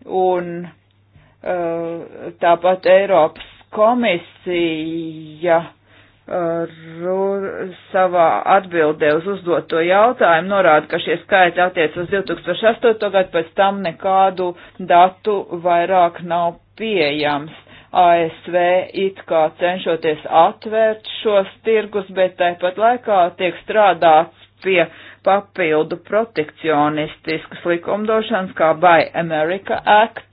Un uh, tāpat Eiropas komisija uh, savā atbildē uz uzdoto jautājumu norāda, ka šie skaitļi attiec uz 2008. gadu, pēc tam nekādu datu vairāk nav pieejams ASV it kā cenšoties atvērt šos tirgus, bet tāpat laikā tiek strādāts pie papildu protekcionistiskas likumdošanas, kā Buy America Act.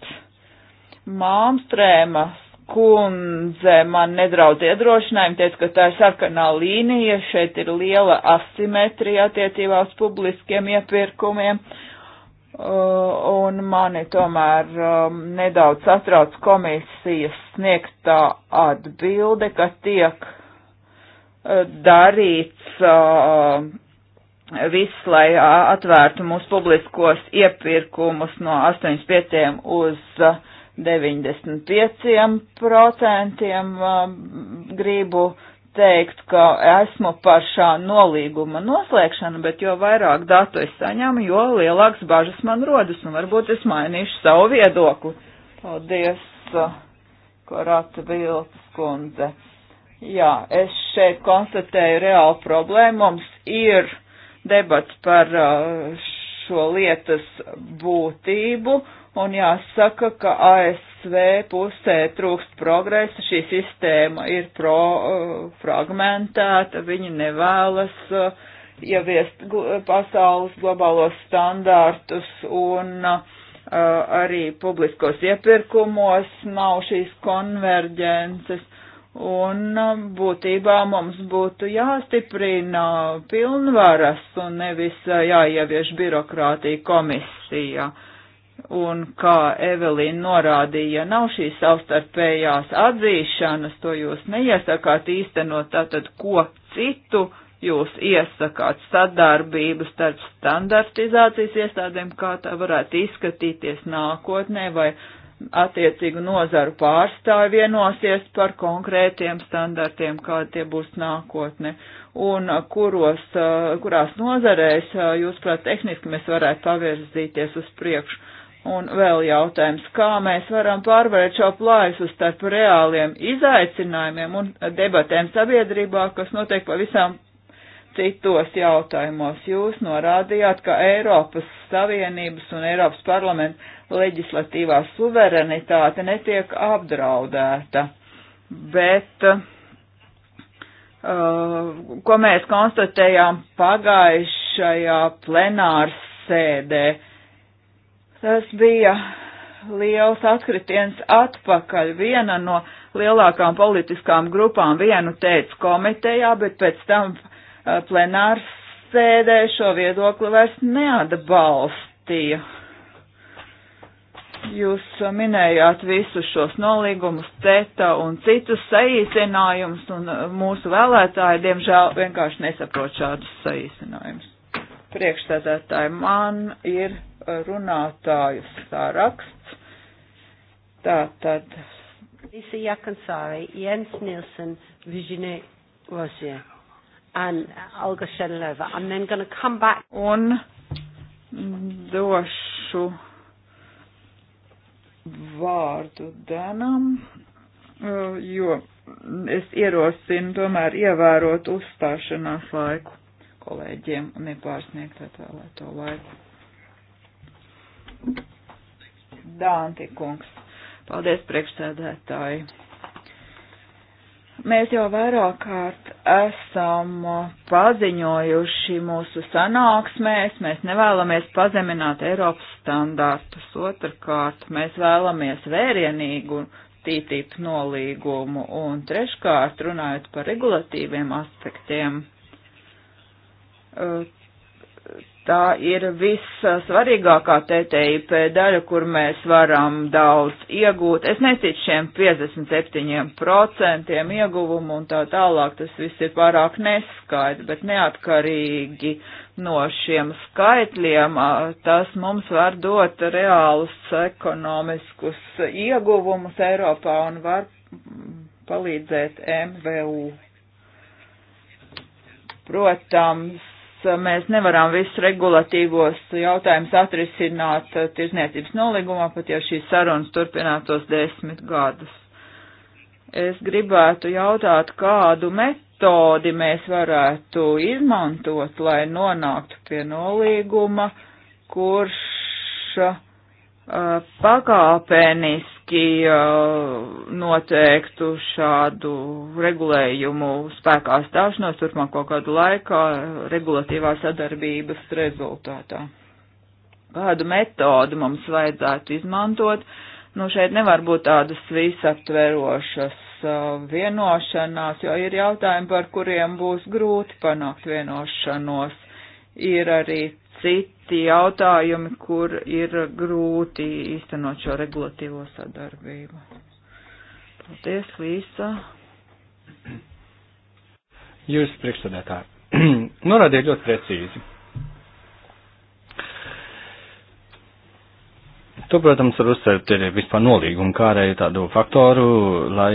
Māmstrēma kundze man nedraudz iedrošinājumu, teica, ka tā ir sarkanā līnija, šeit ir liela asimetrija attiecībā uz publiskiem iepirkumiem. Uh, Uh, un mani tomēr um, nedaudz satrauc komisijas sniegtā atbilde, ka tiek uh, darīts uh, viss, lai uh, atvērtu mūsu publiskos iepirkumus no 85 uz 95 procentiem. Um, gribu teikt, ka esmu par šā nolīguma noslēgšanu, bet jo vairāk datu es saņemu, jo lielāks bažas man rodas, un varbūt es mainīšu savu viedokli. Paldies, Korāta Viltas kundze. Jā, es šeit konstatēju reālu problēmu. Mums ir debats par uh, šo lietas būtību, un jāsaka, ka ASV ASV pusē trūkst progresa, šī sistēma ir pro, uh, fragmentēta, viņi nevēlas uh, ieviest gl pasaules globālos standārtus un uh, arī publiskos iepirkumos nav šīs konverģences. Un būtībā mums būtu jāstiprina pilnvaras un nevis jāievieš birokrātija komisijā. Uh, un kā Evelīna norādīja, nav šīs savstarpējās atzīšanas, to jūs neiesakāt īstenot, tātad ko citu jūs iesakāt sadarbību starp standartizācijas iestādēm, kā tā varētu izskatīties nākotnē, vai attiecīgu nozaru pārstāvi vienosies par konkrētiem standartiem, kā tie būs nākotne, un kuros, kurās nozarēs, jūs prāt, tehniski mēs varētu pavirzīties uz priekšu Un vēl jautājums, kā mēs varam pārvarēt šo plājusu starp reāliem izaicinājumiem un debatēm sabiedrībā, kas notiek pavisam citos jautājumos. Jūs norādījāt, ka Eiropas Savienības un Eiropas parlamenta leģislatīvā suverenitāte netiek apdraudēta, bet uh, ko mēs konstatējām pagājušajā plenārs sēdē, uh, Tas bija liels atkritiens atpakaļ. Viena no lielākām politiskām grupām vienu teica komitejā, bet pēc tam eh, plenārs sēdē šo viedokli vairs neatbalstīja. Jūs minējāt visus šos nolīgumus, CETA un citus saīsinājumus, un eh, mūsu vēlētāji, diemžēl, vienkārši nesaprot šādus saīsinājumus. Priekšstādātāji, man ir runātāju saraksts. Tātad. Lisa Jakansāri, Jens Nielsen, Virginie Rozier and Olga Shenilova. I'm then going to come back. Un došu vārdu Danam, jo es ierosinu tomēr ievērot uzstāšanās laiku kolēģiem un nepārsniegt atvēlēto laiku. Dānti kungs. Paldies, priekšsēdētāji. Mēs jau vairāk kārt esam paziņojuši mūsu sanāksmēs, mēs nevēlamies pazemināt Eiropas standārtus. Otrkārt, mēs vēlamies vērienīgu TTIP nolīgumu un treškārt runājot par regulatīviem aspektiem. Tā ir vissvarīgākā TTIP daļa, kur mēs varam daudz iegūt. Es neticu šiem 57% ieguvumu un tā tālāk, tas viss ir pārāk neskaidri, bet neatkarīgi no šiem skaitļiem, tas mums var dot reālus ekonomiskus ieguvumus Eiropā un var palīdzēt MVU. Protams, Uh, mēs nevaram visus regulatīvos jautājumus atrisināt uh, tirzniecības nolīgumā, pat ja šīs sarunas turpinātos desmit gadus. Es gribētu jautāt, kādu metodi mēs varētu izmantot, lai nonāktu pie nolīguma, kurš uh, pakāpeniski lieliski noteiktu šādu regulējumu spēkā stāšanos turpmāko kādu laikā regulatīvā sadarbības rezultātā. Kādu metodu mums vajadzētu izmantot? Nu, šeit nevar būt tādas visaptverošas vienošanās, jo ir jautājumi, par kuriem būs grūti panākt vienošanos. Ir arī citi jautājumi, kur ir grūti īstenot šo regulatīvo sadarbību. Paldies, Līsa. Jūs priekšsēdētāji. [clears throat] Norādījāt ļoti precīzi. To, protams, var uzsvērt arī vispār nolīgumu kā arī tādu faktoru, lai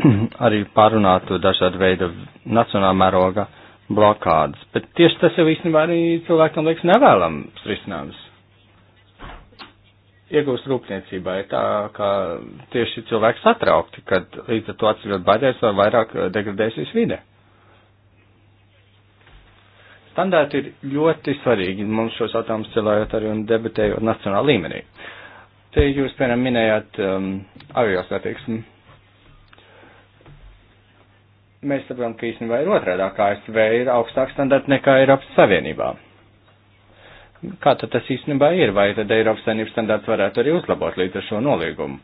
[clears throat] arī pārunātu dažādu veidu nacionālā mēroga blokādas, bet tieši tas jau īstenībā arī cilvēkam liekas nevēlams risinājums. Iegūst rūpniecībā ir tā, ka tieši cilvēki satraukti, kad līdz ar to atsevišķi baidēs vai vairāk eh, degradēsies vide. Standārti ir ļoti svarīgi, mums šos jautājumus cilvēkot arī un debatējot nacionāla līmenī. Te jūs, piemēram, minējāt um, aviosatiksmi mēs saprotam, ka īstenībā ir otrādā, kā ASV ir augstāk standarti nekā Eiropas Savienībā. Kā tad tas īstenībā ir, vai tad Eiropas Savienības standarts varētu arī uzlabot līdz ar šo nolīgumu?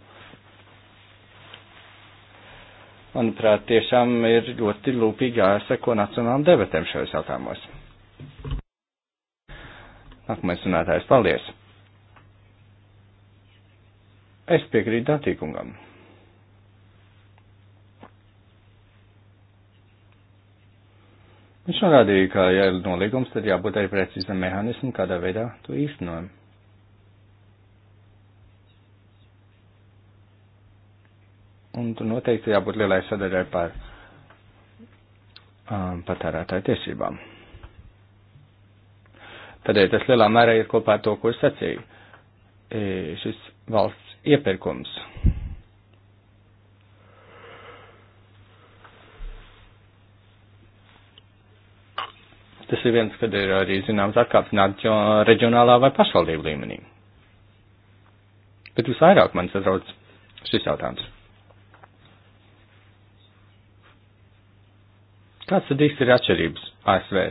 Manuprāt, tiešām ir ļoti lūpīgi jāseko nacionālām debatēm šajos jautājumos. Nākamais runātājs, paldies! Es piekrītu Datīkungam. Viņš norādīja, ka, ja ir nolīgums, tad jābūt arī precīzam mehānismam, kādā veidā to īstenojam. Un tur noteikti jābūt lielai sadarbībai par um, patērētāju tiesībām. Tādēļ tas lielā mērā ir kopā ar to, ko es sacīju. E, šis valsts iepirkums Tas ir viens, kad ir arī zināms atkāpināt reģionālā vai pašvaldību līmenī. Bet visvairāk man satrauc šis jautājums. Kāds tad īsti ir atšķirības ASV?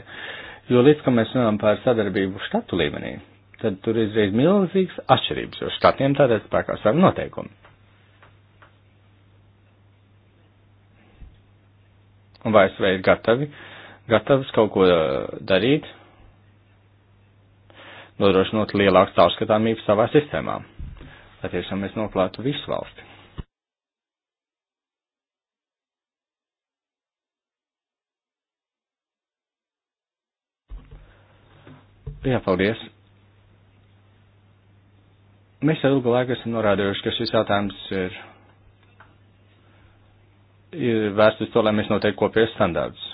Jo līdz, ka mēs runājam par sadarbību štatu līmenī, tad tur izreiz milzīgas atšķirības, jo štatiem tādēļ spēkā savu noteikumu. Un vai ASV ir gatavi uh, gatavs kaut ko uh, darīt, nodrošinot lielāku caurskatāmību savā sistēmā, lai tiešām mēs noklātu visu valsti. Jā, paldies. Mēs jau ilgu laiku esam norādījuši, ka šis jautājums ir, ir vērsts uz to, lai mēs noteikti kopējas standārdus.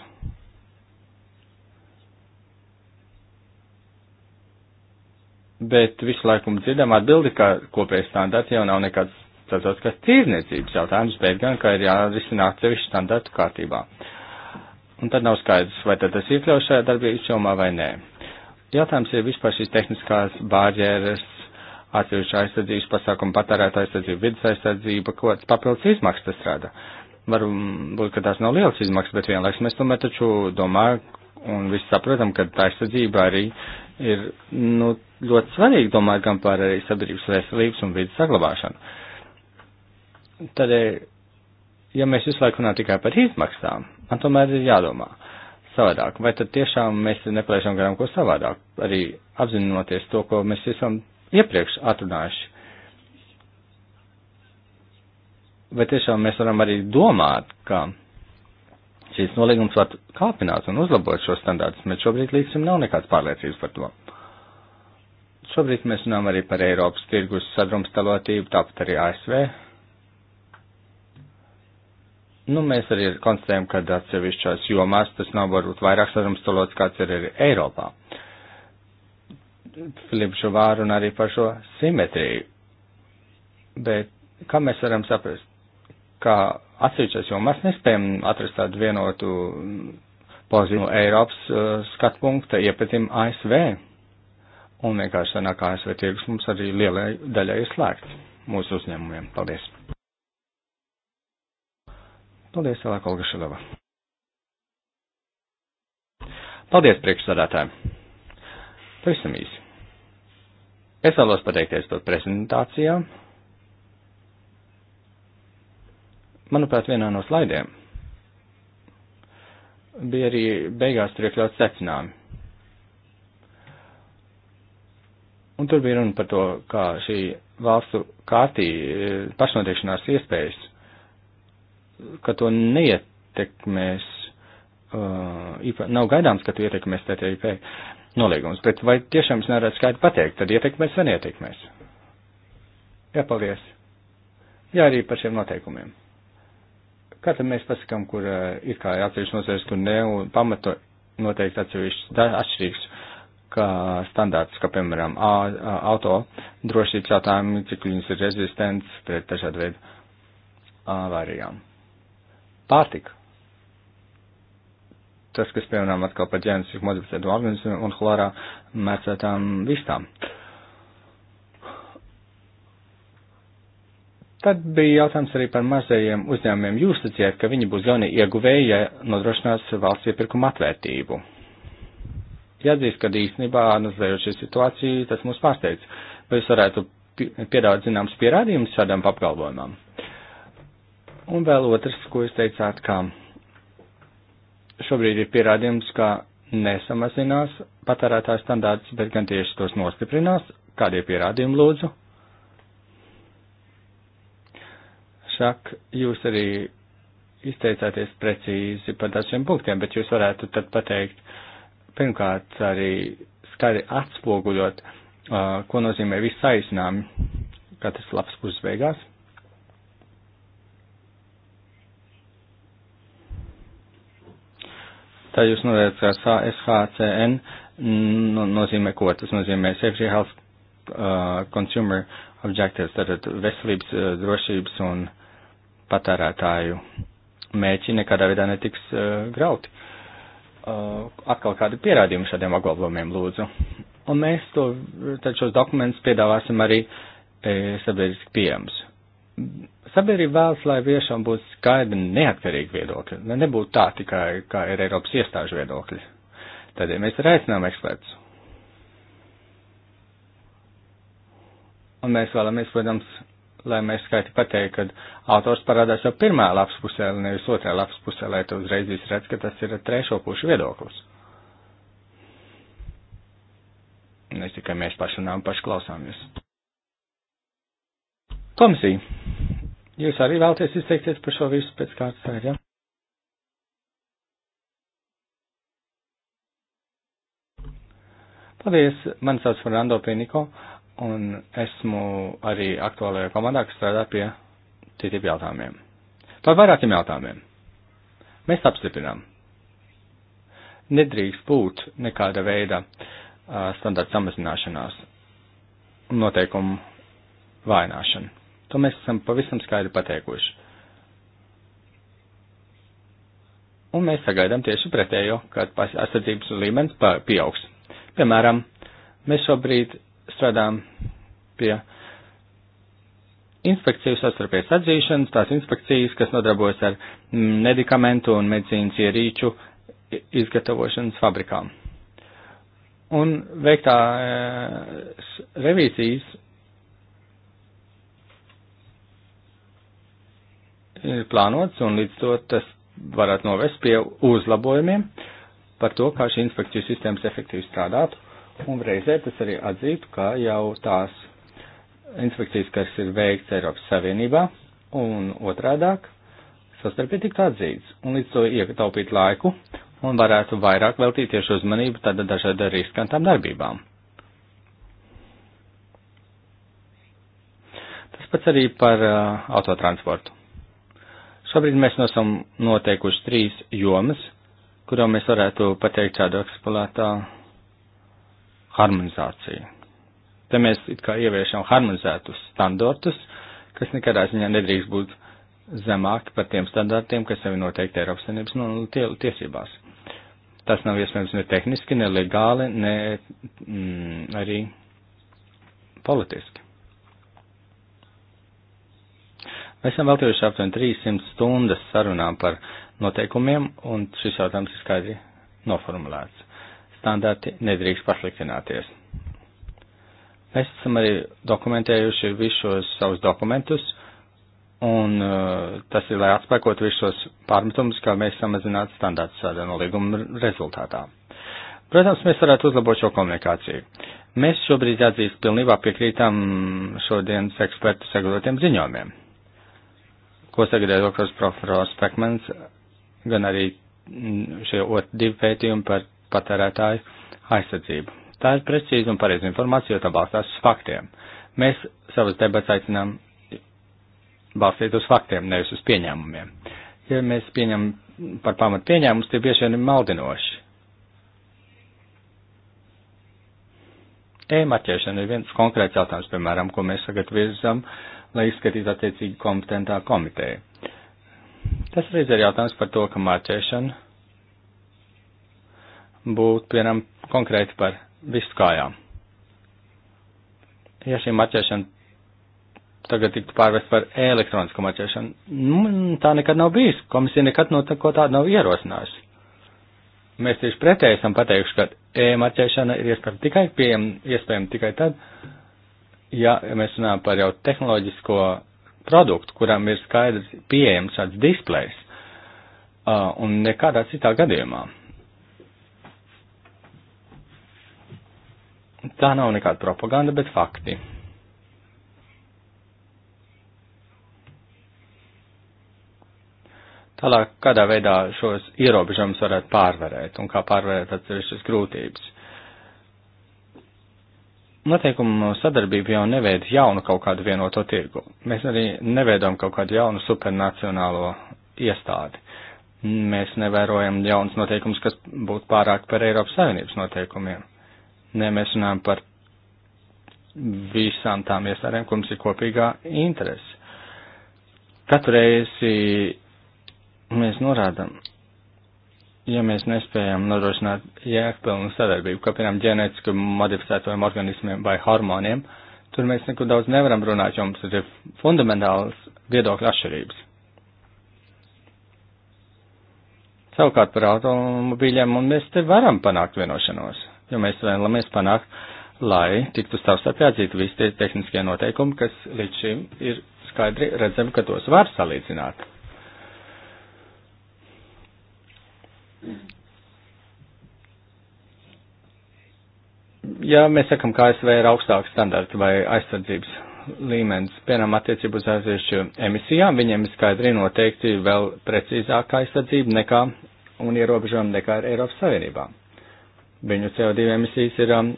bet visu laiku dzirdam atbildi, ka kopējais standarts jau nav nekāds starptautiskās tīrniecības jautājums, bet gan, ka ir jārisina atsevišķi standartu kārtībā. Un tad nav skaidrs, vai tad tas iekļaus šajā darbības jomā vai nē. Jautājums ir vispār šīs tehniskās bārģēras, atsevišķa aizsardzības pasākuma, patērēta aizsardzība, vidas aizsardzība, ko papildus izmaksas tas rada. Varbūt, ka tās nav lielas izmaksas, bet vienlaiks mēs tomēr taču domājam un visi saprotam, ka aizsardzība arī ir nu, ļoti svarīgi domāt gan par arī sabiedrības veselības un vidas saglabāšanu. Tādēļ, ja mēs visu laiku runājam tikai par izmaksām, man tomēr ir jādomā savādāk, vai tad tiešām mēs nepalaižam garām ko savādāk, arī apzinoties to, ko mēs esam iepriekš atrunājuši. Vai tiešām mēs varam arī domāt, ka šīs nolīgums var kāpināt un uzlabot šo standārtus, bet šobrīd līdz šim nav nekāds pārliecības par to. Šobrīd mēs runājam arī par Eiropas tirgus sadrumstalotību, tāpat arī ASV. Nu, mēs arī konstatējam, ka atsevišķās jomās tas nav varbūt vairāk sadrumstalots, kāds ir arī Eiropā. Filips Žuvāru un arī par šo simetriju. Bet kā mēs varam saprast? ka atsevišķās jomās nespējam atrast tādu vienotu pozīciju no Eiropas uh, skatu punkta iepatim ASV. Un vienkārši sanāk ASV tirgus mums arī lielai daļai ir slēgts mūsu uzņēmumiem. Paldies! Paldies, Elēka Olga Šilova! Paldies, priekšsādātāji! Pavisam īsi. Es vēlos pateikties par prezentācijām Manuprāt, vienā no slaidiem bija arī beigās tur iekļauts secinājumi. Un tur bija runa par to, kā šī valstu kārtī e, pašnodrošinās iespējas, ka to neietekmēs, uh, nav gaidāms, ka to ietekmēs TTIP nolīgums, bet vai tiešām es nevarētu skaidri pateikt, tad ietekmēs vai neietekmēs? Jā, paldies. Jā, arī par šiem noteikumiem. Kā tad mēs pasakām, kur eh, ir kā atsevišķi nozares, kur ne, un pamato noteikti atsevišķi atšķirīgs kā standārts, kā piemēram a, a, auto drošības jautājumi, cik viņas ir rezistents pret dažādu veidu avārijām. Pārtika. Tas, kas piemēram atkal par ģēniski modificētu organismu un hlorā mēcētām vistām. Uh, Tad bija jautājums arī par mazajiem uzņēmumiem. Jūs teicāt, ka viņi būs galvenie ieguvēji, ja nodrošinās valsts iepirkuma atvērtību. Jāatzīst, ka īstenībā, analizējot šī situācija, tas mūs pārsteidz. Vai jūs varētu piedāvāt zināms pierādījumus šādam apgalvojumam? Un vēl otrs, ko jūs teicāt, ka šobrīd ir pierādījums, ka nesamazinās patērētāju standārts, bet gan tieši tos nostiprinās. Kādie pierādījumi lūdzu? Šak, jūs arī izteicāties precīzi par dažiem punktiem, bet jūs varētu tad pateikt, pirmkārt, arī skari atspoguļot, uh, ko nozīmē viss aicinājumi, kā tas labs puses beigās. Tā jūs norēdat, ka SHCN no, nozīmē ko? Tas nozīmē Safety Health uh, Consumer Objectives, tātad veselības, uh, drošības un uh, patērētāju mērķi nekādā veidā netiks uh, grauti. Uh, atkal kādi pierādījumi šādiem apgalvojumiem lūdzu. Un mēs to, tad šos dokumentus piedāvāsim arī e, sabiedriski pieejams. Sabiedrība vēlas, lai viešām būtu skaidri neatkarīgi viedokļi, lai nebūtu tā tikai, kā ir Eiropas iestāžu viedokļi. Tādēļ ja mēs arī aicinām ekspertus. Un mēs vēlamies, protams, lai mēs skaidri pateiktu, ka autors parādās jau pirmā lapas pusē, nevis otrā lapas pusē, lai tu uzreiz visu redz, ka tas ir trešo pušu viedoklis. Mēs tikai mēs paši runājam, paši klausāmies. Komisija, jūs arī vēlaties izteikties par šo visu pēc kārtas tā ir, ja? Paldies, man sauc Fernando Peniko Un esmu arī aktuālajā komandā, kas strādā pie citiem jautājumiem. Par vairākiem jautājumiem. Mēs apstiprinām. Nedrīkst būt nekāda veida uh, standarta samazināšanās noteikumu vaināšana. To mēs esam pavisam skaidri pateikuši. Un mēs sagaidām tieši pretējo, kad aizsardzības līmenis pieaugs. Piemēram, mēs šobrīd strādājam pie inspekciju sastarpējas atzīšanas, tās inspekcijas, kas nodarbojas ar medikamentu un medicīnas ierīču izgatavošanas fabrikām. Un veiktā eh, revīzijas ir eh, plānots, un līdz to tas varētu novest pie uzlabojumiem par to, kā šī inspekciju sistēmas efektīvi strādātu Un reizē tas arī atzītu, ka jau tās inspekcijas, kas ir veikts Eiropas Savienībā, un otrādāk, sastarpīgi tiktu atzīts, un līdz to ietaupīt laiku, un varētu vairāk veltīt tieši uzmanību tāda dažāda riskantām darbībām. Tas pats arī par uh, autotransportu. Šobrīd mēs esam noteikuši trīs jomas, kurām mēs varētu pateikt šādu ekspolētā harmonizāciju. Te mēs it kā ieviešam harmonizētus standartus, kas nekādā ziņā nedrīkst būt zemāki par tiem standartiem, kas jau ir noteikti Eiropas Savienības nu, tie, tiesībās. Tas nav iespējams ne tehniski, ne legāli, ne mm, arī politiski. Mēs esam veltījuši aptuveni 300 stundas sarunām par noteikumiem, un šis jautājums ir skaidri noformulēts standarti nedrīkst pasliktināties. Mēs esam arī dokumentējuši visus savus dokumentus, un uh, tas ir, lai atspēkot visus pārmetumus, kā mēs samazinātu standārts tādā nolīguma rezultātā. Protams, mēs varētu uzlabot šo komunikāciju. Mēs šobrīd jāatzīst pilnībā piekrītam šodienas ekspertu sagatavotiem ziņojumiem, ko sagatavoja doktors profesors Pekmans, gan arī mm, šie divi pētījumi par patērētāju aizsardzību. Tā ir precīza un pareiza informācija, jo tā balstās uz faktiem. Mēs savas debats aicinām balstīt uz faktiem, nevis uz pieņēmumiem. Ja mēs pieņemam par pamatu pieņēmumus, tie bieži vien ir maldinoši. E-maķēšana ir viens konkrēts jautājums, piemēram, ko mēs tagad virzam, lai izskatītu attiecīgi kompetentā komiteja. Tas arī ir jautājums par to, ka maķēšana būt, piemēram, konkrēti par visu kājām. Ja šī marķēšana tagad tiktu pārvest par elektronisku marķēšanu, nu, tā nekad nav bijis. Komisija nekad no tā, ko tādu nav ierosinājusi. Mēs tieši pretēji esam pateikuši, ka e-marķēšana ir iespējama tikai, pieejam, iespējama tikai tad, ja mēs runājam par jau tehnoloģisko produktu, kuram ir skaidrs pieejams šāds displejs, uh, un nekādā citā gadījumā. Tā nav nekāda propaganda, bet fakti. Tālāk, kādā veidā šos ierobežojumus varētu pārvarēt un kā pārvarēt atsevišķas grūtības. Noteikumu sadarbība jau neveido jaunu kaut kādu vienoto tirgu. Mēs arī neveidojam kaut kādu jaunu supernacionālo iestādi. Mēs nevērojam jaunas noteikumus, kas būtu pārāk par Eiropas Savienības noteikumiem ne mēs runājam par visām tām iestādēm, kur mums ir kopīgā interese. Katru reizi mēs norādam, ja mēs nespējam nodrošināt jēgpilnu sadarbību, kā piemēram ģenētiski modificētajiem organismiem vai hormoniem, tur mēs neko daudz nevaram runāt, jo mums ir fundamentāls viedokļa atšķirības. Savukārt par automobīļiem, un mēs te varam panākt vienošanos jo mēs vēlamies panākt, lai tiktu savstarpēji atzīti visi tie tehniskie noteikumi, kas līdz šim ir skaidri redzami, ka tos var salīdzināt. Ja mēs sakam, ka ASV ir augstāks standarts vai aizsardzības līmenis, piemēram, attiecību uz aizviešu emisijām, viņiem ir skaidri noteikti vēl precīzāka aizsardzība nekā un ierobežojumi nekā ar Eiropas Savienībām viņu CO2 emisijas ir, um,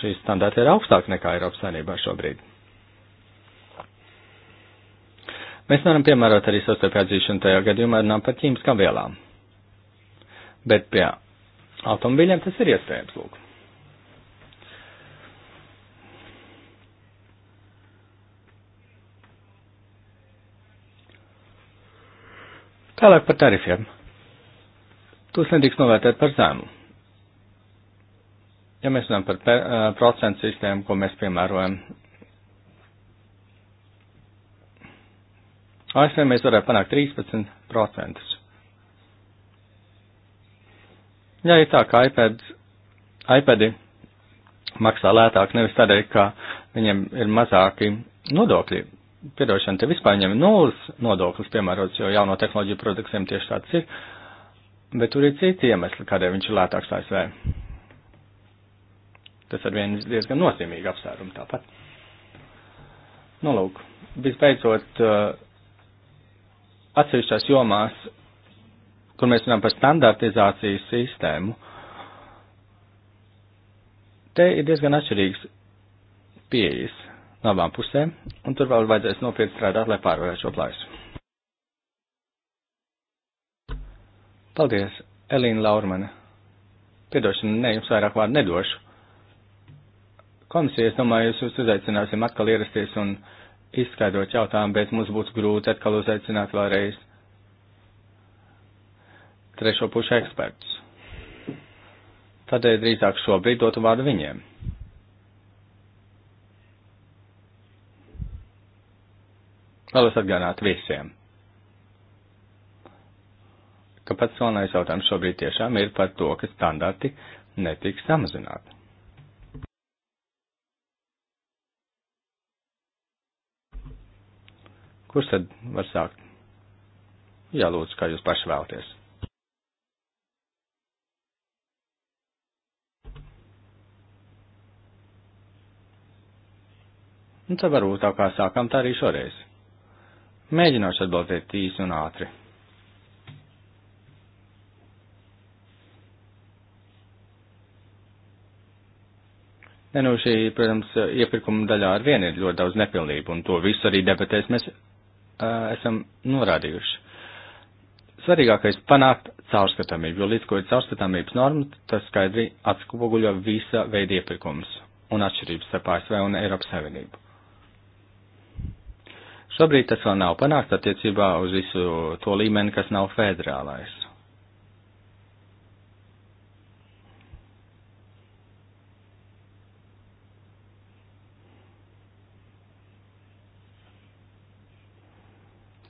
šī standarta ir augstāka nekā Eiropas Savienībā šobrīd. Mēs varam piemērot arī sastarpēju atzīšanu tajā gadījumā runām par ķīmiskām vielām. Bet pie automobīļiem tas ir iespējams, lūk. Tālāk par tarifiem. Tos nedrīkst novērtēt par zemu. Ja mēs runājam par per, uh, procentu sistēmu, ko mēs piemērojam, ASV mēs varētu panākt 13%. Jā, ir tā, ka iPad, iPadi maksā lētāk nevis tādēļ, ka viņiem ir mazāki nodokļi. Piedošana, te vispār viņiem ir nulles nodoklis piemērots, jo jauno tehnoloģiju produktiem tieši tāds ir, bet tur ir citi iemesli, kādēļ viņš ir lētāks ASV. Tas ar vienu diezgan nozīmīgi apsvērumu tāpat. Nu, lūk, visbeidzot, uh, atsevišķās jomās, kur mēs runājam par standartizācijas sistēmu, te ir diezgan atšķirīgs pieejas no abām pusēm, un tur vēl vajadzēs nopietni strādāt, lai pārvarētu šo plaisu. Paldies, Elīna Laurmane. Piedošana, ne, jums vairāk vārdu nedošu komisija, es domāju, jūs jūs uzaicināsim atkal ierasties un izskaidrot jautājumu, bet mums būs grūti atkal uzaicināt vēlreiz trešo pušu ekspertus. Tādēļ drīzāk šobrīd dotu vārdu viņiem. Vēlos atgādināt visiem, ka pats galvenais jautājums šobrīd tiešām ir par to, ka standarti netiks samazināti. Kurš tad var sākt? Jā, lūdzu, kā jūs paši vēlaties. Nu, tad varbūt tā kā sākam tā arī šoreiz. Mēģināšu atbildēt īsi un ātri. Ne, nu šī, protams, iepirkuma daļā ar vienu ir ļoti daudz nepilnību, un to visu arī debatēs mēs esam norādījuši. Svarīgākais panākt caurskatāmību, jo līdz ko ir caurskatāmības norma, tas skaidri atspoguļo visa veida iepirkums un atšķirības starp ASV un Eiropas Savienību. Šobrīd tas vēl nav panākts attiecībā uz visu to līmeni, kas nav federālais.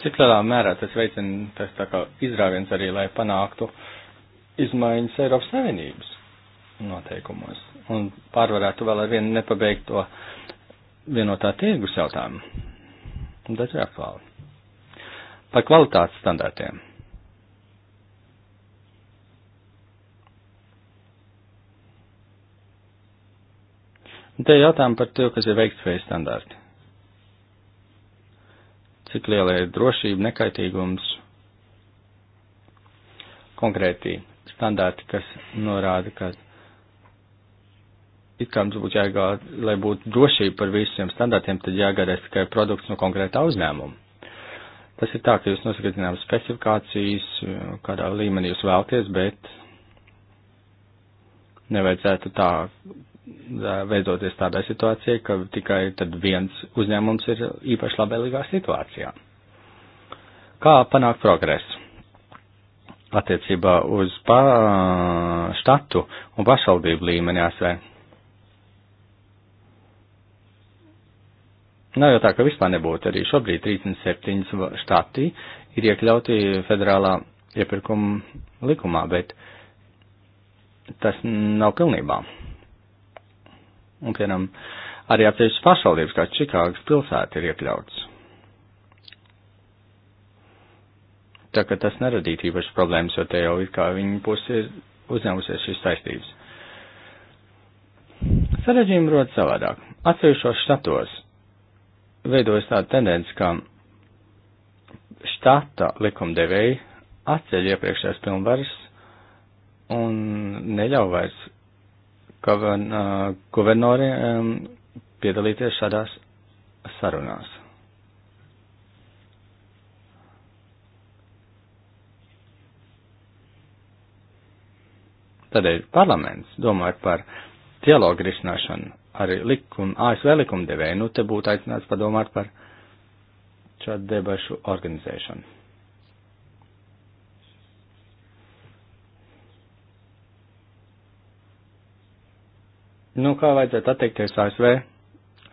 cik lielā mērā tas veicina tas tā kā izrāviens arī, lai panāktu izmaiņas Eiropas Savienības noteikumos un pārvarētu vēl ar vienu nepabeigto vienotā tirgus jautājumu. Un tas ir aktuāli. Par kvalitātes standartiem. Un te ir jautājumi par to, kas ir veiktspējas standarti cik liela ir drošība, nekaitīgums, konkrēti standarti, kas norāda, ka it kā mums būtu jāgādā, lai būtu drošība par visiem standartiem, tad jāgādās tikai produkts no konkrētā uzņēmuma. Tas ir tā, ka jūs nosakat zināmas specifikācijas, kādā līmenī jūs vēlties, bet nevajadzētu tā veidoties tādā situācijā, ka tikai tad viens uzņēmums ir īpaši labvēlīgā situācijā. Kā panākt progresu? Attiecībā uz pa, štatu un pašvaldību līmeni ASV. Nav jau tā, ka vispār nebūtu. Arī šobrīd 37 štati ir iekļauti federālā iepirkuma likumā, bet tas nav pilnībā un, piemēram, arī atsevišķas pašvaldības, kā Čikāgas pilsēta, ir iekļauts. Tā ka tas neradītu īpaši problēmas, jo te jau it kā viņi pusi ir uzņēmusies šīs saistības. Sarežģījumi rod savādāk. Atsevišķos štatos veidojas tāda tendence, ka štata likumdevēji atceļ iepriekšējās pilnvaras un neļauj vairs guvern, uh, guvernoriem um, piedalīties šādās sarunās. Tādēļ parlaments, domājot par dialogu risināšanu, arī likum, ASV likumdevēju, nu te būtu aicināts padomāt par šādu debašu organizēšanu. Nu, kā vajadzētu atteikties ASV, uh,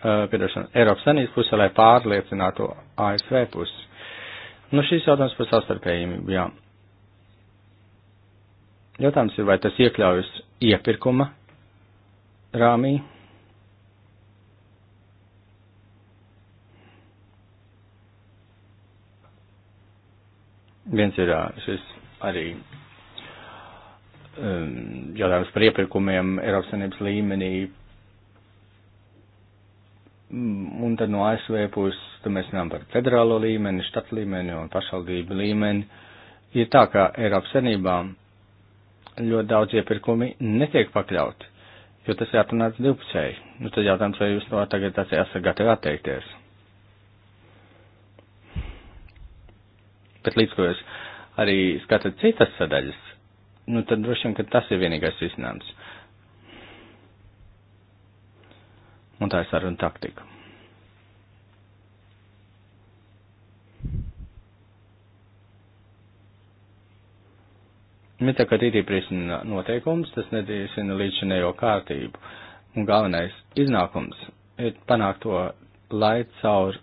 eh, piedošana, Eiropas Sanības pusē, lai pārliecinātu ASV pusi? Nu, šīs jautājums par sastarpējumību, jā. Jautājums ir, vai tas iekļaujas iepirkuma rāmī? Viens ir šis arī Um, jautājums par iepirkumiem Eiropas Savienības līmenī. Mm, un tad no ASV puses, tad mēs runājam par federālo līmeni, štatu līmeni un pašvaldību līmeni. Ir tā, ka Eiropas Savienībā ļoti daudz iepirkumi netiek pakļauti, jo tas ir atrunāts divpusēji. Nu, tad jautājums, vai jūs no tagad esat gatavi atteikties? Bet līdz ko jūs arī skatāt citas sadaļas, nu tad droši vien, ka tas ir vienīgais risinājums. Un tā ir saruna taktika. Mita, ka rītī priecina noteikums, tas nedīsina līdzinējo kārtību. Un galvenais iznākums ir panākt to, lai caur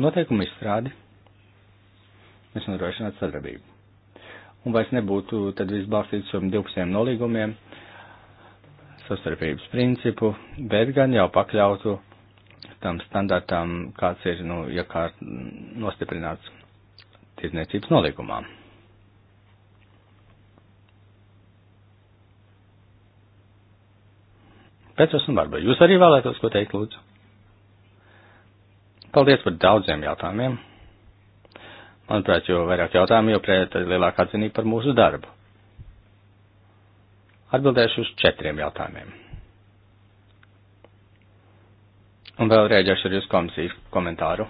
noteikumu izstrādi mēs nodrošinātu sadarbību un vairs nebūtu tad viss balstīts uz divpusējiem nolīgumiem, sastarpības principu, bet gan jau pakļautu tam standartam, kāds ir, nu, ja kā nostiprināts tirdzniecības nolīgumā. Petros un Barba, jūs arī vēlētos ko teikt, lūdzu? Paldies par daudziem jautājumiem. Manuprāt, jo vairāk jautājumu, jo pret lielākā atzinība par mūsu darbu. Atbildēšu uz četriem jautājumiem. Un vēl rēģēšu arī uz komisijas komentāru.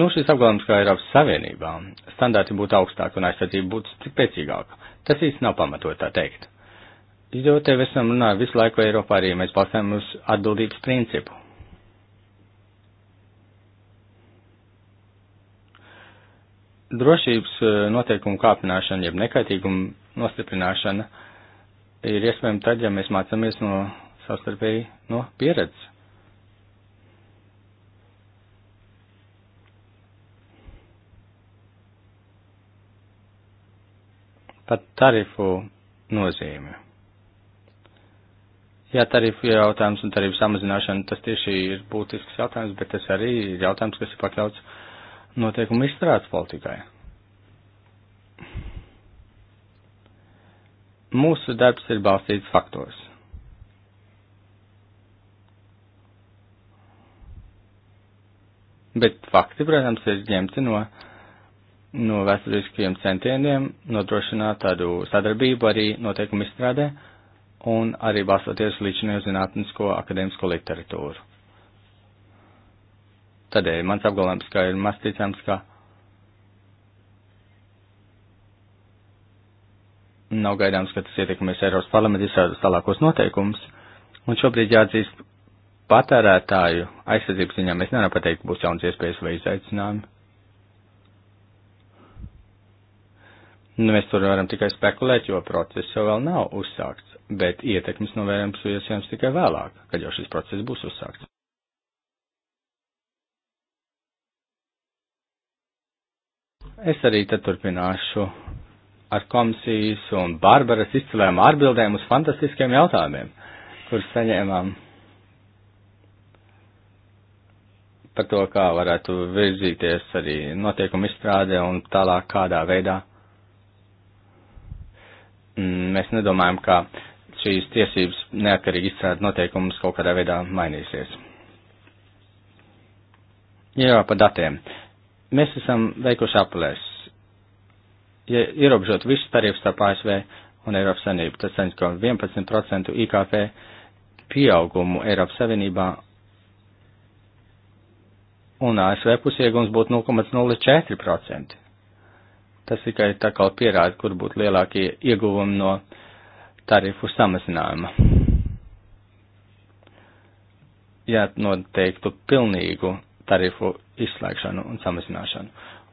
Nu, šis apgalvojums, ka Eiropas Savienībā standarti būtu augstāki un aizsardzība būtu spēcīgāka, tas īsti nav pamatot tā teikt. Jo te esam runāju visu laiku Eiropā arī mēs balstām uz atbildības principu. Drošības eh, noteikumu kāpināšana, jeb nekaitīguma nostiprināšana ir iespējama tad, ja mēs mācāmies no savstarpēji no pieredzes. Pat tarifu nozīme. Jā, tarifu jautājums un tarifu samazināšana, tas tieši ir būtisks jautājums, bet tas arī ir jautājums, kas ir pakļauts noteikumu izstrādes politikai. Mūsu darbs ir balstīts faktos. Bet fakti, protams, ir ņemti no, no vēsturiskiem centieniem nodrošināt tādu sadarbību arī noteikumu izstrādē un arī balstoties līdzinējo zinātnisko akadēmisko literatūru. Tādēļ mans apgalvojums, ka ir maz ticams, ka nav gaidāms, ka tas ietekmēs Eiropas parlamentu izsādus tālākos noteikumus, un šobrīd jāatzīst patērētāju aizsardzības ziņā mēs nevaram pateikt, būs jauns iespējas vai izaicinājumi. Nu, mēs tur varam tikai spekulēt, jo process jau vēl nav uzsākts bet ietekmes novērojums iespējams tikai vēlāk, kad jau šis process būs uzsākts. Es arī tad turpināšu ar komisijas un Barbaras izcilēm atbildēm uz fantastiskiem jautājumiem, kurus saņēmām par to, kā varētu virzīties arī notiekuma izstrāde un tālāk kādā veidā. Mm, mēs nedomājam, ka šīs tiesības neatkarīgi izstrādāt noteikumus kaut kādā veidā mainīsies. Jā, par datiem. Mēs esam veikuši apulēs. Ja ierobežot visus tarifus starp ASV un Eiropas Savienību, tas saņems kā 11% IKP pieaugumu Eiropas Savienībā un ASV pusiegums būtu 0,04%. Tas tikai tā kā pierāda, kur būtu lielākie ieguvumi no tarifu samazinājuma. Jā, noteiktu pilnīgu tarifu izslēgšanu un samazināšanu.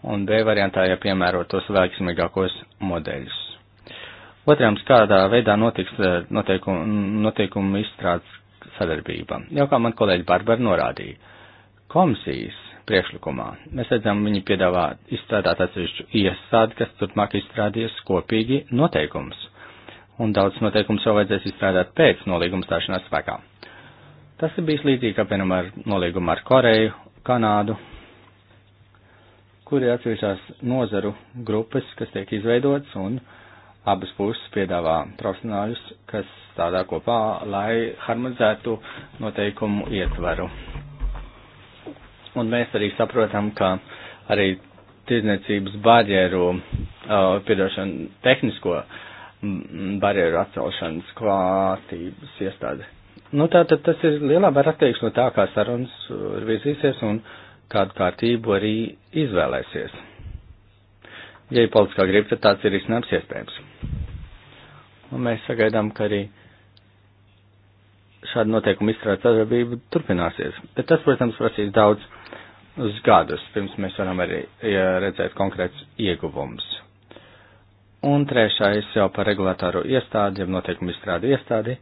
Un B variantā jāpiemērot tos veiksmīgākos modeļus. Otrams, kādā veidā notiks noteikumu, eh, noteikumu izstrādes sadarbība. Jau kā man kolēģi Barbara norādīja, komisijas priekšlikumā mēs redzam, viņi piedāvā izstrādāt atsevišķu iestādi, kas turpmāk izstrādījas kopīgi noteikumus un daudz noteikums jau vajadzēs izstrādāt pēc nolīguma stāšanās spēkā. Tas ir bijis līdzīgi, apvienam, ar nolīgumu ar Koreju, Kanādu, kur ir atsevišķās nozaru grupas, kas tiek izveidotas, un abas puses piedāvā profesionāļus, kas strādā kopā, lai harmonizētu noteikumu ietvaru. Un mēs arī saprotam, ka arī tirdzniecības barjeru, uh, piedošanu tehnisko uh, barjeru atcelšanas klātības iestādi. Nu, tātad tas ir lielā mērā atkarīgs no tā, kā sarunas uh, virzīsies un kādu kārtību arī izvēlēsies. Ja ir politiskā griba, tad tāds ir iznāms iespējams. Un mēs sagaidām, ka arī šāda noteikuma izstrādes sadarbība turpināsies. Bet tas, protams, prasīs daudz uz gadus, pirms mēs varam arī redzēt konkrēts ieguvums. Un trešais jau par regulātāro iestādi, jau noteikumu izstrādi iestādi.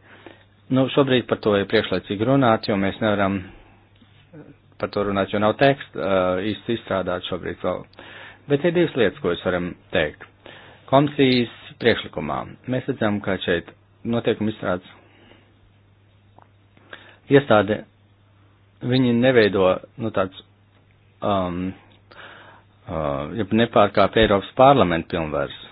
Nu, šobrīd par to ir priekšlaicīgi runāt, jo mēs nevaram par to runāt, jo nav teksta uh, īsti izstrādāt šobrīd vēl. Bet ir divas lietas, ko es varam teikt. Komisijas priekšlikumā mēs redzam, ka šeit noteikumu izstrādes iestāde, viņi neveido, nu, tāds, um, uh, nepārkāp Eiropas parlamenta pilnvaras.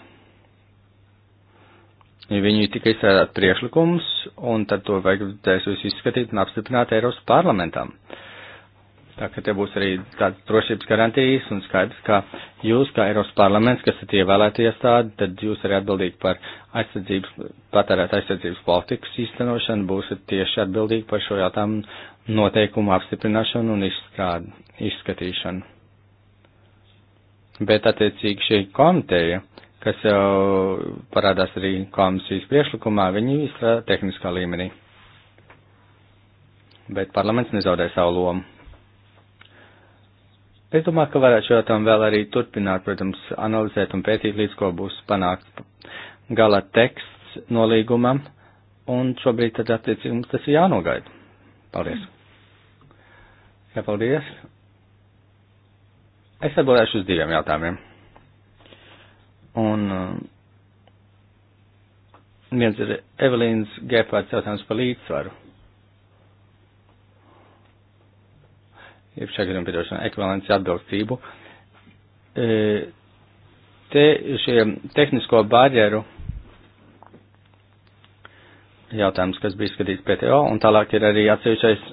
Ja viņi tikai izstrādāt priekšlikumus, un tad to vajadzēs jūs izskatīt un apstiprināt Eiropas parlamentam. Tā ka te būs arī tādas drošības garantijas un skaidrs, ka jūs, kā Eiropas parlaments, kas esat ievēlēti iestādi, tad jūs arī atbildīgi par aizsardzības, patērēt aizsardzības politikas īstenošanu, būsiet tieši atbildīgi par šo jautājumu noteikumu apstiprināšanu un izstrādi, izskatīšanu. Bet attiecīgi šī komiteja kas jau parādās arī komisijas priekšlikumā, viņi izstrādā tehniskā līmenī. Bet parlaments nezaudē savu lomu. Es domāju, ka varētu šo jautājumu vēl arī turpināt, protams, analizēt un pētīt, līdz ko būs panākts gala teksts nolīgumam, un šobrīd tad attiecīgi mums tas ir jānogaida. Paldies. Jā, paldies. Es atbildēšu uz diviem jautājumiem. Un uh, viens ir Evelīnas Gepārds jautājums par līdzsvaru. Iepšā gadījumā piedošanā ekvivalents atbilstību. E, te šie tehnisko barjeru jautājums, kas bija skatīts PTO, un tālāk ir arī atsevišķais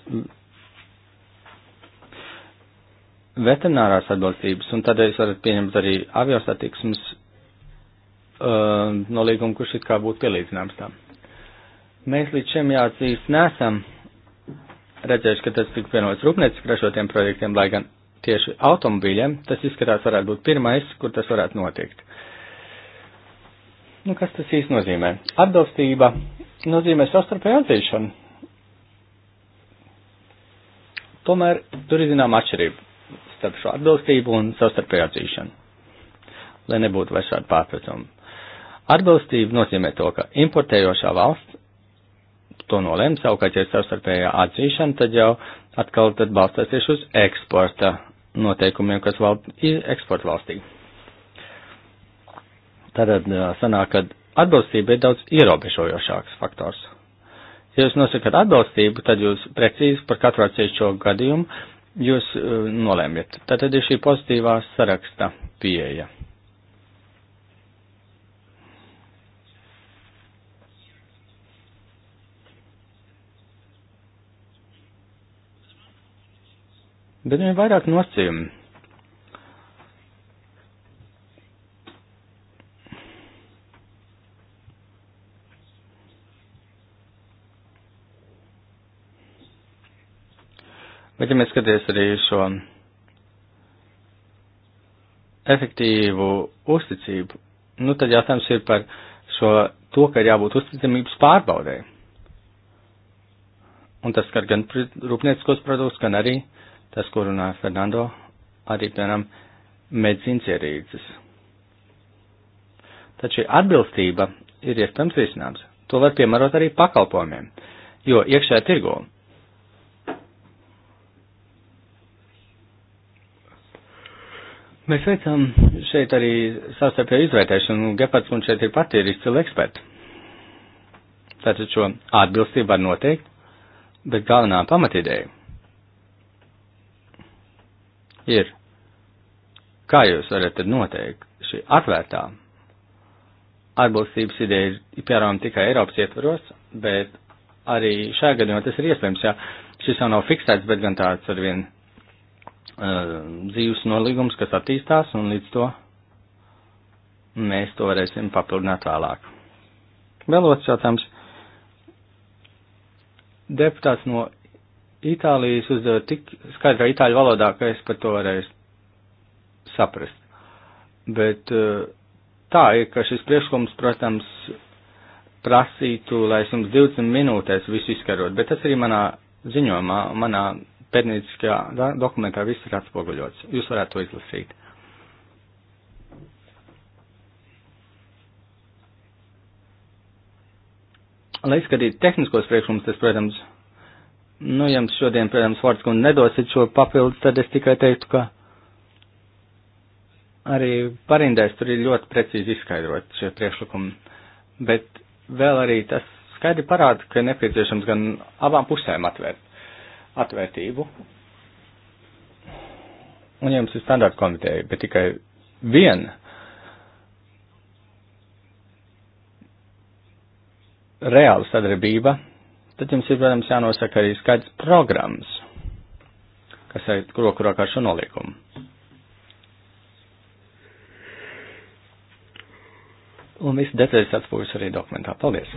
veterinārās atbalstības, un tādēļ jūs varat pieņemt arī aviostatiksmes uh, nolīgumu, kurš it kā būtu pielīdzināms tam. Mēs līdz šim jāatzīst nesam redzējuši, ka tas tika vienots rūpnieciski ražotiem projektiem, lai gan tieši automobīļiem tas izskatās varētu būt pirmais, kur tas varētu notikt. Nu, kas tas īsti nozīmē? Atbilstība nozīmē sastarpēju atzīšanu. Tomēr tur ir zinām atšķirība starp šo atbilstību un savstarpēju atzīšanu, lai nebūtu vairs šādu pārpratumu. Atbilstība nozīmē to, ka importējošā valsts to nolēma, savukārt, ja ir savstarpējā atzīšana, tad jau atkal tad balstāsies uz eksporta noteikumiem, kas vēl ir eksporta valstī. Tātad sanāk, ka atbilstība ir daudz ierobežojošāks faktors. Ja jūs nosakat atbilstību, tad jūs precīzi par katru atsevišķo gadījumu jūs uh, nolēmiet. Tātad ir šī pozitīvā saraksta pieeja. bet viņam ir vairāk nosacījumi. Bet, ja mēs skatāmies arī šo efektīvu uzticību, nu tad jautājums ir par šo to, ka ir jābūt uzticamības pārbaudē. Un tas skar gan rūpnieciskos produktus, gan arī uh, tas, ko runāja Fernando, arī, piemēram, medicīnas ierīces. Taču atbilstība ir iespējams risinājums. To var piemērot arī pakalpojumiem, jo iekšējā tirgo. Mēs veicam šeit arī savstarpēju izvērtēšanu, un Gepards mums šeit ir pati ir izcila eksperta. Tātad šo atbilstību var noteikt, bet galvenā pamatideja ir. Kā jūs varat tad noteikt šī atvērtā atbalstības ideja ir piemēram tikai Eiropas ietvaros, bet arī šajā gadījumā tas ir iespējams, ja šis jau nav fiksēts, bet gan tāds ar vien uh, dzīves nolīgums, kas attīstās, un līdz to mēs to varēsim papildināt vēlāk. Vēl otrs jautājums. Deputāts no Itālijas uzdeva tik skaidrā itāļu valodā, ka es par to varēju saprast. Bet eh, tā ir, ka šis priekšlikums, protams, prasītu, lai es jums 20 minūtēs visu izskarot, bet tas arī manā ziņojumā, manā pētnieciskajā dokumentā viss ir atspoguļots. Jūs varētu to izlasīt. Lai izskatītu tehniskos priekšlikumus, tas, protams, Nu, jums šodien, protams, Fords kundze nedosit šo papildus, tad es tikai teiktu, ka arī parindēs tur ir ļoti precīzi izskaidrot šie priekšlikumi. Bet vēl arī tas skaidri parāda, ka nepieciešams gan abām pusēm atvērt, atvērtību. Un jums ir standarta komiteja, bet tikai viena. Reāla sadarbība Tad jums ir, protams, jānosaka arī skaidrs programmas, kas ir roku rokā ar šo noliekumu. Un viss detaļas atspūjas arī dokumentā. Paldies!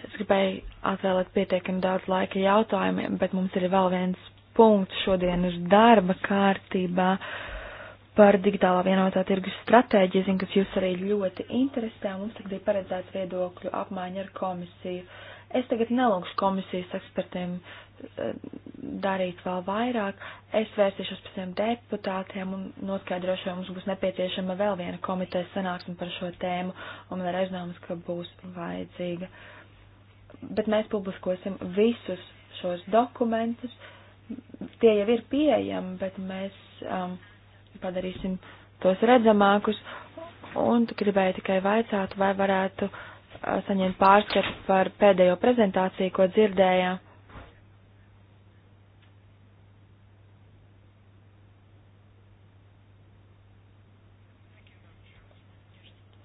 Es gribēju atvēlēt pietiekami daudz laika jautājumiem, bet mums ir vēl viens punkts šodien uz darba kārtībā. Uh, par digitālā vienotā tirgus stratēģiju. Zinu, kas jūs arī ļoti interesē. Mums tagad ir paredzēts viedokļu apmaiņa ar komisiju. Es tagad nelūgšu komisijas ekspertiem eh, darīt vēl vairāk. Es vērsīšos pēc tiem deputātiem un noskaidrošu, vai mums būs nepieciešama vēl viena komitejas sanāksme par šo tēmu, un man ir aizdomas, ka būs vajadzīga. Bet mēs publiskosim visus šos dokumentus. Tie jau ir pieejami, bet mēs. Um, padarīsim tos redzamākus. Un gribēju tikai vaicāt, vai varētu saņemt pārskatu par pēdējo prezentāciju, ko dzirdējām.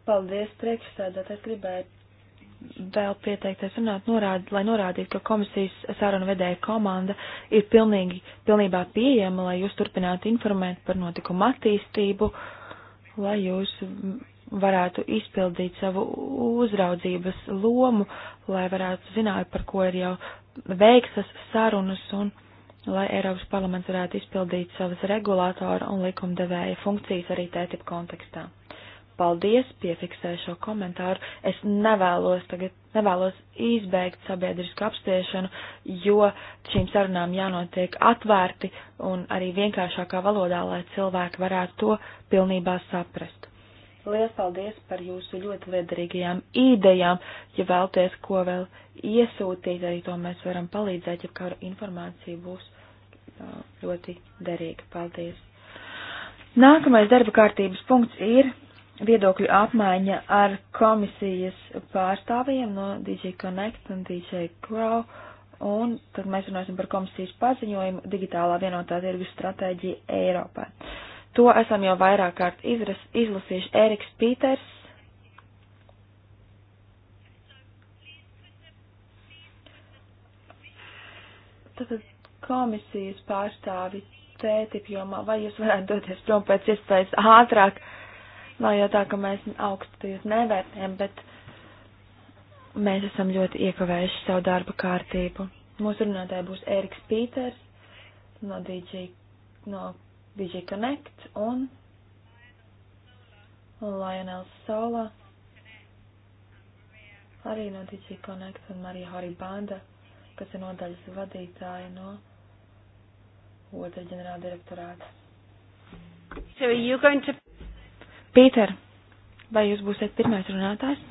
Paldies, priekšsēdētāji, gribēju vēl pieteikties runāt, norād, lai norādītu, ka komisijas sarunu vedēja komanda ir pilnīgi, pilnībā pieejama, lai jūs turpinātu informēt par notikumu attīstību, lai jūs varētu izpildīt savu uzraudzības lomu, lai varētu zināt, par ko ir jau veiksas sarunas un lai Eiropas parlaments varētu izpildīt savas regulātora un likumdevēja funkcijas arī tētip kontekstā. Paldies, piefiksēju šo komentāru. Es nevēlos tagad, nevēlos izbeigt sabiedrisku apspriešanu, jo šīm sarunām jānotiek atvērti un arī vienkāršākā valodā, lai cilvēki varētu to pilnībā saprast. Lielas paldies par jūsu ļoti liederīgajām idejām. Ja vēlties ko vēl iesūtīt, arī to mēs varam palīdzēt, ja kāda informācija būs ļoti derīga. Paldies! Nākamais darba kārtības punkts ir viedokļu apmaiņa ar komisijas pārstāvjiem no DJ Connect un DJ Grow, un tad mēs runāsim par komisijas paziņojumu digitālā vienotā tirgus stratēģija Eiropā. To esam jau vairāk kārt izras, izlasījuši Eriks Pīters. Tātad komisijas pārstāvi tētip jomā, vai jūs varētu doties prom pēc iespējas ātrāk? Uh, Nav jau tā, ka mēs augstu jūs nevērtējam, bet mēs esam ļoti iekavējuši savu darba kārtību. Mūsu runātāja būs Eriks Pīters no DJ, no DJ Connect un Lionel Sola, arī no DJ Connect un Marija Horibanda, kas ir nodaļas vadītāja no otra ģenerāla direktorāta. So are you going to Pīter, vai jūs būsiet pirmais runātājs?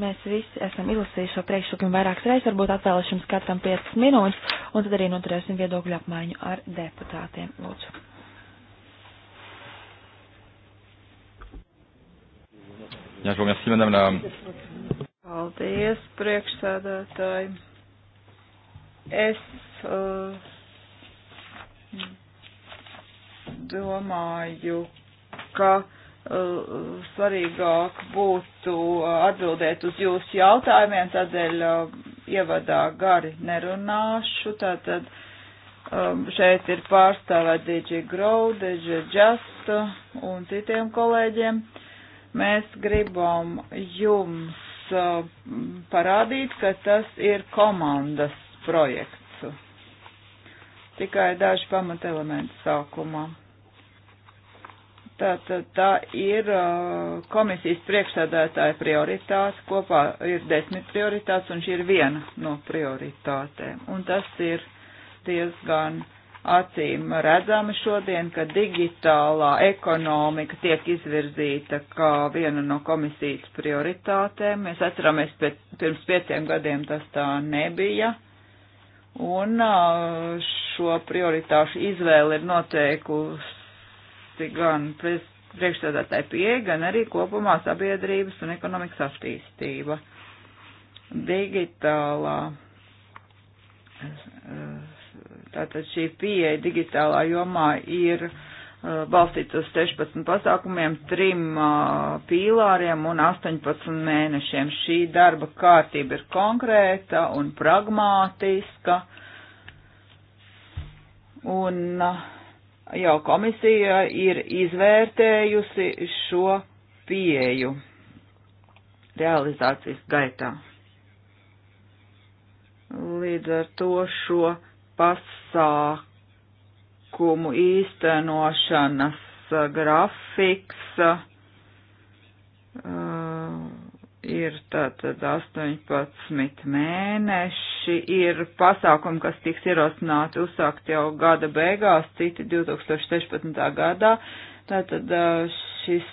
Mēs visi esam izlasījuši šo priekšlikumu vairākas reizes, varbūt atvēlēsim katram 5 minūtes, un tad arī noturēsim viedokļu apmaiņu ar deputātiem. Lūdzu. Jā, ko mēs simenam. Paldies, priekšsēdētāji. Es uh, domāju, ka uh, svarīgāk būtu uh, atbildēt uz jūsu jautājumiem, tādēļ uh, ievadā gari nerunāšu. Tātad um, šeit ir pārstāvēt DJ Grow, DJ Just un citiem kolēģiem. Mēs gribam jums parādīt, ka tas ir komandas projekts. Tikai daži pamatelementi sākumā. Tātad tā ir uh, komisijas priekšsēdētāja prioritāte, kopā ir desmit prioritātes, un šī ir viena no prioritātēm. Un tas ir diezgan acīm redzami šodien, ka digitālā ekonomika tiek izvirzīta kā viena no komisijas prioritātēm. Mēs atceramies, pēc, pirms pieciem gadiem tas tā nebija. Un uh, šo prioritāšu izvēle ir noteikusi atbalsti gan priekšstādātāji pieeja, gan arī kopumā sabiedrības un ekonomikas attīstība. Digitālā. Tātad šī pieeja digitālā jomā ir uh, balstīts uz 16 pasākumiem, 3 uh, pīlāriem un 18 mēnešiem. Šī darba kārtība ir konkrēta un pragmātiska. Un uh, jau komisija ir izvērtējusi šo pieeju realizācijas gaitā. Līdz ar to šo pasākumu īstenošanas grafiks uh, ir tātad 18 mēneši, ir pasākumi, kas tiks ierosināti uzsākt jau gada beigās, citi 2016. gadā. Tātad šis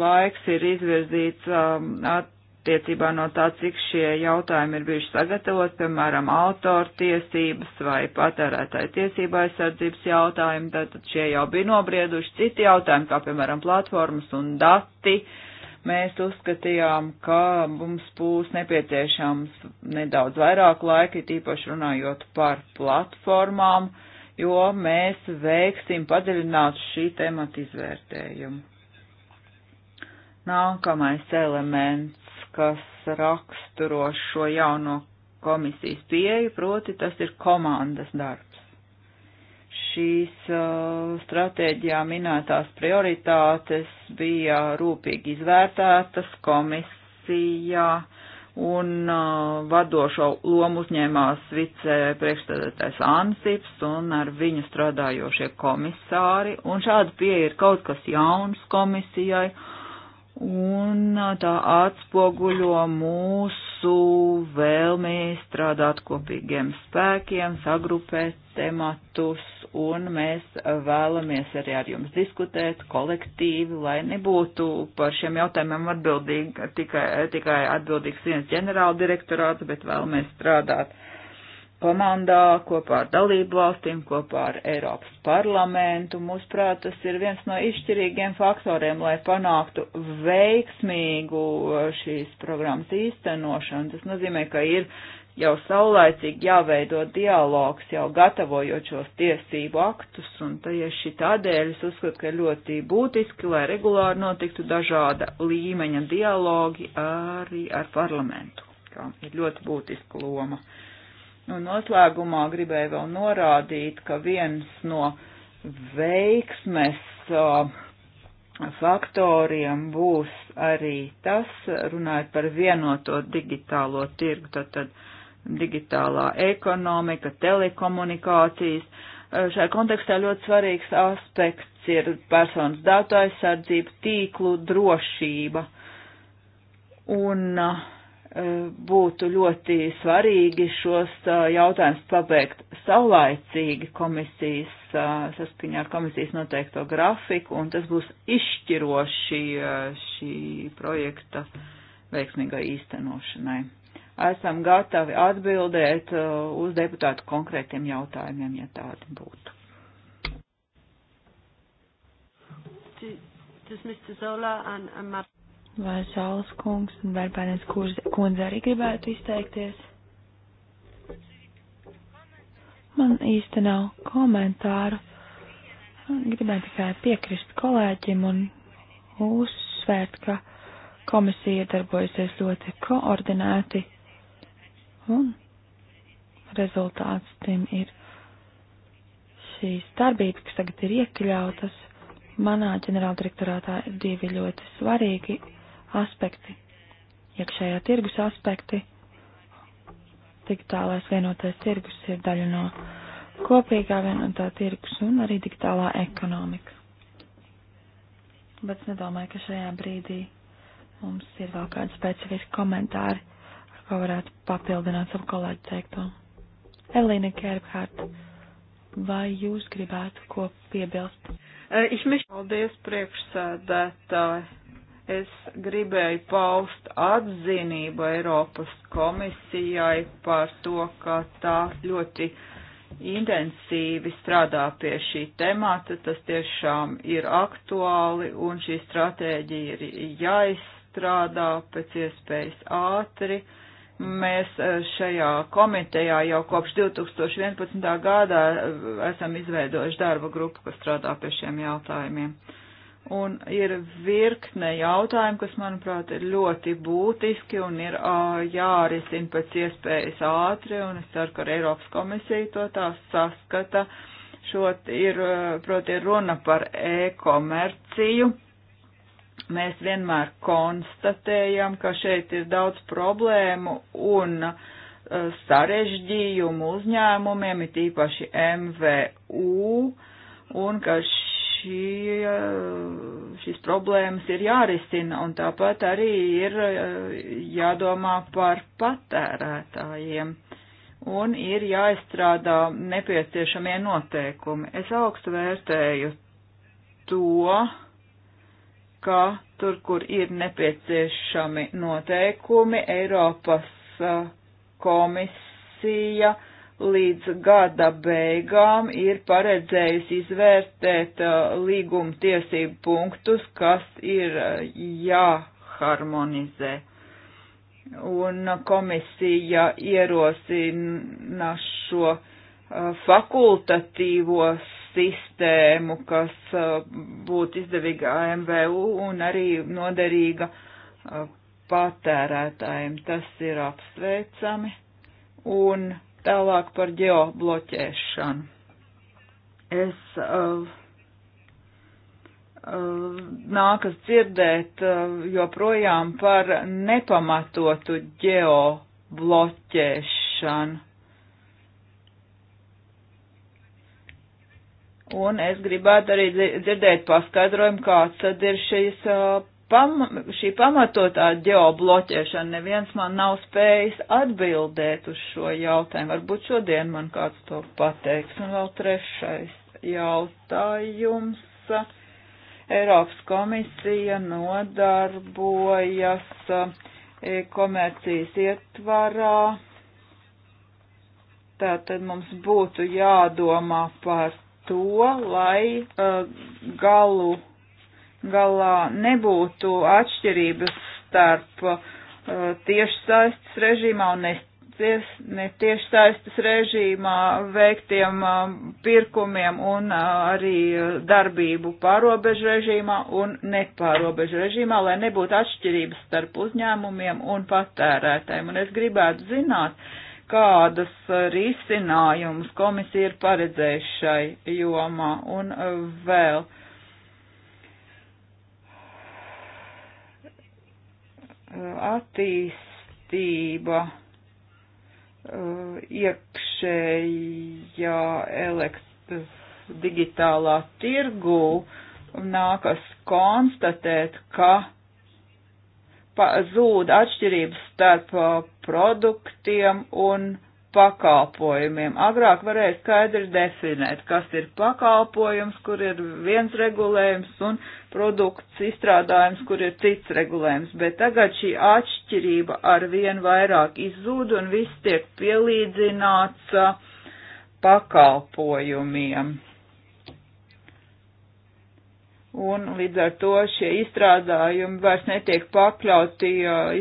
laiks ir izvirzīts attiecībā no tā, cik šie jautājumi ir bijuši sagatavot, piemēram, autortiesības vai patērētāja tiesība aizsardzības jautājumi, tātad šie jau bija nobrieduši citi jautājumi, kā piemēram platformas un dati. Uh, Mēs uzskatījām, ka mums būs nepieciešams nedaudz vairāk laika, tīpaši runājot par platformām, jo mēs veiksim padziļināt šī temata izvērtējumu. Nākamais elements, kas raksturo šo jauno komisijas pieeju, proti tas ir komandas darbs šīs uh, stratēģijā minētās prioritātes bija rūpīgi izvērtētas komisijā un uh, vadošo lomu uzņēmās vice priekšstādātais Ansips un ar viņu strādājošie komisāri. Un šāda pieeja ir kaut kas jauns komisijai un uh, tā atspoguļo mūsu vēlmi strādāt kopīgiem spēkiem, sagrupēt tematus, un mēs vēlamies arī ar jums diskutēt kolektīvi, lai nebūtu par šiem jautājumiem atbildīgi tikai, tikai atbildīgs viens ģenerāldirektorāts, bet vēlamies strādāt komandā, kopā ar dalību valstīm, kopā ar Eiropas parlamentu. Mūsuprāt, tas ir viens no izšķirīgiem faktoriem, lai panāktu veiksmīgu šīs programmas īstenošanu. Tas nozīmē, ka ir jau saulaicīgi jāveido dialogs, jau gatavojot šos tiesību aktus, un tieši tādēļ es uzskatu, ka ļoti būtiski, lai regulāri notiktu dažāda līmeņa dialogi arī ar parlamentu, kam ir ļoti būtiska loma. Un nu, noslēgumā gribēju vēl norādīt, ka viens no veiksmes uh, faktoriem būs arī tas, runājot par vienoto digitālo tirgu, tad, tad digitālā ekonomika, telekomunikācijas. Šajā kontekstā ļoti svarīgs aspekts ir personas datu aizsardzība, tīklu drošība. Un būtu ļoti svarīgi šos jautājumus pabeigt saulaicīgi komisijas, saskaņā ar komisijas noteikto grafiku, un tas būs izšķiroši šī projekta veiksmīgai īstenošanai esam gatavi atbildēt uh, uz deputātu konkrētiem jautājumiem, ja tādi būtu. Vai Zāles kungs un Verbērnēs kundze arī gribētu izteikties? Man īsti nav komentāru. Gribētu tikai piekrist kolēģim un uzsvērt, ka komisija darbojusies ļoti koordinēti Un rezultāts tam ir šīs darbības, kas tagad ir iekļautas manā ģenerāldirektorātā, ir divi ļoti svarīgi aspekti - iekšējā tirgus aspekti. Digitālais vienotais tirgus ir daļa no kopīgā vienotā tirgus un arī digitālā ekonomika. Bet es nedomāju, ka šajā brīdī mums ir vēl kādi specifiski komentāri kā varētu papildināt savu kolēģi teikto. Elīna Kerbhārt, vai jūs gribētu ko piebilst? Eh, Paldies, priekšsēdētāji! Es gribēju paust atzinību Eiropas komisijai par to, ka tā ļoti intensīvi strādā pie šī temata, tas tiešām ir aktuāli un šī stratēģija ir jāizstrādā pēc iespējas ātri. Uh, Mēs e, šajā komitejā jau kopš 2011. gadā e, esam izveidojuši darba grupu, kas strādā pie šiem jautājumiem. Un ir virkne jautājumu, kas, manuprāt, ir ļoti būtiski un ir jārisina pēc iespējas ātri, un es ceru, ka Eiropas komisija to tā saskata. Šot ir, e, proti, runa par e-komerciju Mēs vienmēr konstatējam, ka šeit ir daudz problēmu un eh, sarežģījumu uzņēmumiem, it īpaši MVU, un ka šī, eh, šīs problēmas ir jārisina, un tāpat arī ir eh, jādomā par patērētājiem, un ir jāizstrādā nepieciešamie noteikumi. Es augstu vērtēju to, ka tur, kur ir nepieciešami noteikumi, Eiropas komisija līdz gada beigām ir paredzējusi izvērtēt līguma tiesību punktus, kas ir jāharmonizē. Un komisija ierosina šo fakultatīvos sistēmu, kas uh, būtu izdevīga AMVU un arī noderīga uh, patērētājiem. Tas ir apsveicami. Un tālāk par ģeobloķēšanu. Es uh, uh, nākas dzirdēt uh, joprojām par nepamatotu ģeobloķēšanu Un es gribētu arī dzirdēt paskaidrojumu, kāds tad ir šīs, pam, šī pamatotā ģeobloķēšana. Neviens man nav spējis atbildēt uz šo jautājumu. Varbūt šodien man kāds to pateiks. Un vēl trešais jautājums. Eiropas komisija nodarbojas komercijas ietvarā. Tātad mums būtu jādomā par to, lai uh, galu, galā nebūtu atšķirības starp uh, tiešsaistes režīmā un neties, netiešsaistes režīmā veiktiem uh, pirkumiem un uh, arī uh, darbību pārobežu režīmā un nepārobežu režīmā, lai nebūtu atšķirības starp uzņēmumiem un patērētājiem. Un es gribētu zināt, uh, kādas eh, risinājumus komisija ir paredzējuši šai jomā un eh, vēl. Eh, attīstība iekšējā elektrības digitālā tirgū nākas konstatēt, ka zūd atšķirības starp uh, produktiem un pakalpojumiem. Agrāk varēja skaidri definēt, kas ir pakalpojums, kur ir viens regulējums, un produkts izstrādājums, kur ir cits regulējums, bet tagad šī atšķirība ar vien vairāk izzūd un viss tiek pielīdzināts uh, pakalpojumiem un līdz ar to šie izstrādājumi vairs netiek pakļauti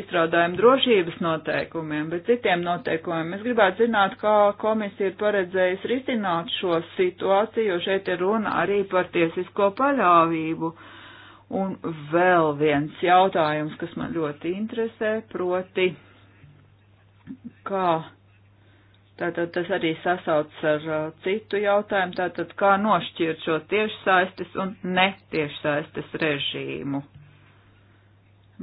izstrādājumu drošības noteikumiem, bet citiem noteikumiem. Es gribētu zināt, kā komisija ir paredzējusi risināt šo situāciju, jo šeit ir runa arī par tiesisko paļāvību. Un vēl viens jautājums, kas man ļoti interesē, proti, kā Tātad tas arī sasauc ar uh, citu jautājumu, tātad kā nošķirt šo tiešsaistes un netiešsaistes režīmu.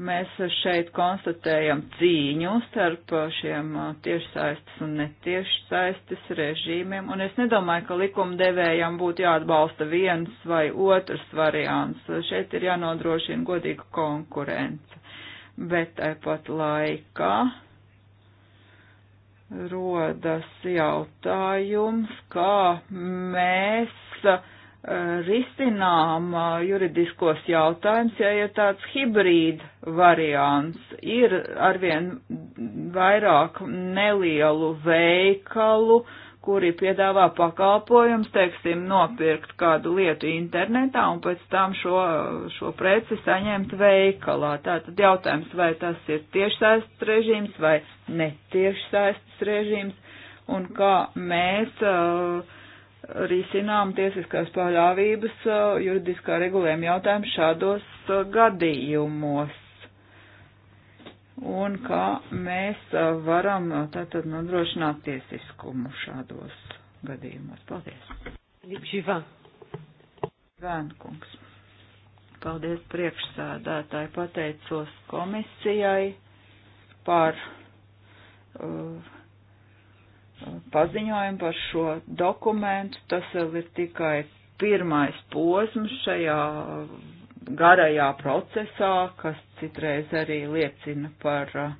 Mēs šeit konstatējam cīņu starp šiem uh, tiešsaistes un netiešsaistes režīmiem, un es nedomāju, ka likumdevējam būtu jāatbalsta viens vai otrs variants. Šeit ir jānodrošina godīga konkurence. Bet tāpat laikā rodas jautājums, kā mēs eh, risinām eh, juridiskos jautājumus, ja ir tāds hibrīd variants. Ir arvien vairāk nelielu veikalu, uh, kuri piedāvā pakalpojums, teiksim, nopirkt kādu lietu internetā un pēc tam šo, šo preci saņemt veikalā. Tātad jautājums, vai tas ir tiešsaistes režīms vai netiešsaistes režīms un kā mēs uh, risinām tiesiskās pārļāvības uh, juridiskā regulējuma jautājumu šādos uh, gadījumos un kā mēs varam tātad nodrošināt tiesiskumu šādos gadījumos. Paldies! Lipšivā. Vēnkungs. Paldies priekšsādātāji, pateicos komisijai par uh, paziņojumu par šo dokumentu. Tas vēl ir tikai pirmais posms šajā garajā procesā, kas citreiz arī liecina par uh,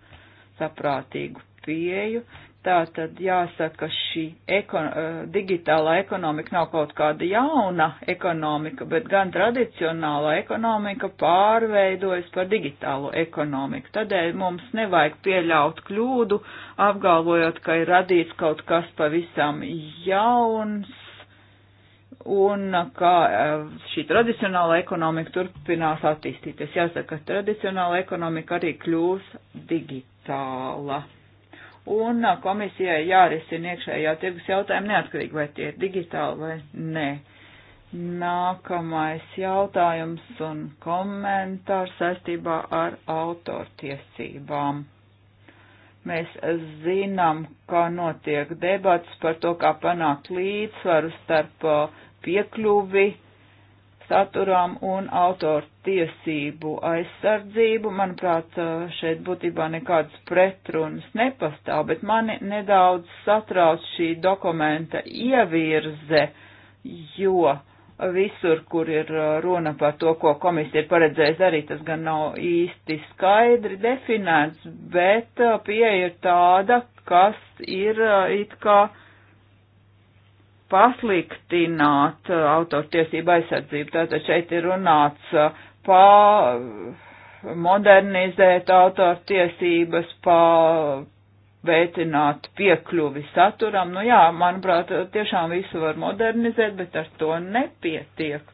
saprātīgu pieju. Tā tad jāsaka, šī ekon uh, digitālā ekonomika nav kaut kāda jauna ekonomika, bet gan tradicionālā ekonomika pārveidojas par digitālo ekonomiku. Tādēļ mums nevajag pieļaut kļūdu, apgalvojot, ka ir radīts kaut kas pavisam jauns un kā eh, šī tradicionāla ekonomika turpinās attīstīties. Jāsaka, ka tradicionāla ekonomika arī kļūs digitāla. Un eh, komisijai jārisina iekšējā tirgus jautājumi neatkarīgi, vai tie ir digitāli vai nē. Nākamais jautājums un komentārs saistībā ar autortiesībām. Mēs zinām, kā notiek debats par to, kā panākt līdzsvaru starp uh, piekļuvi saturām un autoru tiesību aizsardzību. Manuprāt, šeit būtībā nekādas pretrunas nepastāv, bet mani nedaudz satrauc šī dokumenta ievirze, jo visur, kur ir uh, runa par to, ko komisija ir paredzējusi darīt, tas gan nav īsti skaidri definēts, bet uh, pieeja ir tāda, kas ir uh, it kā pasliktināt uh, autortiesību aizsardzību. Tātad šeit ir runāts uh, pā, modernizēt autortiesības, pā, veicināt piekļuvi saturam. Nu jā, manuprāt, tiešām visu var modernizēt, bet ar to nepietiek.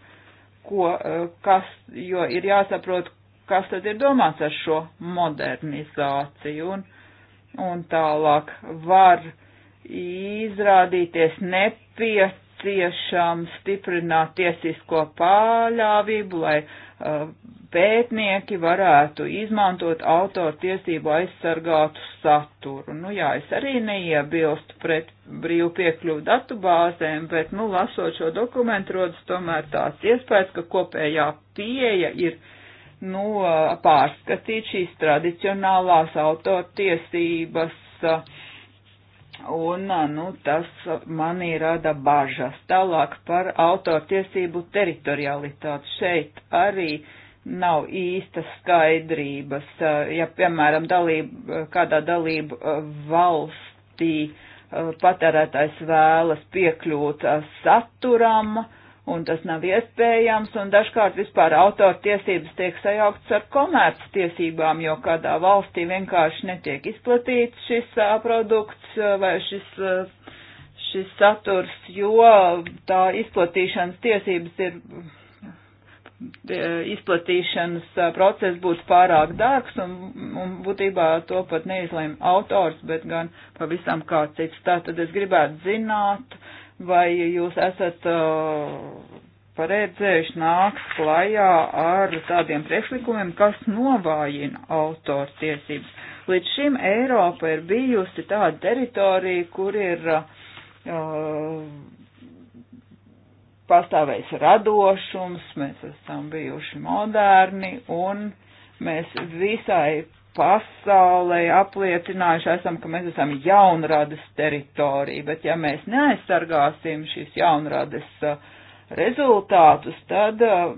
Ko, uh, kas, jo ir jāsaprot, kas tad ir domāts ar šo modernizāciju un, un tālāk var uh, izrādīties nepieciešams stiprināt tiesisko pāļāvību, lai uh, pētnieki varētu izmantot autortiesību aizsargātu saturu. Nu jā, es arī neiebilstu pret brīvu piekļuvu datubāzēm, bet, nu, lasot šo dokumentu, rodas tomēr tāds iespējas, ka kopējā pieeja ir nu, uh, pārskatīt šīs tradicionālās autortiesības uh, Un, nu, tas manī rada bažas. Tālāk par autortiesību teritorialitāti. Šeit arī nav īstas skaidrības. Ja, piemēram, dalība, kādā dalība valstī patērētājs vēlas piekļūt saturam, un tas nav iespējams, un dažkārt vispār autortiesības tiek sajauktas ar komerc tiesībām, jo kādā valstī vienkārši netiek izplatīts šis uh, produkts vai šis, uh, šis saturs, jo tā izplatīšanas tiesības ir izplatīšanas process būtu pārāk dārgs un, un būtībā to pat neizlēma autors, bet gan pavisam kāds cits. Tātad es gribētu zināt, uh, vai jūs esat uh, paredzējuši nākt klajā ar tādiem priekšlikumiem, kas novājina autortiesības. Līdz šim Eiropa ir bijusi tāda teritorija, kur ir uh, pastāvējis radošums, mēs esam bijuši moderni un mēs visai pasaulē apliecinājuši esam, ka mēs esam jaunradas teritorija, bet ja mēs neaizsargāsim šīs jaunradas uh, rezultātus, tad uh,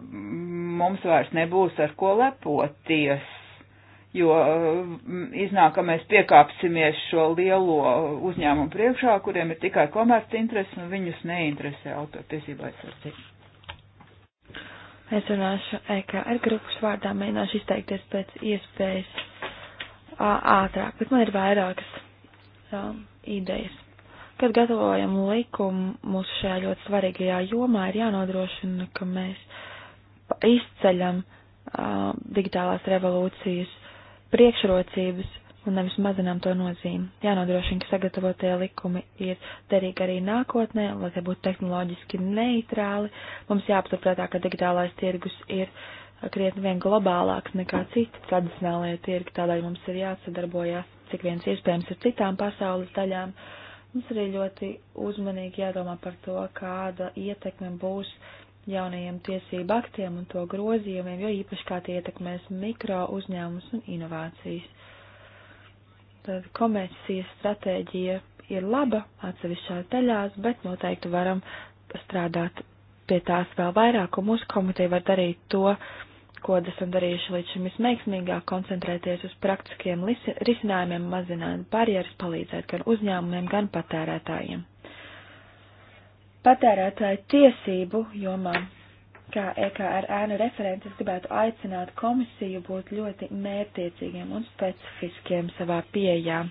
mums vairs nebūs ar ko lepoties, jo uh, iznāk, ka mēs piekāpsimies šo lielo uzņēmumu priekšā, kuriem ir tikai komerci interesi un viņus neinteresē autortiesība aizsardzība. Es runāšu EKR grupas vārdā, mēģināšu izteikties pēc iespējas ātrāk, bet man ir vairākas um, idejas. Kad gatavojam likumu mūsu šajā ļoti svarīgajā jomā, ir jānodrošina, ka mēs izceļam uh, digitālās revolūcijas priekšrocības un nevis mazinām to nozīmi. Jānodrošina, ka sagatavotie likumi ir derīgi arī nākotnē, lai tie būtu tehnoloģiski neitrāli. Mums jāapturprātā, ka digitālais tirgus ir krietni vien globālāks nekā citi tradicionālajie tirgi, tādēļ mums ir jāsadarbojās, cik viens iespējams ar citām pasaules daļām. Mums arī ļoti uzmanīgi jādomā par to, kāda ietekme būs jaunajiem tiesību aktiem un to grozījumiem, jo īpaši kā tie ietekmēs mikro uzņēmumus un inovācijas Tad komercijas stratēģija ir laba atsevišķās daļās, bet noteikti varam strādāt pie tās vēl vairāk, un mūsu komiteja var darīt to, ko esam darījuši līdz šim vismeiksmīgāk, koncentrēties uz praktiskiem risinājumiem, mazināt barjeras, palīdzēt gan uzņēmumiem, gan patērētājiem. Patērētāju tiesību jomā kā EKR ēnu referents, es gribētu aicināt komisiju būt ļoti mērtiecīgiem un specifiskiem savā pieejā.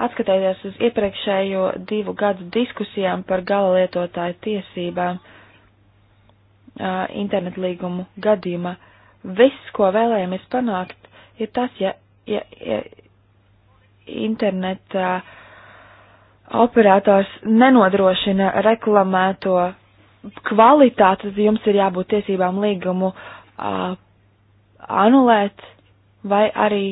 Atskatoties uz iepriekšējo divu gadu diskusijām par gala lietotāju tiesībām internetlīgumu gadījumā, viss, ko vēlējamies panākt, ir tas, ja, ja, ja internetā operators nenodrošina reklamēto kvalitātes jums ir jābūt tiesībām līgumu uh, anulēt vai arī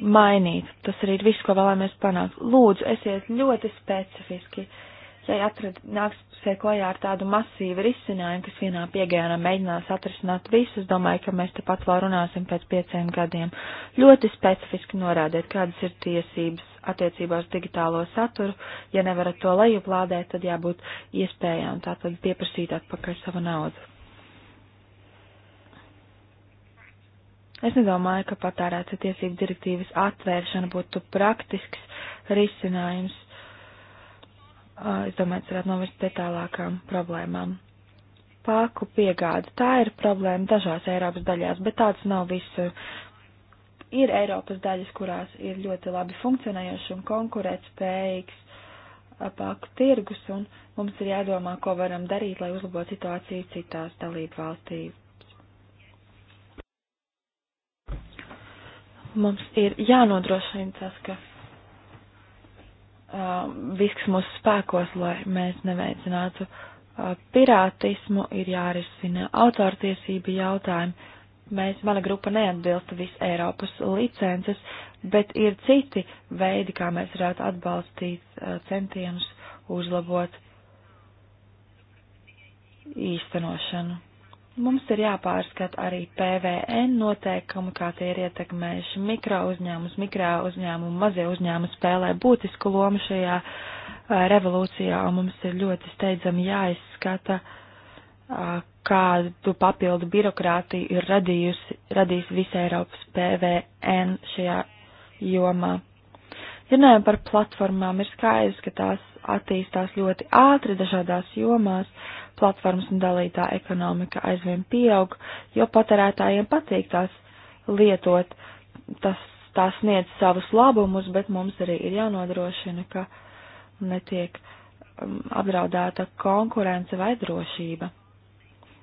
mainīt. Tas arī ir viss, ko vēlamies panākt. Lūdzu, esiet ļoti specifiski. Ja atrad, nāks klajā ar tādu masīvu risinājumu, kas vienā piegājienā mēģinās atrisināt visus, domāju, ka mēs tepat vēl runāsim pēc pieciem gadiem. Ļoti specifiski norādiet, kādas ir tiesības attiecībā uz digitālo saturu. Ja nevarat to lejuplādēt, tad jābūt iespējām tātad pieprasīt atpakaļ savu naudu. Es nedomāju, ka patērēta tiesību direktīvas atvēršana būtu praktisks risinājums. Es domāju, tas varētu novest detālākām problēmām. Pāku piegāde. Tā ir problēma dažās Eiropas daļās, bet tāds nav visu ir Eiropas daļas, kurās ir ļoti labi funkcionējoši un konkurētspējīgs apāku tirgus, un mums ir jādomā, ko varam darīt, lai uzlabotu situāciju citās dalību valstīs. Mums ir jānodrošina tas, ka uh, viss, kas mūsu spēkos, lai mēs neveicinātu uh, pirātismu, ir jārisina autortiesība jautājumi Mēs, mana grupa neatbilsta visu Eiropas licences, bet ir citi veidi, kā mēs varētu atbalstīt centienus uzlabot īstenošanu. Mums ir jāpārskat arī PVN noteikumi, kā tie ir ietekmējuši mikro uzņēmums, mikro uzņēmumu, mazie uzņēmumi spēlē būtisku lomu šajā revolūcijā, un mums ir ļoti steidzami jāizskata uh, kādu papildu birokrātiju ir radījusi, radījis visa Eiropas PVN šajā jomā. Runājot par platformām, ir skaidrs, ka tās attīstās ļoti ātri dažādās jomās, platformas un dalītā ekonomika aizvien pieaug, jo patērētājiem patīk tās lietot, tas, tās sniedz savus labumus, bet mums arī ir jānodrošina, ka netiek um, apdraudēta konkurence vai drošība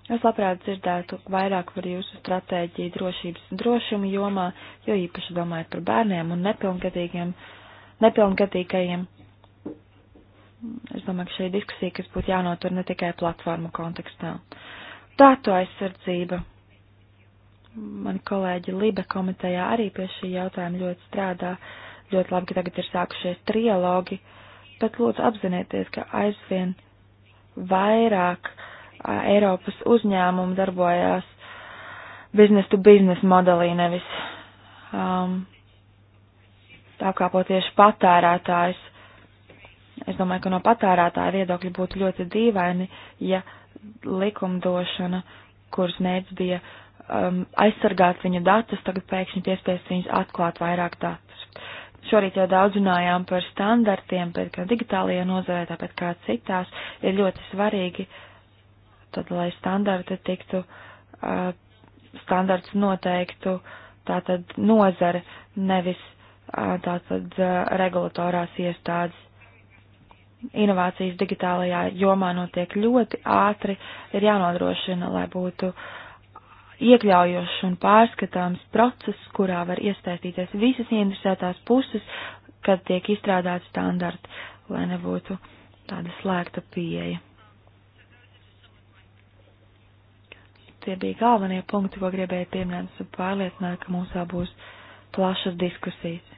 Es labprāt dzirdētu vairāk par jūsu stratēģiju drošības un drošuma jomā, jo īpaši domājot par bērniem un nepilngadīgiem, nepilngadīgajiem. Es domāju, ka šī diskusija, kas būtu jānotur ne tikai platformu kontekstā. Datu aizsardzība. Mani kolēģi Libe komitejā arī pie šī jautājuma ļoti strādā. Ļoti labi, ka tagad ir sākušies trialogi, bet lūdzu apzinieties, ka aizvien vairāk uh, Eiropas uzņēmumi darbojās biznes to biznes modelī, nevis um, tā kā potieši patērētājs. Es domāju, ka no patērētāja viedokļa būtu ļoti dīvaini, ja likumdošana, kuras mērķis bija um, aizsargāt viņu datus, tagad pēkšņi piespies viņus atklāt vairāk datus. Šorīt jau daudz runājām par standartiem, bet gan digitālajā nozarē, tāpat kā citās, ir ļoti svarīgi uh, tad, lai standarti tiktu, uh, standarts noteiktu tātad nozare, nevis uh, tātad uh, regulatorās iestādes. Inovācijas digitālajā jomā notiek ļoti ātri, ir jānodrošina, lai būtu iekļaujošs un pārskatāms process, kurā var iesaistīties visas interesētās puses, kad tiek izstrādāti standarti, lai nebūtu tāda slēgta pieeja. Tie bija galvenie punkti, ko gribēju pieminēt. Esmu pārliecināta, ka mums vēl būs plašas diskusijas.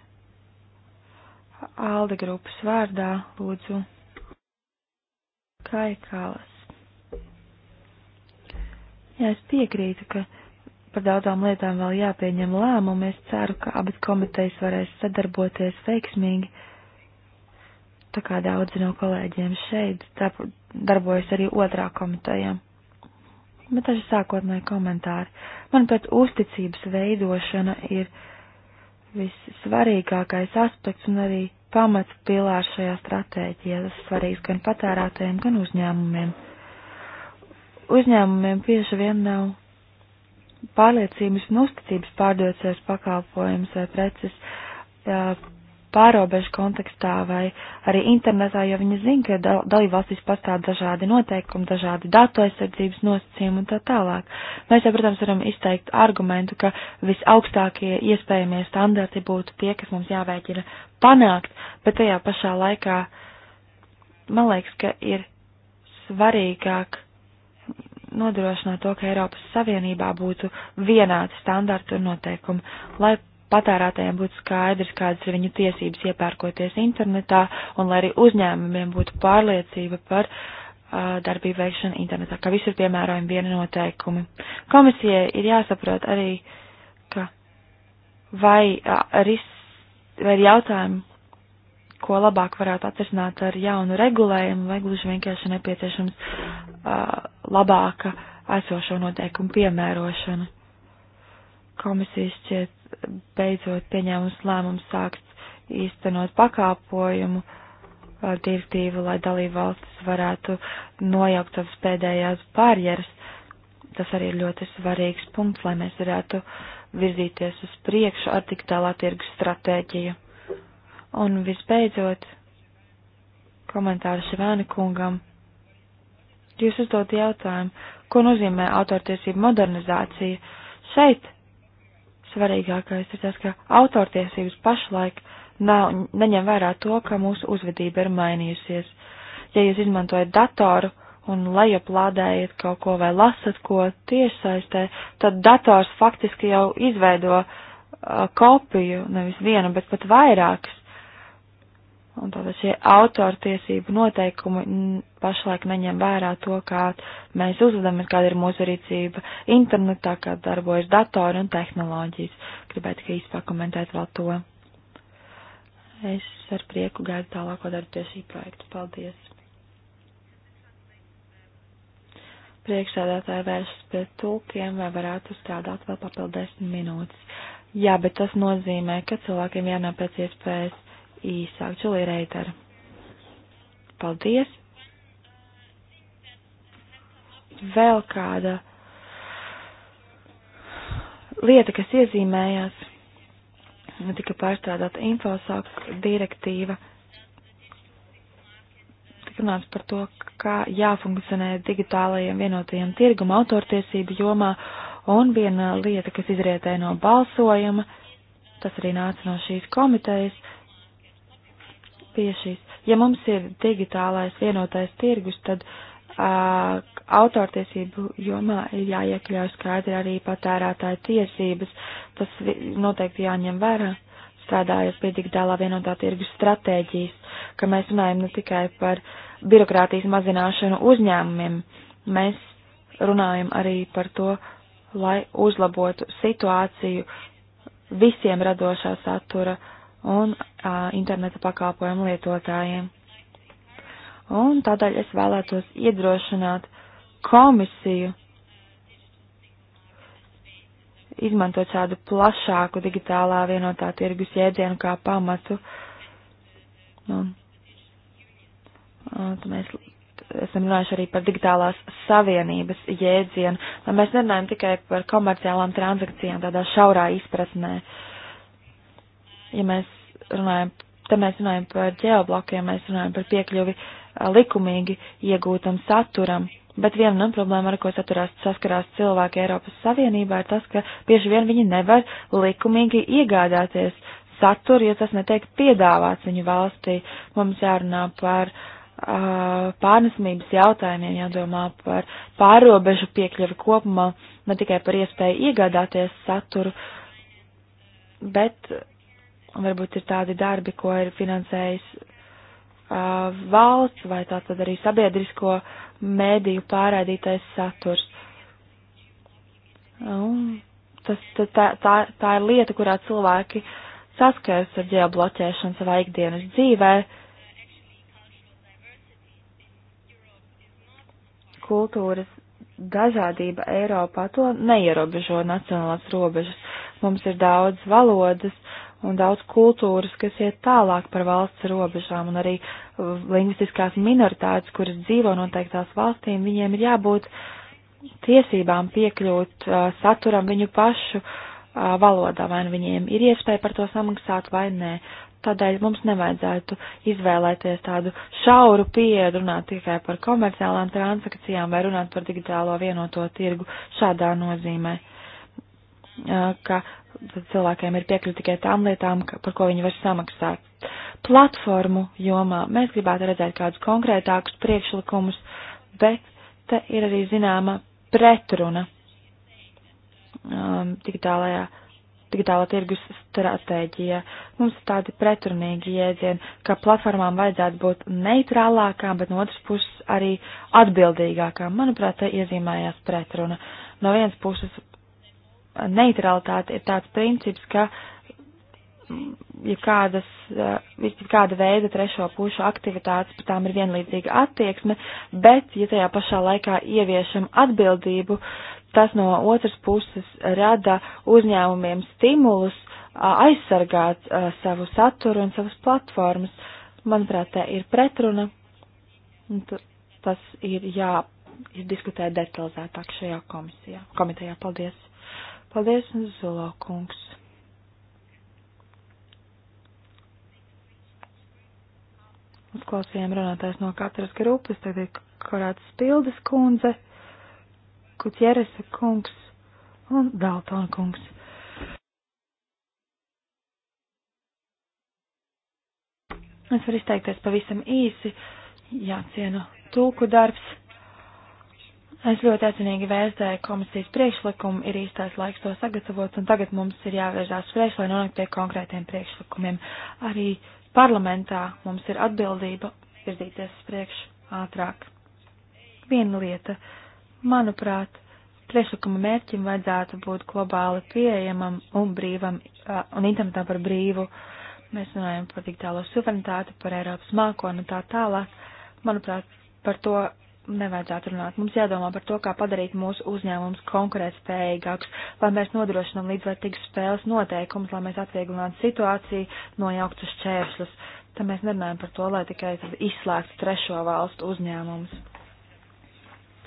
Alde grupas vārdā lūdzu Kaikālas. Jā, es piekrītu, ka par daudzām lietām vēl jāpieņem lēmumi. Es ceru, ka abas komitejas varēs sadarboties veiksmīgi. Tā kā daudzi no kolēģiem šeit darbojas arī otrā komitejā bet daži sākotnēji komentāri. Manuprāt, uzticības veidošana ir vissvarīgākais aspekts un arī pamats pilārs šajā stratēģijā. Tas svarīgs gan patērētājiem, gan uzņēmumiem. Uzņēmumiem bieži vien nav pārliecības un uzticības pārdoties pakalpojums vai preces. Jā, pārobežu kontekstā vai arī internetā, jo viņi zina, ka dal dalībvalstīs pastāv dažādi noteikumi, dažādi datu aizsardzības nosacījumi un tā tālāk. Mēs jau, protams, varam izteikt argumentu, ka visaugstākie iespējamie standarti būtu tie, kas mums jāvēķina panākt, bet tajā pašā laikā man liekas, ka ir svarīgāk nodrošināt to, ka Eiropas Savienībā būtu vienādi standarti un noteikumi, lai patērētājiem būtu skaidrs, kādas ir viņu tiesības iepērkoties internetā, un lai arī uzņēmumiem būtu pārliecība par uh, darbību veikšanu internetā, ka visur piemērojami viena noteikumi. Komisijai ir jāsaprot arī, ka vai, uh, ris, vai ir jautājumi, ko labāk varētu atrisināt ar jaunu regulējumu, vai gluži vienkārši nepieciešams uh, labāka esošo noteikumu piemērošana. Komisija šķiet beidzot pieņēmums lēmums sākt īstenot pakāpojumu uh, direktīvu, lai dalībvalstis varētu nojaukt savas pēdējās barjeras. Tas arī ir ļoti svarīgs punkts, lai mēs varētu virzīties uz priekšu ar digitālā tirgus stratēģiju. Un visbeidzot, komentāru Ševēna kungam. Jūs uzdot jautājumu, ko nozīmē autortiesību modernizācija? Šeit svarīgākais ir tas, ka autortiesības pašlaik nav, neņem vērā to, ka mūsu uzvedība ir mainījusies. Ja jūs izmantojat datoru un lejaplādējat kaut ko vai lasat ko tiešsaistē, tad dators faktiski jau izveido uh, kopiju, nevis vienu, bet pat vairākas. Un tātad šie autortiesību noteikumi pašlaik neņem vērā to, kā mēs uzvedamies, kāda ir mūsu rīcība internetā, kā darbojas datori un tehnoloģijas. Gribētu tikai izpakomentēt vēl to. Es ar prieku gaidu tālāko darbu pie šī projekta. Paldies! Priekšsēdētāji vēršas pie tulkiem, vai varētu strādāt vēl papildu desmit minūtes. Jā, bet tas nozīmē, ka cilvēkiem jānāk pēc iespējas īsāk Čulī Reitara. Paldies! Vēl kāda lieta, kas iezīmējās, tika pārstrādāta infosāk direktīva. Tik runāts par to, kā jāfunkcionē digitālajiem vienotajiem tirguma autortiesību jomā, un viena lieta, kas izrietē no balsojuma, tas arī nāca no šīs komitejas, pie šīs. Ja mums ir digitālais vienotais tirgus, tad uh, autortiesību jomā ir jāiekļauj skaidri arī patērētāja tiesības. Tas noteikti jāņem vērā, strādājot pie digitālā vienotā tirgus stratēģijas, ka mēs runājam ne tikai par birokrātijas mazināšanu uzņēmumiem, mēs runājam arī par to, lai uzlabotu situāciju visiem radošā satura uh, un a, interneta pakalpojumu lietotājiem. Un tādēļ es vēlētos iedrošināt komisiju izmantot šādu plašāku digitālā vienotā tirgus jēdzienu kā pamatu. Un, un, mēs esam runājuši arī par digitālās savienības jēdzienu, lai mēs nerunājam tikai par komerciālām transakcijām tādā šaurā izpratnē. Uh, ja mēs runājam, te mēs runājam par ģeoblokiem, mēs runājam par piekļuvi likumīgi iegūtam saturam. Bet viena no nu, problēmām, ar ko saturās, saskarās cilvēki Eiropas Savienībā, ir tas, ka bieži vien viņi nevar likumīgi iegādāties saturu, jo tas netiek piedāvāts viņu valstī. Mums jārunā par uh, pārnesmības jautājumiem, jādomā par pārobežu piekļuvi kopumā, ne tikai par iespēju iegādāties saturu, bet Un varbūt ir tādi darbi, ko ir finansējis uh, valsts vai tātad arī sabiedrisko mēdīju pārādītais saturs. Un tas, tā, tā, tā ir lieta, kurā cilvēki saskaras ar ģeobloķēšanu savā ikdienas dzīvē. Kultūras dažādība Eiropā to neierobežo nacionālās robežas. Mums ir daudz valodas, uh, un daudz kultūras, kas iet tālāk par valsts robežām, un arī uh, lingvistiskās minoritātes, kuras dzīvo noteiktās valstīm, viņiem ir jābūt tiesībām piekļūt uh, saturam viņu pašu uh, valodā, vai nu viņiem ir iespēja par to samaksāt vai nē. Tādēļ mums nevajadzētu izvēlēties tādu šauru pieeju, runāt tikai par komerciālām transakcijām vai runāt par digitālo vienoto tirgu šādā nozīmē, uh, ka cilvēkiem ir piekļuva tikai tām lietām, par ko viņi var samaksāt. Platformu jomā mēs gribētu redzēt kādus konkrētākus priekšlikumus, bet te ir arī zināma pretruna um, digitālajā, digitālā tirgus stratēģijā. Mums ir tādi pretrunīgi jēdzieni, ka platformām vajadzētu būt neitrālākām, bet no otras puses arī atbildīgākām. Manuprāt, te iezīmējās pretruna. No vienas puses neutralitāte ir tāds princips, ka mm, ja kādas, ja eh, kāda veida trešo pušu aktivitātes par tām ir vienlīdzīga attieksme, bet ja tajā pašā laikā ieviešam atbildību, tas no otras puses rada uzņēmumiem stimulus aizsargāt savu saturu un savas platformas. Manuprāt, tā ir pretruna. Tas ir jā, ir diskutēt detalizētāk šajā komisijā. Komitejā, paldies! Paldies, Zola kungs. Uzklausījām runātājs no katras grupas, tagad ir Korāts Pildes kundze, Kuķeresa kungs un Daltona kungs. Es varu izteikties pavisam īsi, jācienu tulku darbs. Es ļoti atzinīgi vērtēju komisijas priekšlikumu, ir īstais laiks to sagatavot, un tagad mums ir jāvērsās priekš, lai nonāktu pie konkrētiem priekšlikumiem. Arī parlamentā mums ir atbildība virzīties uz priekšu ātrāk. Viena lieta, manuprāt, priekšlikuma mērķim vajadzētu būt globāli pieejamam un brīvam uh, un internetā par brīvu. Mēs runājam par digitālo suverenitāti, par Eiropas mākonu un tā tālāk. Manuprāt, par to nevajadzētu runāt. Mums jādomā par to, kā padarīt mūsu uzņēmumus konkurētspējīgākus, lai mēs nodrošinām līdzvērtīgas spēles noteikumus, lai mēs atvieglinātu situāciju, nojauktu šķēršļus. Tad mēs nerunājam par to, lai tikai izslēgtu trešo valstu uzņēmumus.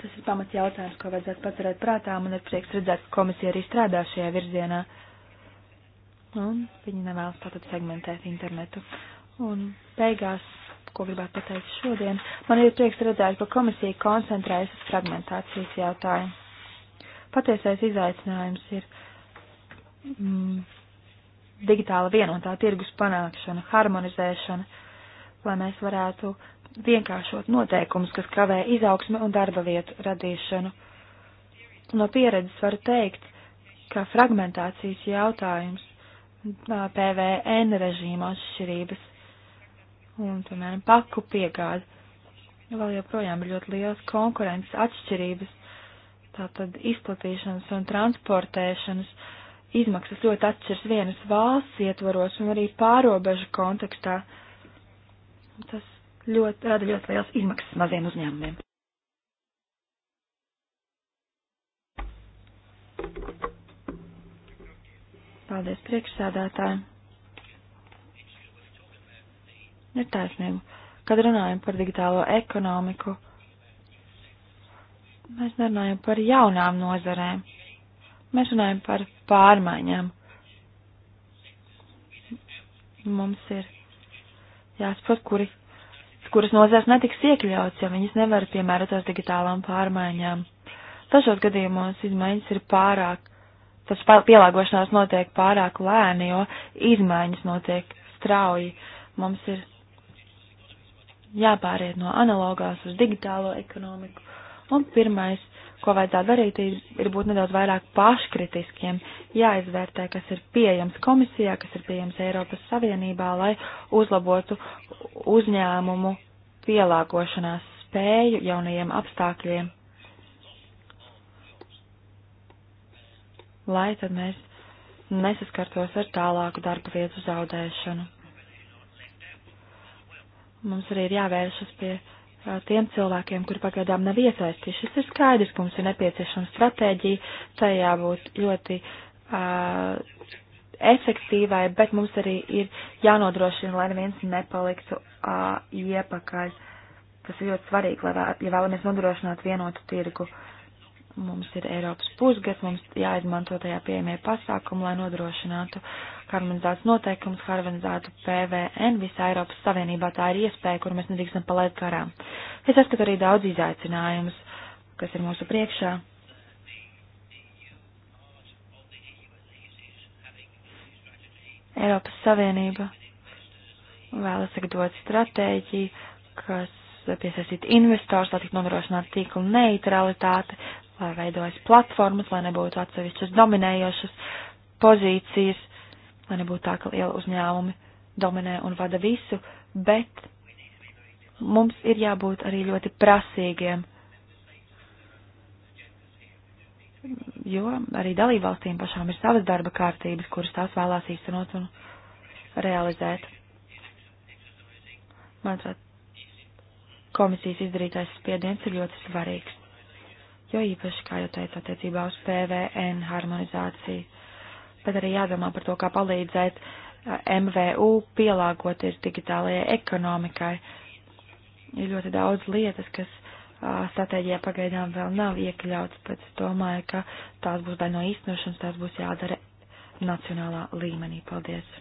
Tas ir pamats jautājums, ko vajadzētu paturēt prātā. Man ir prieks redzēt, ka komisija arī strādā šajā virzienā. Un viņi nevēlas tātad segmentēt internetu. Un beigās ko gribētu pateikt šodien. Man ir prieks redzēt, ka komisija koncentrējas uz fragmentācijas jautājumu. Patiesais izaicinājums ir mm, digitāla vienotā tirgus panākšana, harmonizēšana, lai mēs varētu vienkāršot noteikumus, kas kavē izaugsmi un darba vietu radīšanu. No pieredzes varu teikt, ka fragmentācijas jautājums PVN režīma atšķirības un, piemēram, paku piegādi. Vēl joprojām ir ļoti liels konkurences atšķirības, tātad izplatīšanas un transportēšanas izmaksas ļoti atšķiras vienas valsts ietvaros un arī pārobežu kontekstā. Tas ļoti, rada ļoti liels izmaksas maziem uzņēmumiem. Paldies priekšsādātājiem! ir taisnība. Kad runājam par digitālo ekonomiku, mēs nerunājam par jaunām nozarēm. Mēs runājam par pārmaiņām. Mums ir jāsaprot, kuri, kuras nozars netiks iekļauts, ja viņas nevar piemēroties digitālām pārmaiņām. Dažos gadījumos izmaiņas ir pārāk, tas pielāgošanās notiek pārāk lēni, jo izmaiņas notiek strauji. Mums ir jāpāriet no analogās uz digitālo ekonomiku. Un pirmais, ko vajadzētu darīt, ir, ir būt nedaudz vairāk paškritiskiem, jāizvērtē, kas ir pieejams komisijā, kas ir pieejams Eiropas Savienībā, lai uzlabotu uzņēmumu pielāgošanās spēju jaunajiem apstākļiem. Lai tad mēs nesaskartos ar tālāku darba vietu zaudēšanu. Mums arī ir jāvēršas pie tiem cilvēkiem, kuri pagaidām nav iesaistījušies. Tas ir skaidrs, ka mums ir nepieciešama stratēģija, tai jābūt ļoti uh, efektīvai, bet mums arī ir jānodrošina, lai neviens nepaliktu uh, iepakaļ. Tas ir ļoti svarīgi, lai, ja vēlamies nodrošināt vienotu tirgu. Uh, Mums ir Eiropas pusgads, mums jāizmanto tajā pieejamie pasākumi, lai nodrošinātu harmonizētas noteikumus, harmonizētu PVN visā Eiropas Savienībā. Tā ir iespēja, kur mēs nedrīkstam palaid garām. Es saskatu arī daudz izaicinājumus, kas ir mūsu priekšā. Eiropas Savienība vēlas sagatavot stratēģiju, kas piesaistīt investors, lai tiktu nodrošināta tīkla neutralitāte, lai veidojas platformas, lai nebūtu atsevišķas dominējošas pozīcijas, lai nebūtu tā, ka liela uzņēmumi dominē un vada visu, bet mums ir jābūt arī ļoti prasīgiem, jo arī dalībvalstīm pašām ir savas darba kārtības, kuras tās vēlās īstenot un realizēt. Manuprāt, komisijas izdarītais spiediens ir ļoti svarīgs jo īpaši, kā jau teicu, attiecībā uz PVN harmonizāciju. Bet arī jādomā par to, kā palīdzēt eh, MVU pielāgoties digitālajai ekonomikai. Ir ļoti daudz lietas, kas eh, stratēģijā pagaidām vēl nav iekļauts, bet es domāju, ka tās būs daļa no īstenošanas, tās būs jādara nacionālā līmenī. Paldies!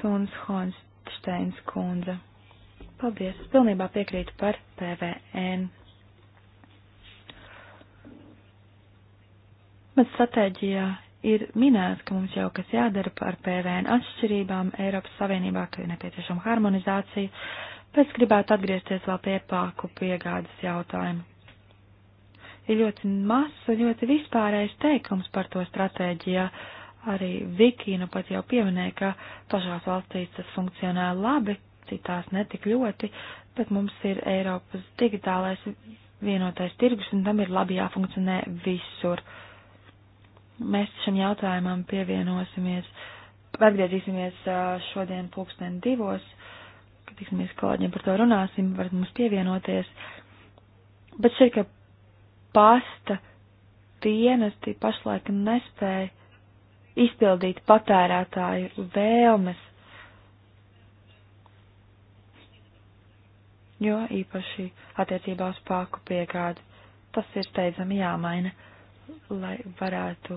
Tūnas Honsteins kundze. Paldies, es pilnībā piekrītu par PVN. Bet stratēģijā ir minēts, ka mums jau kas jādara par PVN atšķirībām Eiropas Savienībā, ka ir nepieciešama harmonizācija, bet gribētu atgriezties vēl pie pāku piegādes jautājumu. Ir ļoti mazs un ļoti vispārējais teikums par to stratēģijā. Uh, Arī Viki nu pat jau pieminēja, ka dažās valstīs tas funkcionē labi, citās netik ļoti, bet mums ir Eiropas digitālais vienotais tirgus un tam ir labi jāfunkcionē visur. Mēs šim jautājumam pievienosimies, atgriezīsimies šodien pulksten divos, kad tiksimies kolēģiem par to runāsim, varat mums pievienoties. Bet šeit, ka pasta dienesti pašlaik nespēja izpildīt patērētāju vēlmes, jo īpaši attiecībā uz pāku piegādi tas ir steidzami jāmaina, lai varētu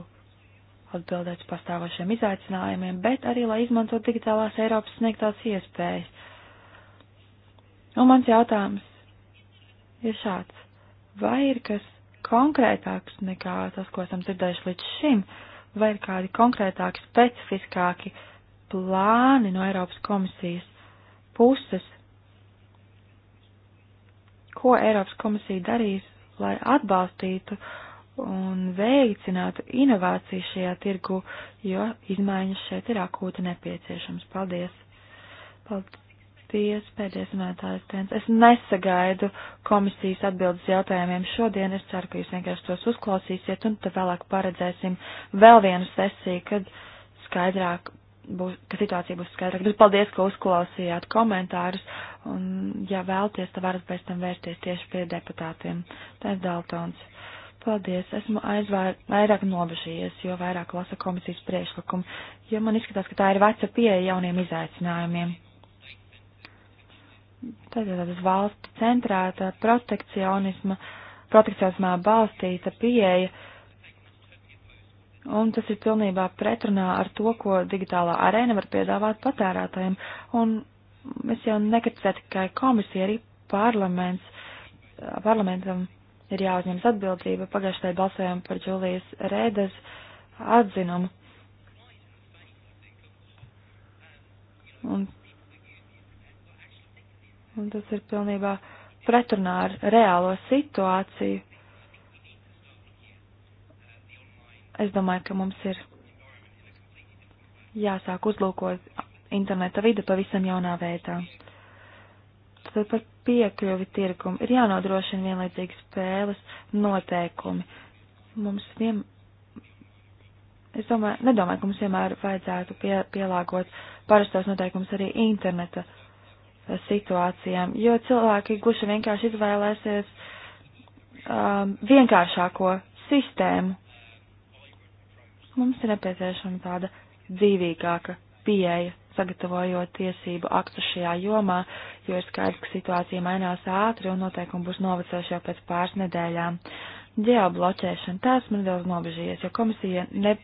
atbildēt pastāvošiem izaicinājumiem, bet arī, lai izmantot digitālās Eiropas sniegtās iespējas. Un mans jautājums ir šāds. Vai ir kas konkrētāks nekā tas, ko esam dzirdējuši līdz šim? Uh, vai ir kādi konkrētāki, specifiskāki plāni no Eiropas komisijas puses, ko Eiropas komisija darīs, lai atbalstītu un veicinātu inovāciju šajā tirgu, jo izmaiņas šeit ir akūti nepieciešams. Paldies! Paldies! Paldies, pēdējais runātājs tēns. Es nesagaidu komisijas atbildes jautājumiem šodien. Es ceru, ka jūs vienkārši tos uzklausīsiet un tad vēlāk paredzēsim vēl vienu sesiju, kad skaidrāk būs, ka situācija būs skaidrāka. Bet paldies, ka uzklausījāt komentārus un, ja vēlties, tad varat pēc tam vērsties tieši pie deputātiem. Tēns Daltons. Paldies, esmu aizvair, vairāk nobežījies, jo vairāk lasa komisijas priekšlikumu, jo man izskatās, ka tā ir veca pieeja jauniem izaicinājumiem tādas valsts centrēta protekcionisma, protekcionismā balstīta pieeja, un tas ir pilnībā pretrunā ar to, ko digitālā arēna var piedāvāt patērētājiem. Un es jau nekritizēju tikai komisiju, arī parlaments, parlamentam ir jāuzņemas atbildība. Pagājušajā balsojām par Džulijas Rēdas atzinumu. Un Un tas ir pilnībā pretrunā ar reālo situāciju. Es domāju, ka mums ir jāsāk uzlūkot interneta vidi pavisam jaunā veidā. Tad par piekļuvi tirgumu ir jānodrošina vienlaicīgi spēles noteikumi. Mums vien, es domāju, nedomāju, ka mums vienmēr vajadzētu pie, pielāgot parastos noteikumus arī interneta situācijām, jo cilvēki gluži vienkārši izvēlēsies um, vienkāršāko sistēmu. Mums ir nepieciešama tāda dzīvīgāka pieeja, sagatavojot tiesību aktu šajā jomā, jo ir skaidrs, ka situācija mainās ātri un noteikumi būs novecojuši jau pēc pāris nedēļām. Ģeobloķēšana tās man daudz nobežījies, jo komisija ne,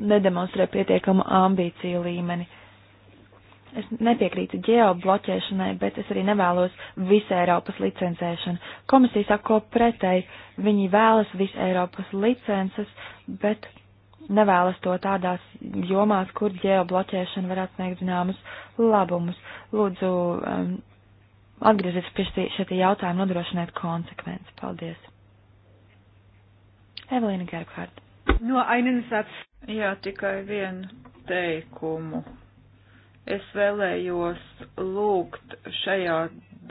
nedemonstrē pietiekamu ambīciju līmeni. Uh, Es nepiekrītu ģeobloķēšanai, bet es arī nevēlos visu Eiropas licencēšanu. Komisija saka, ko pretēji, viņi vēlas visu Eiropas licences, bet nevēlas to tādās jomās, kur ģeobloķēšana varētu sniegt zināmus labumus. Lūdzu, um, atgriezties pie šie tie jautājumi, nodrošiniet konsekvences. Paldies. Evelīna Gerkhārta. No ainen sats. Jā, tikai vienu teikumu Es vēlējos lūgt šajā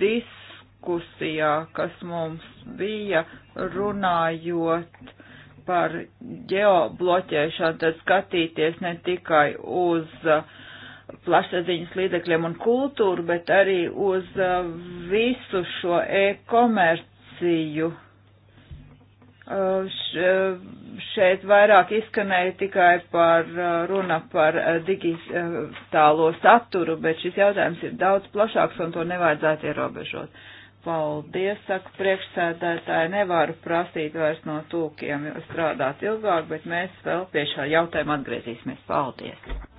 diskusijā, kas mums bija runājot par ģeobloķēšanu, tad skatīties ne tikai uz uh, plašsaziņas līdzekļiem un kultūru, bet arī uz uh, visu šo e-komerciju. Eh, eh, šeit vairāk izskanēja tikai par eh, runa par digitālo saturu, bet šis jautājums ir daudz plašāks un to nevajadzētu ierobežot. Paldies, saka priekšsēdētāji, nevaru prasīt vairs no tūkiem strādāt ilgāk, bet mēs vēl pie šā jautājuma atgriezīsimies. Paldies!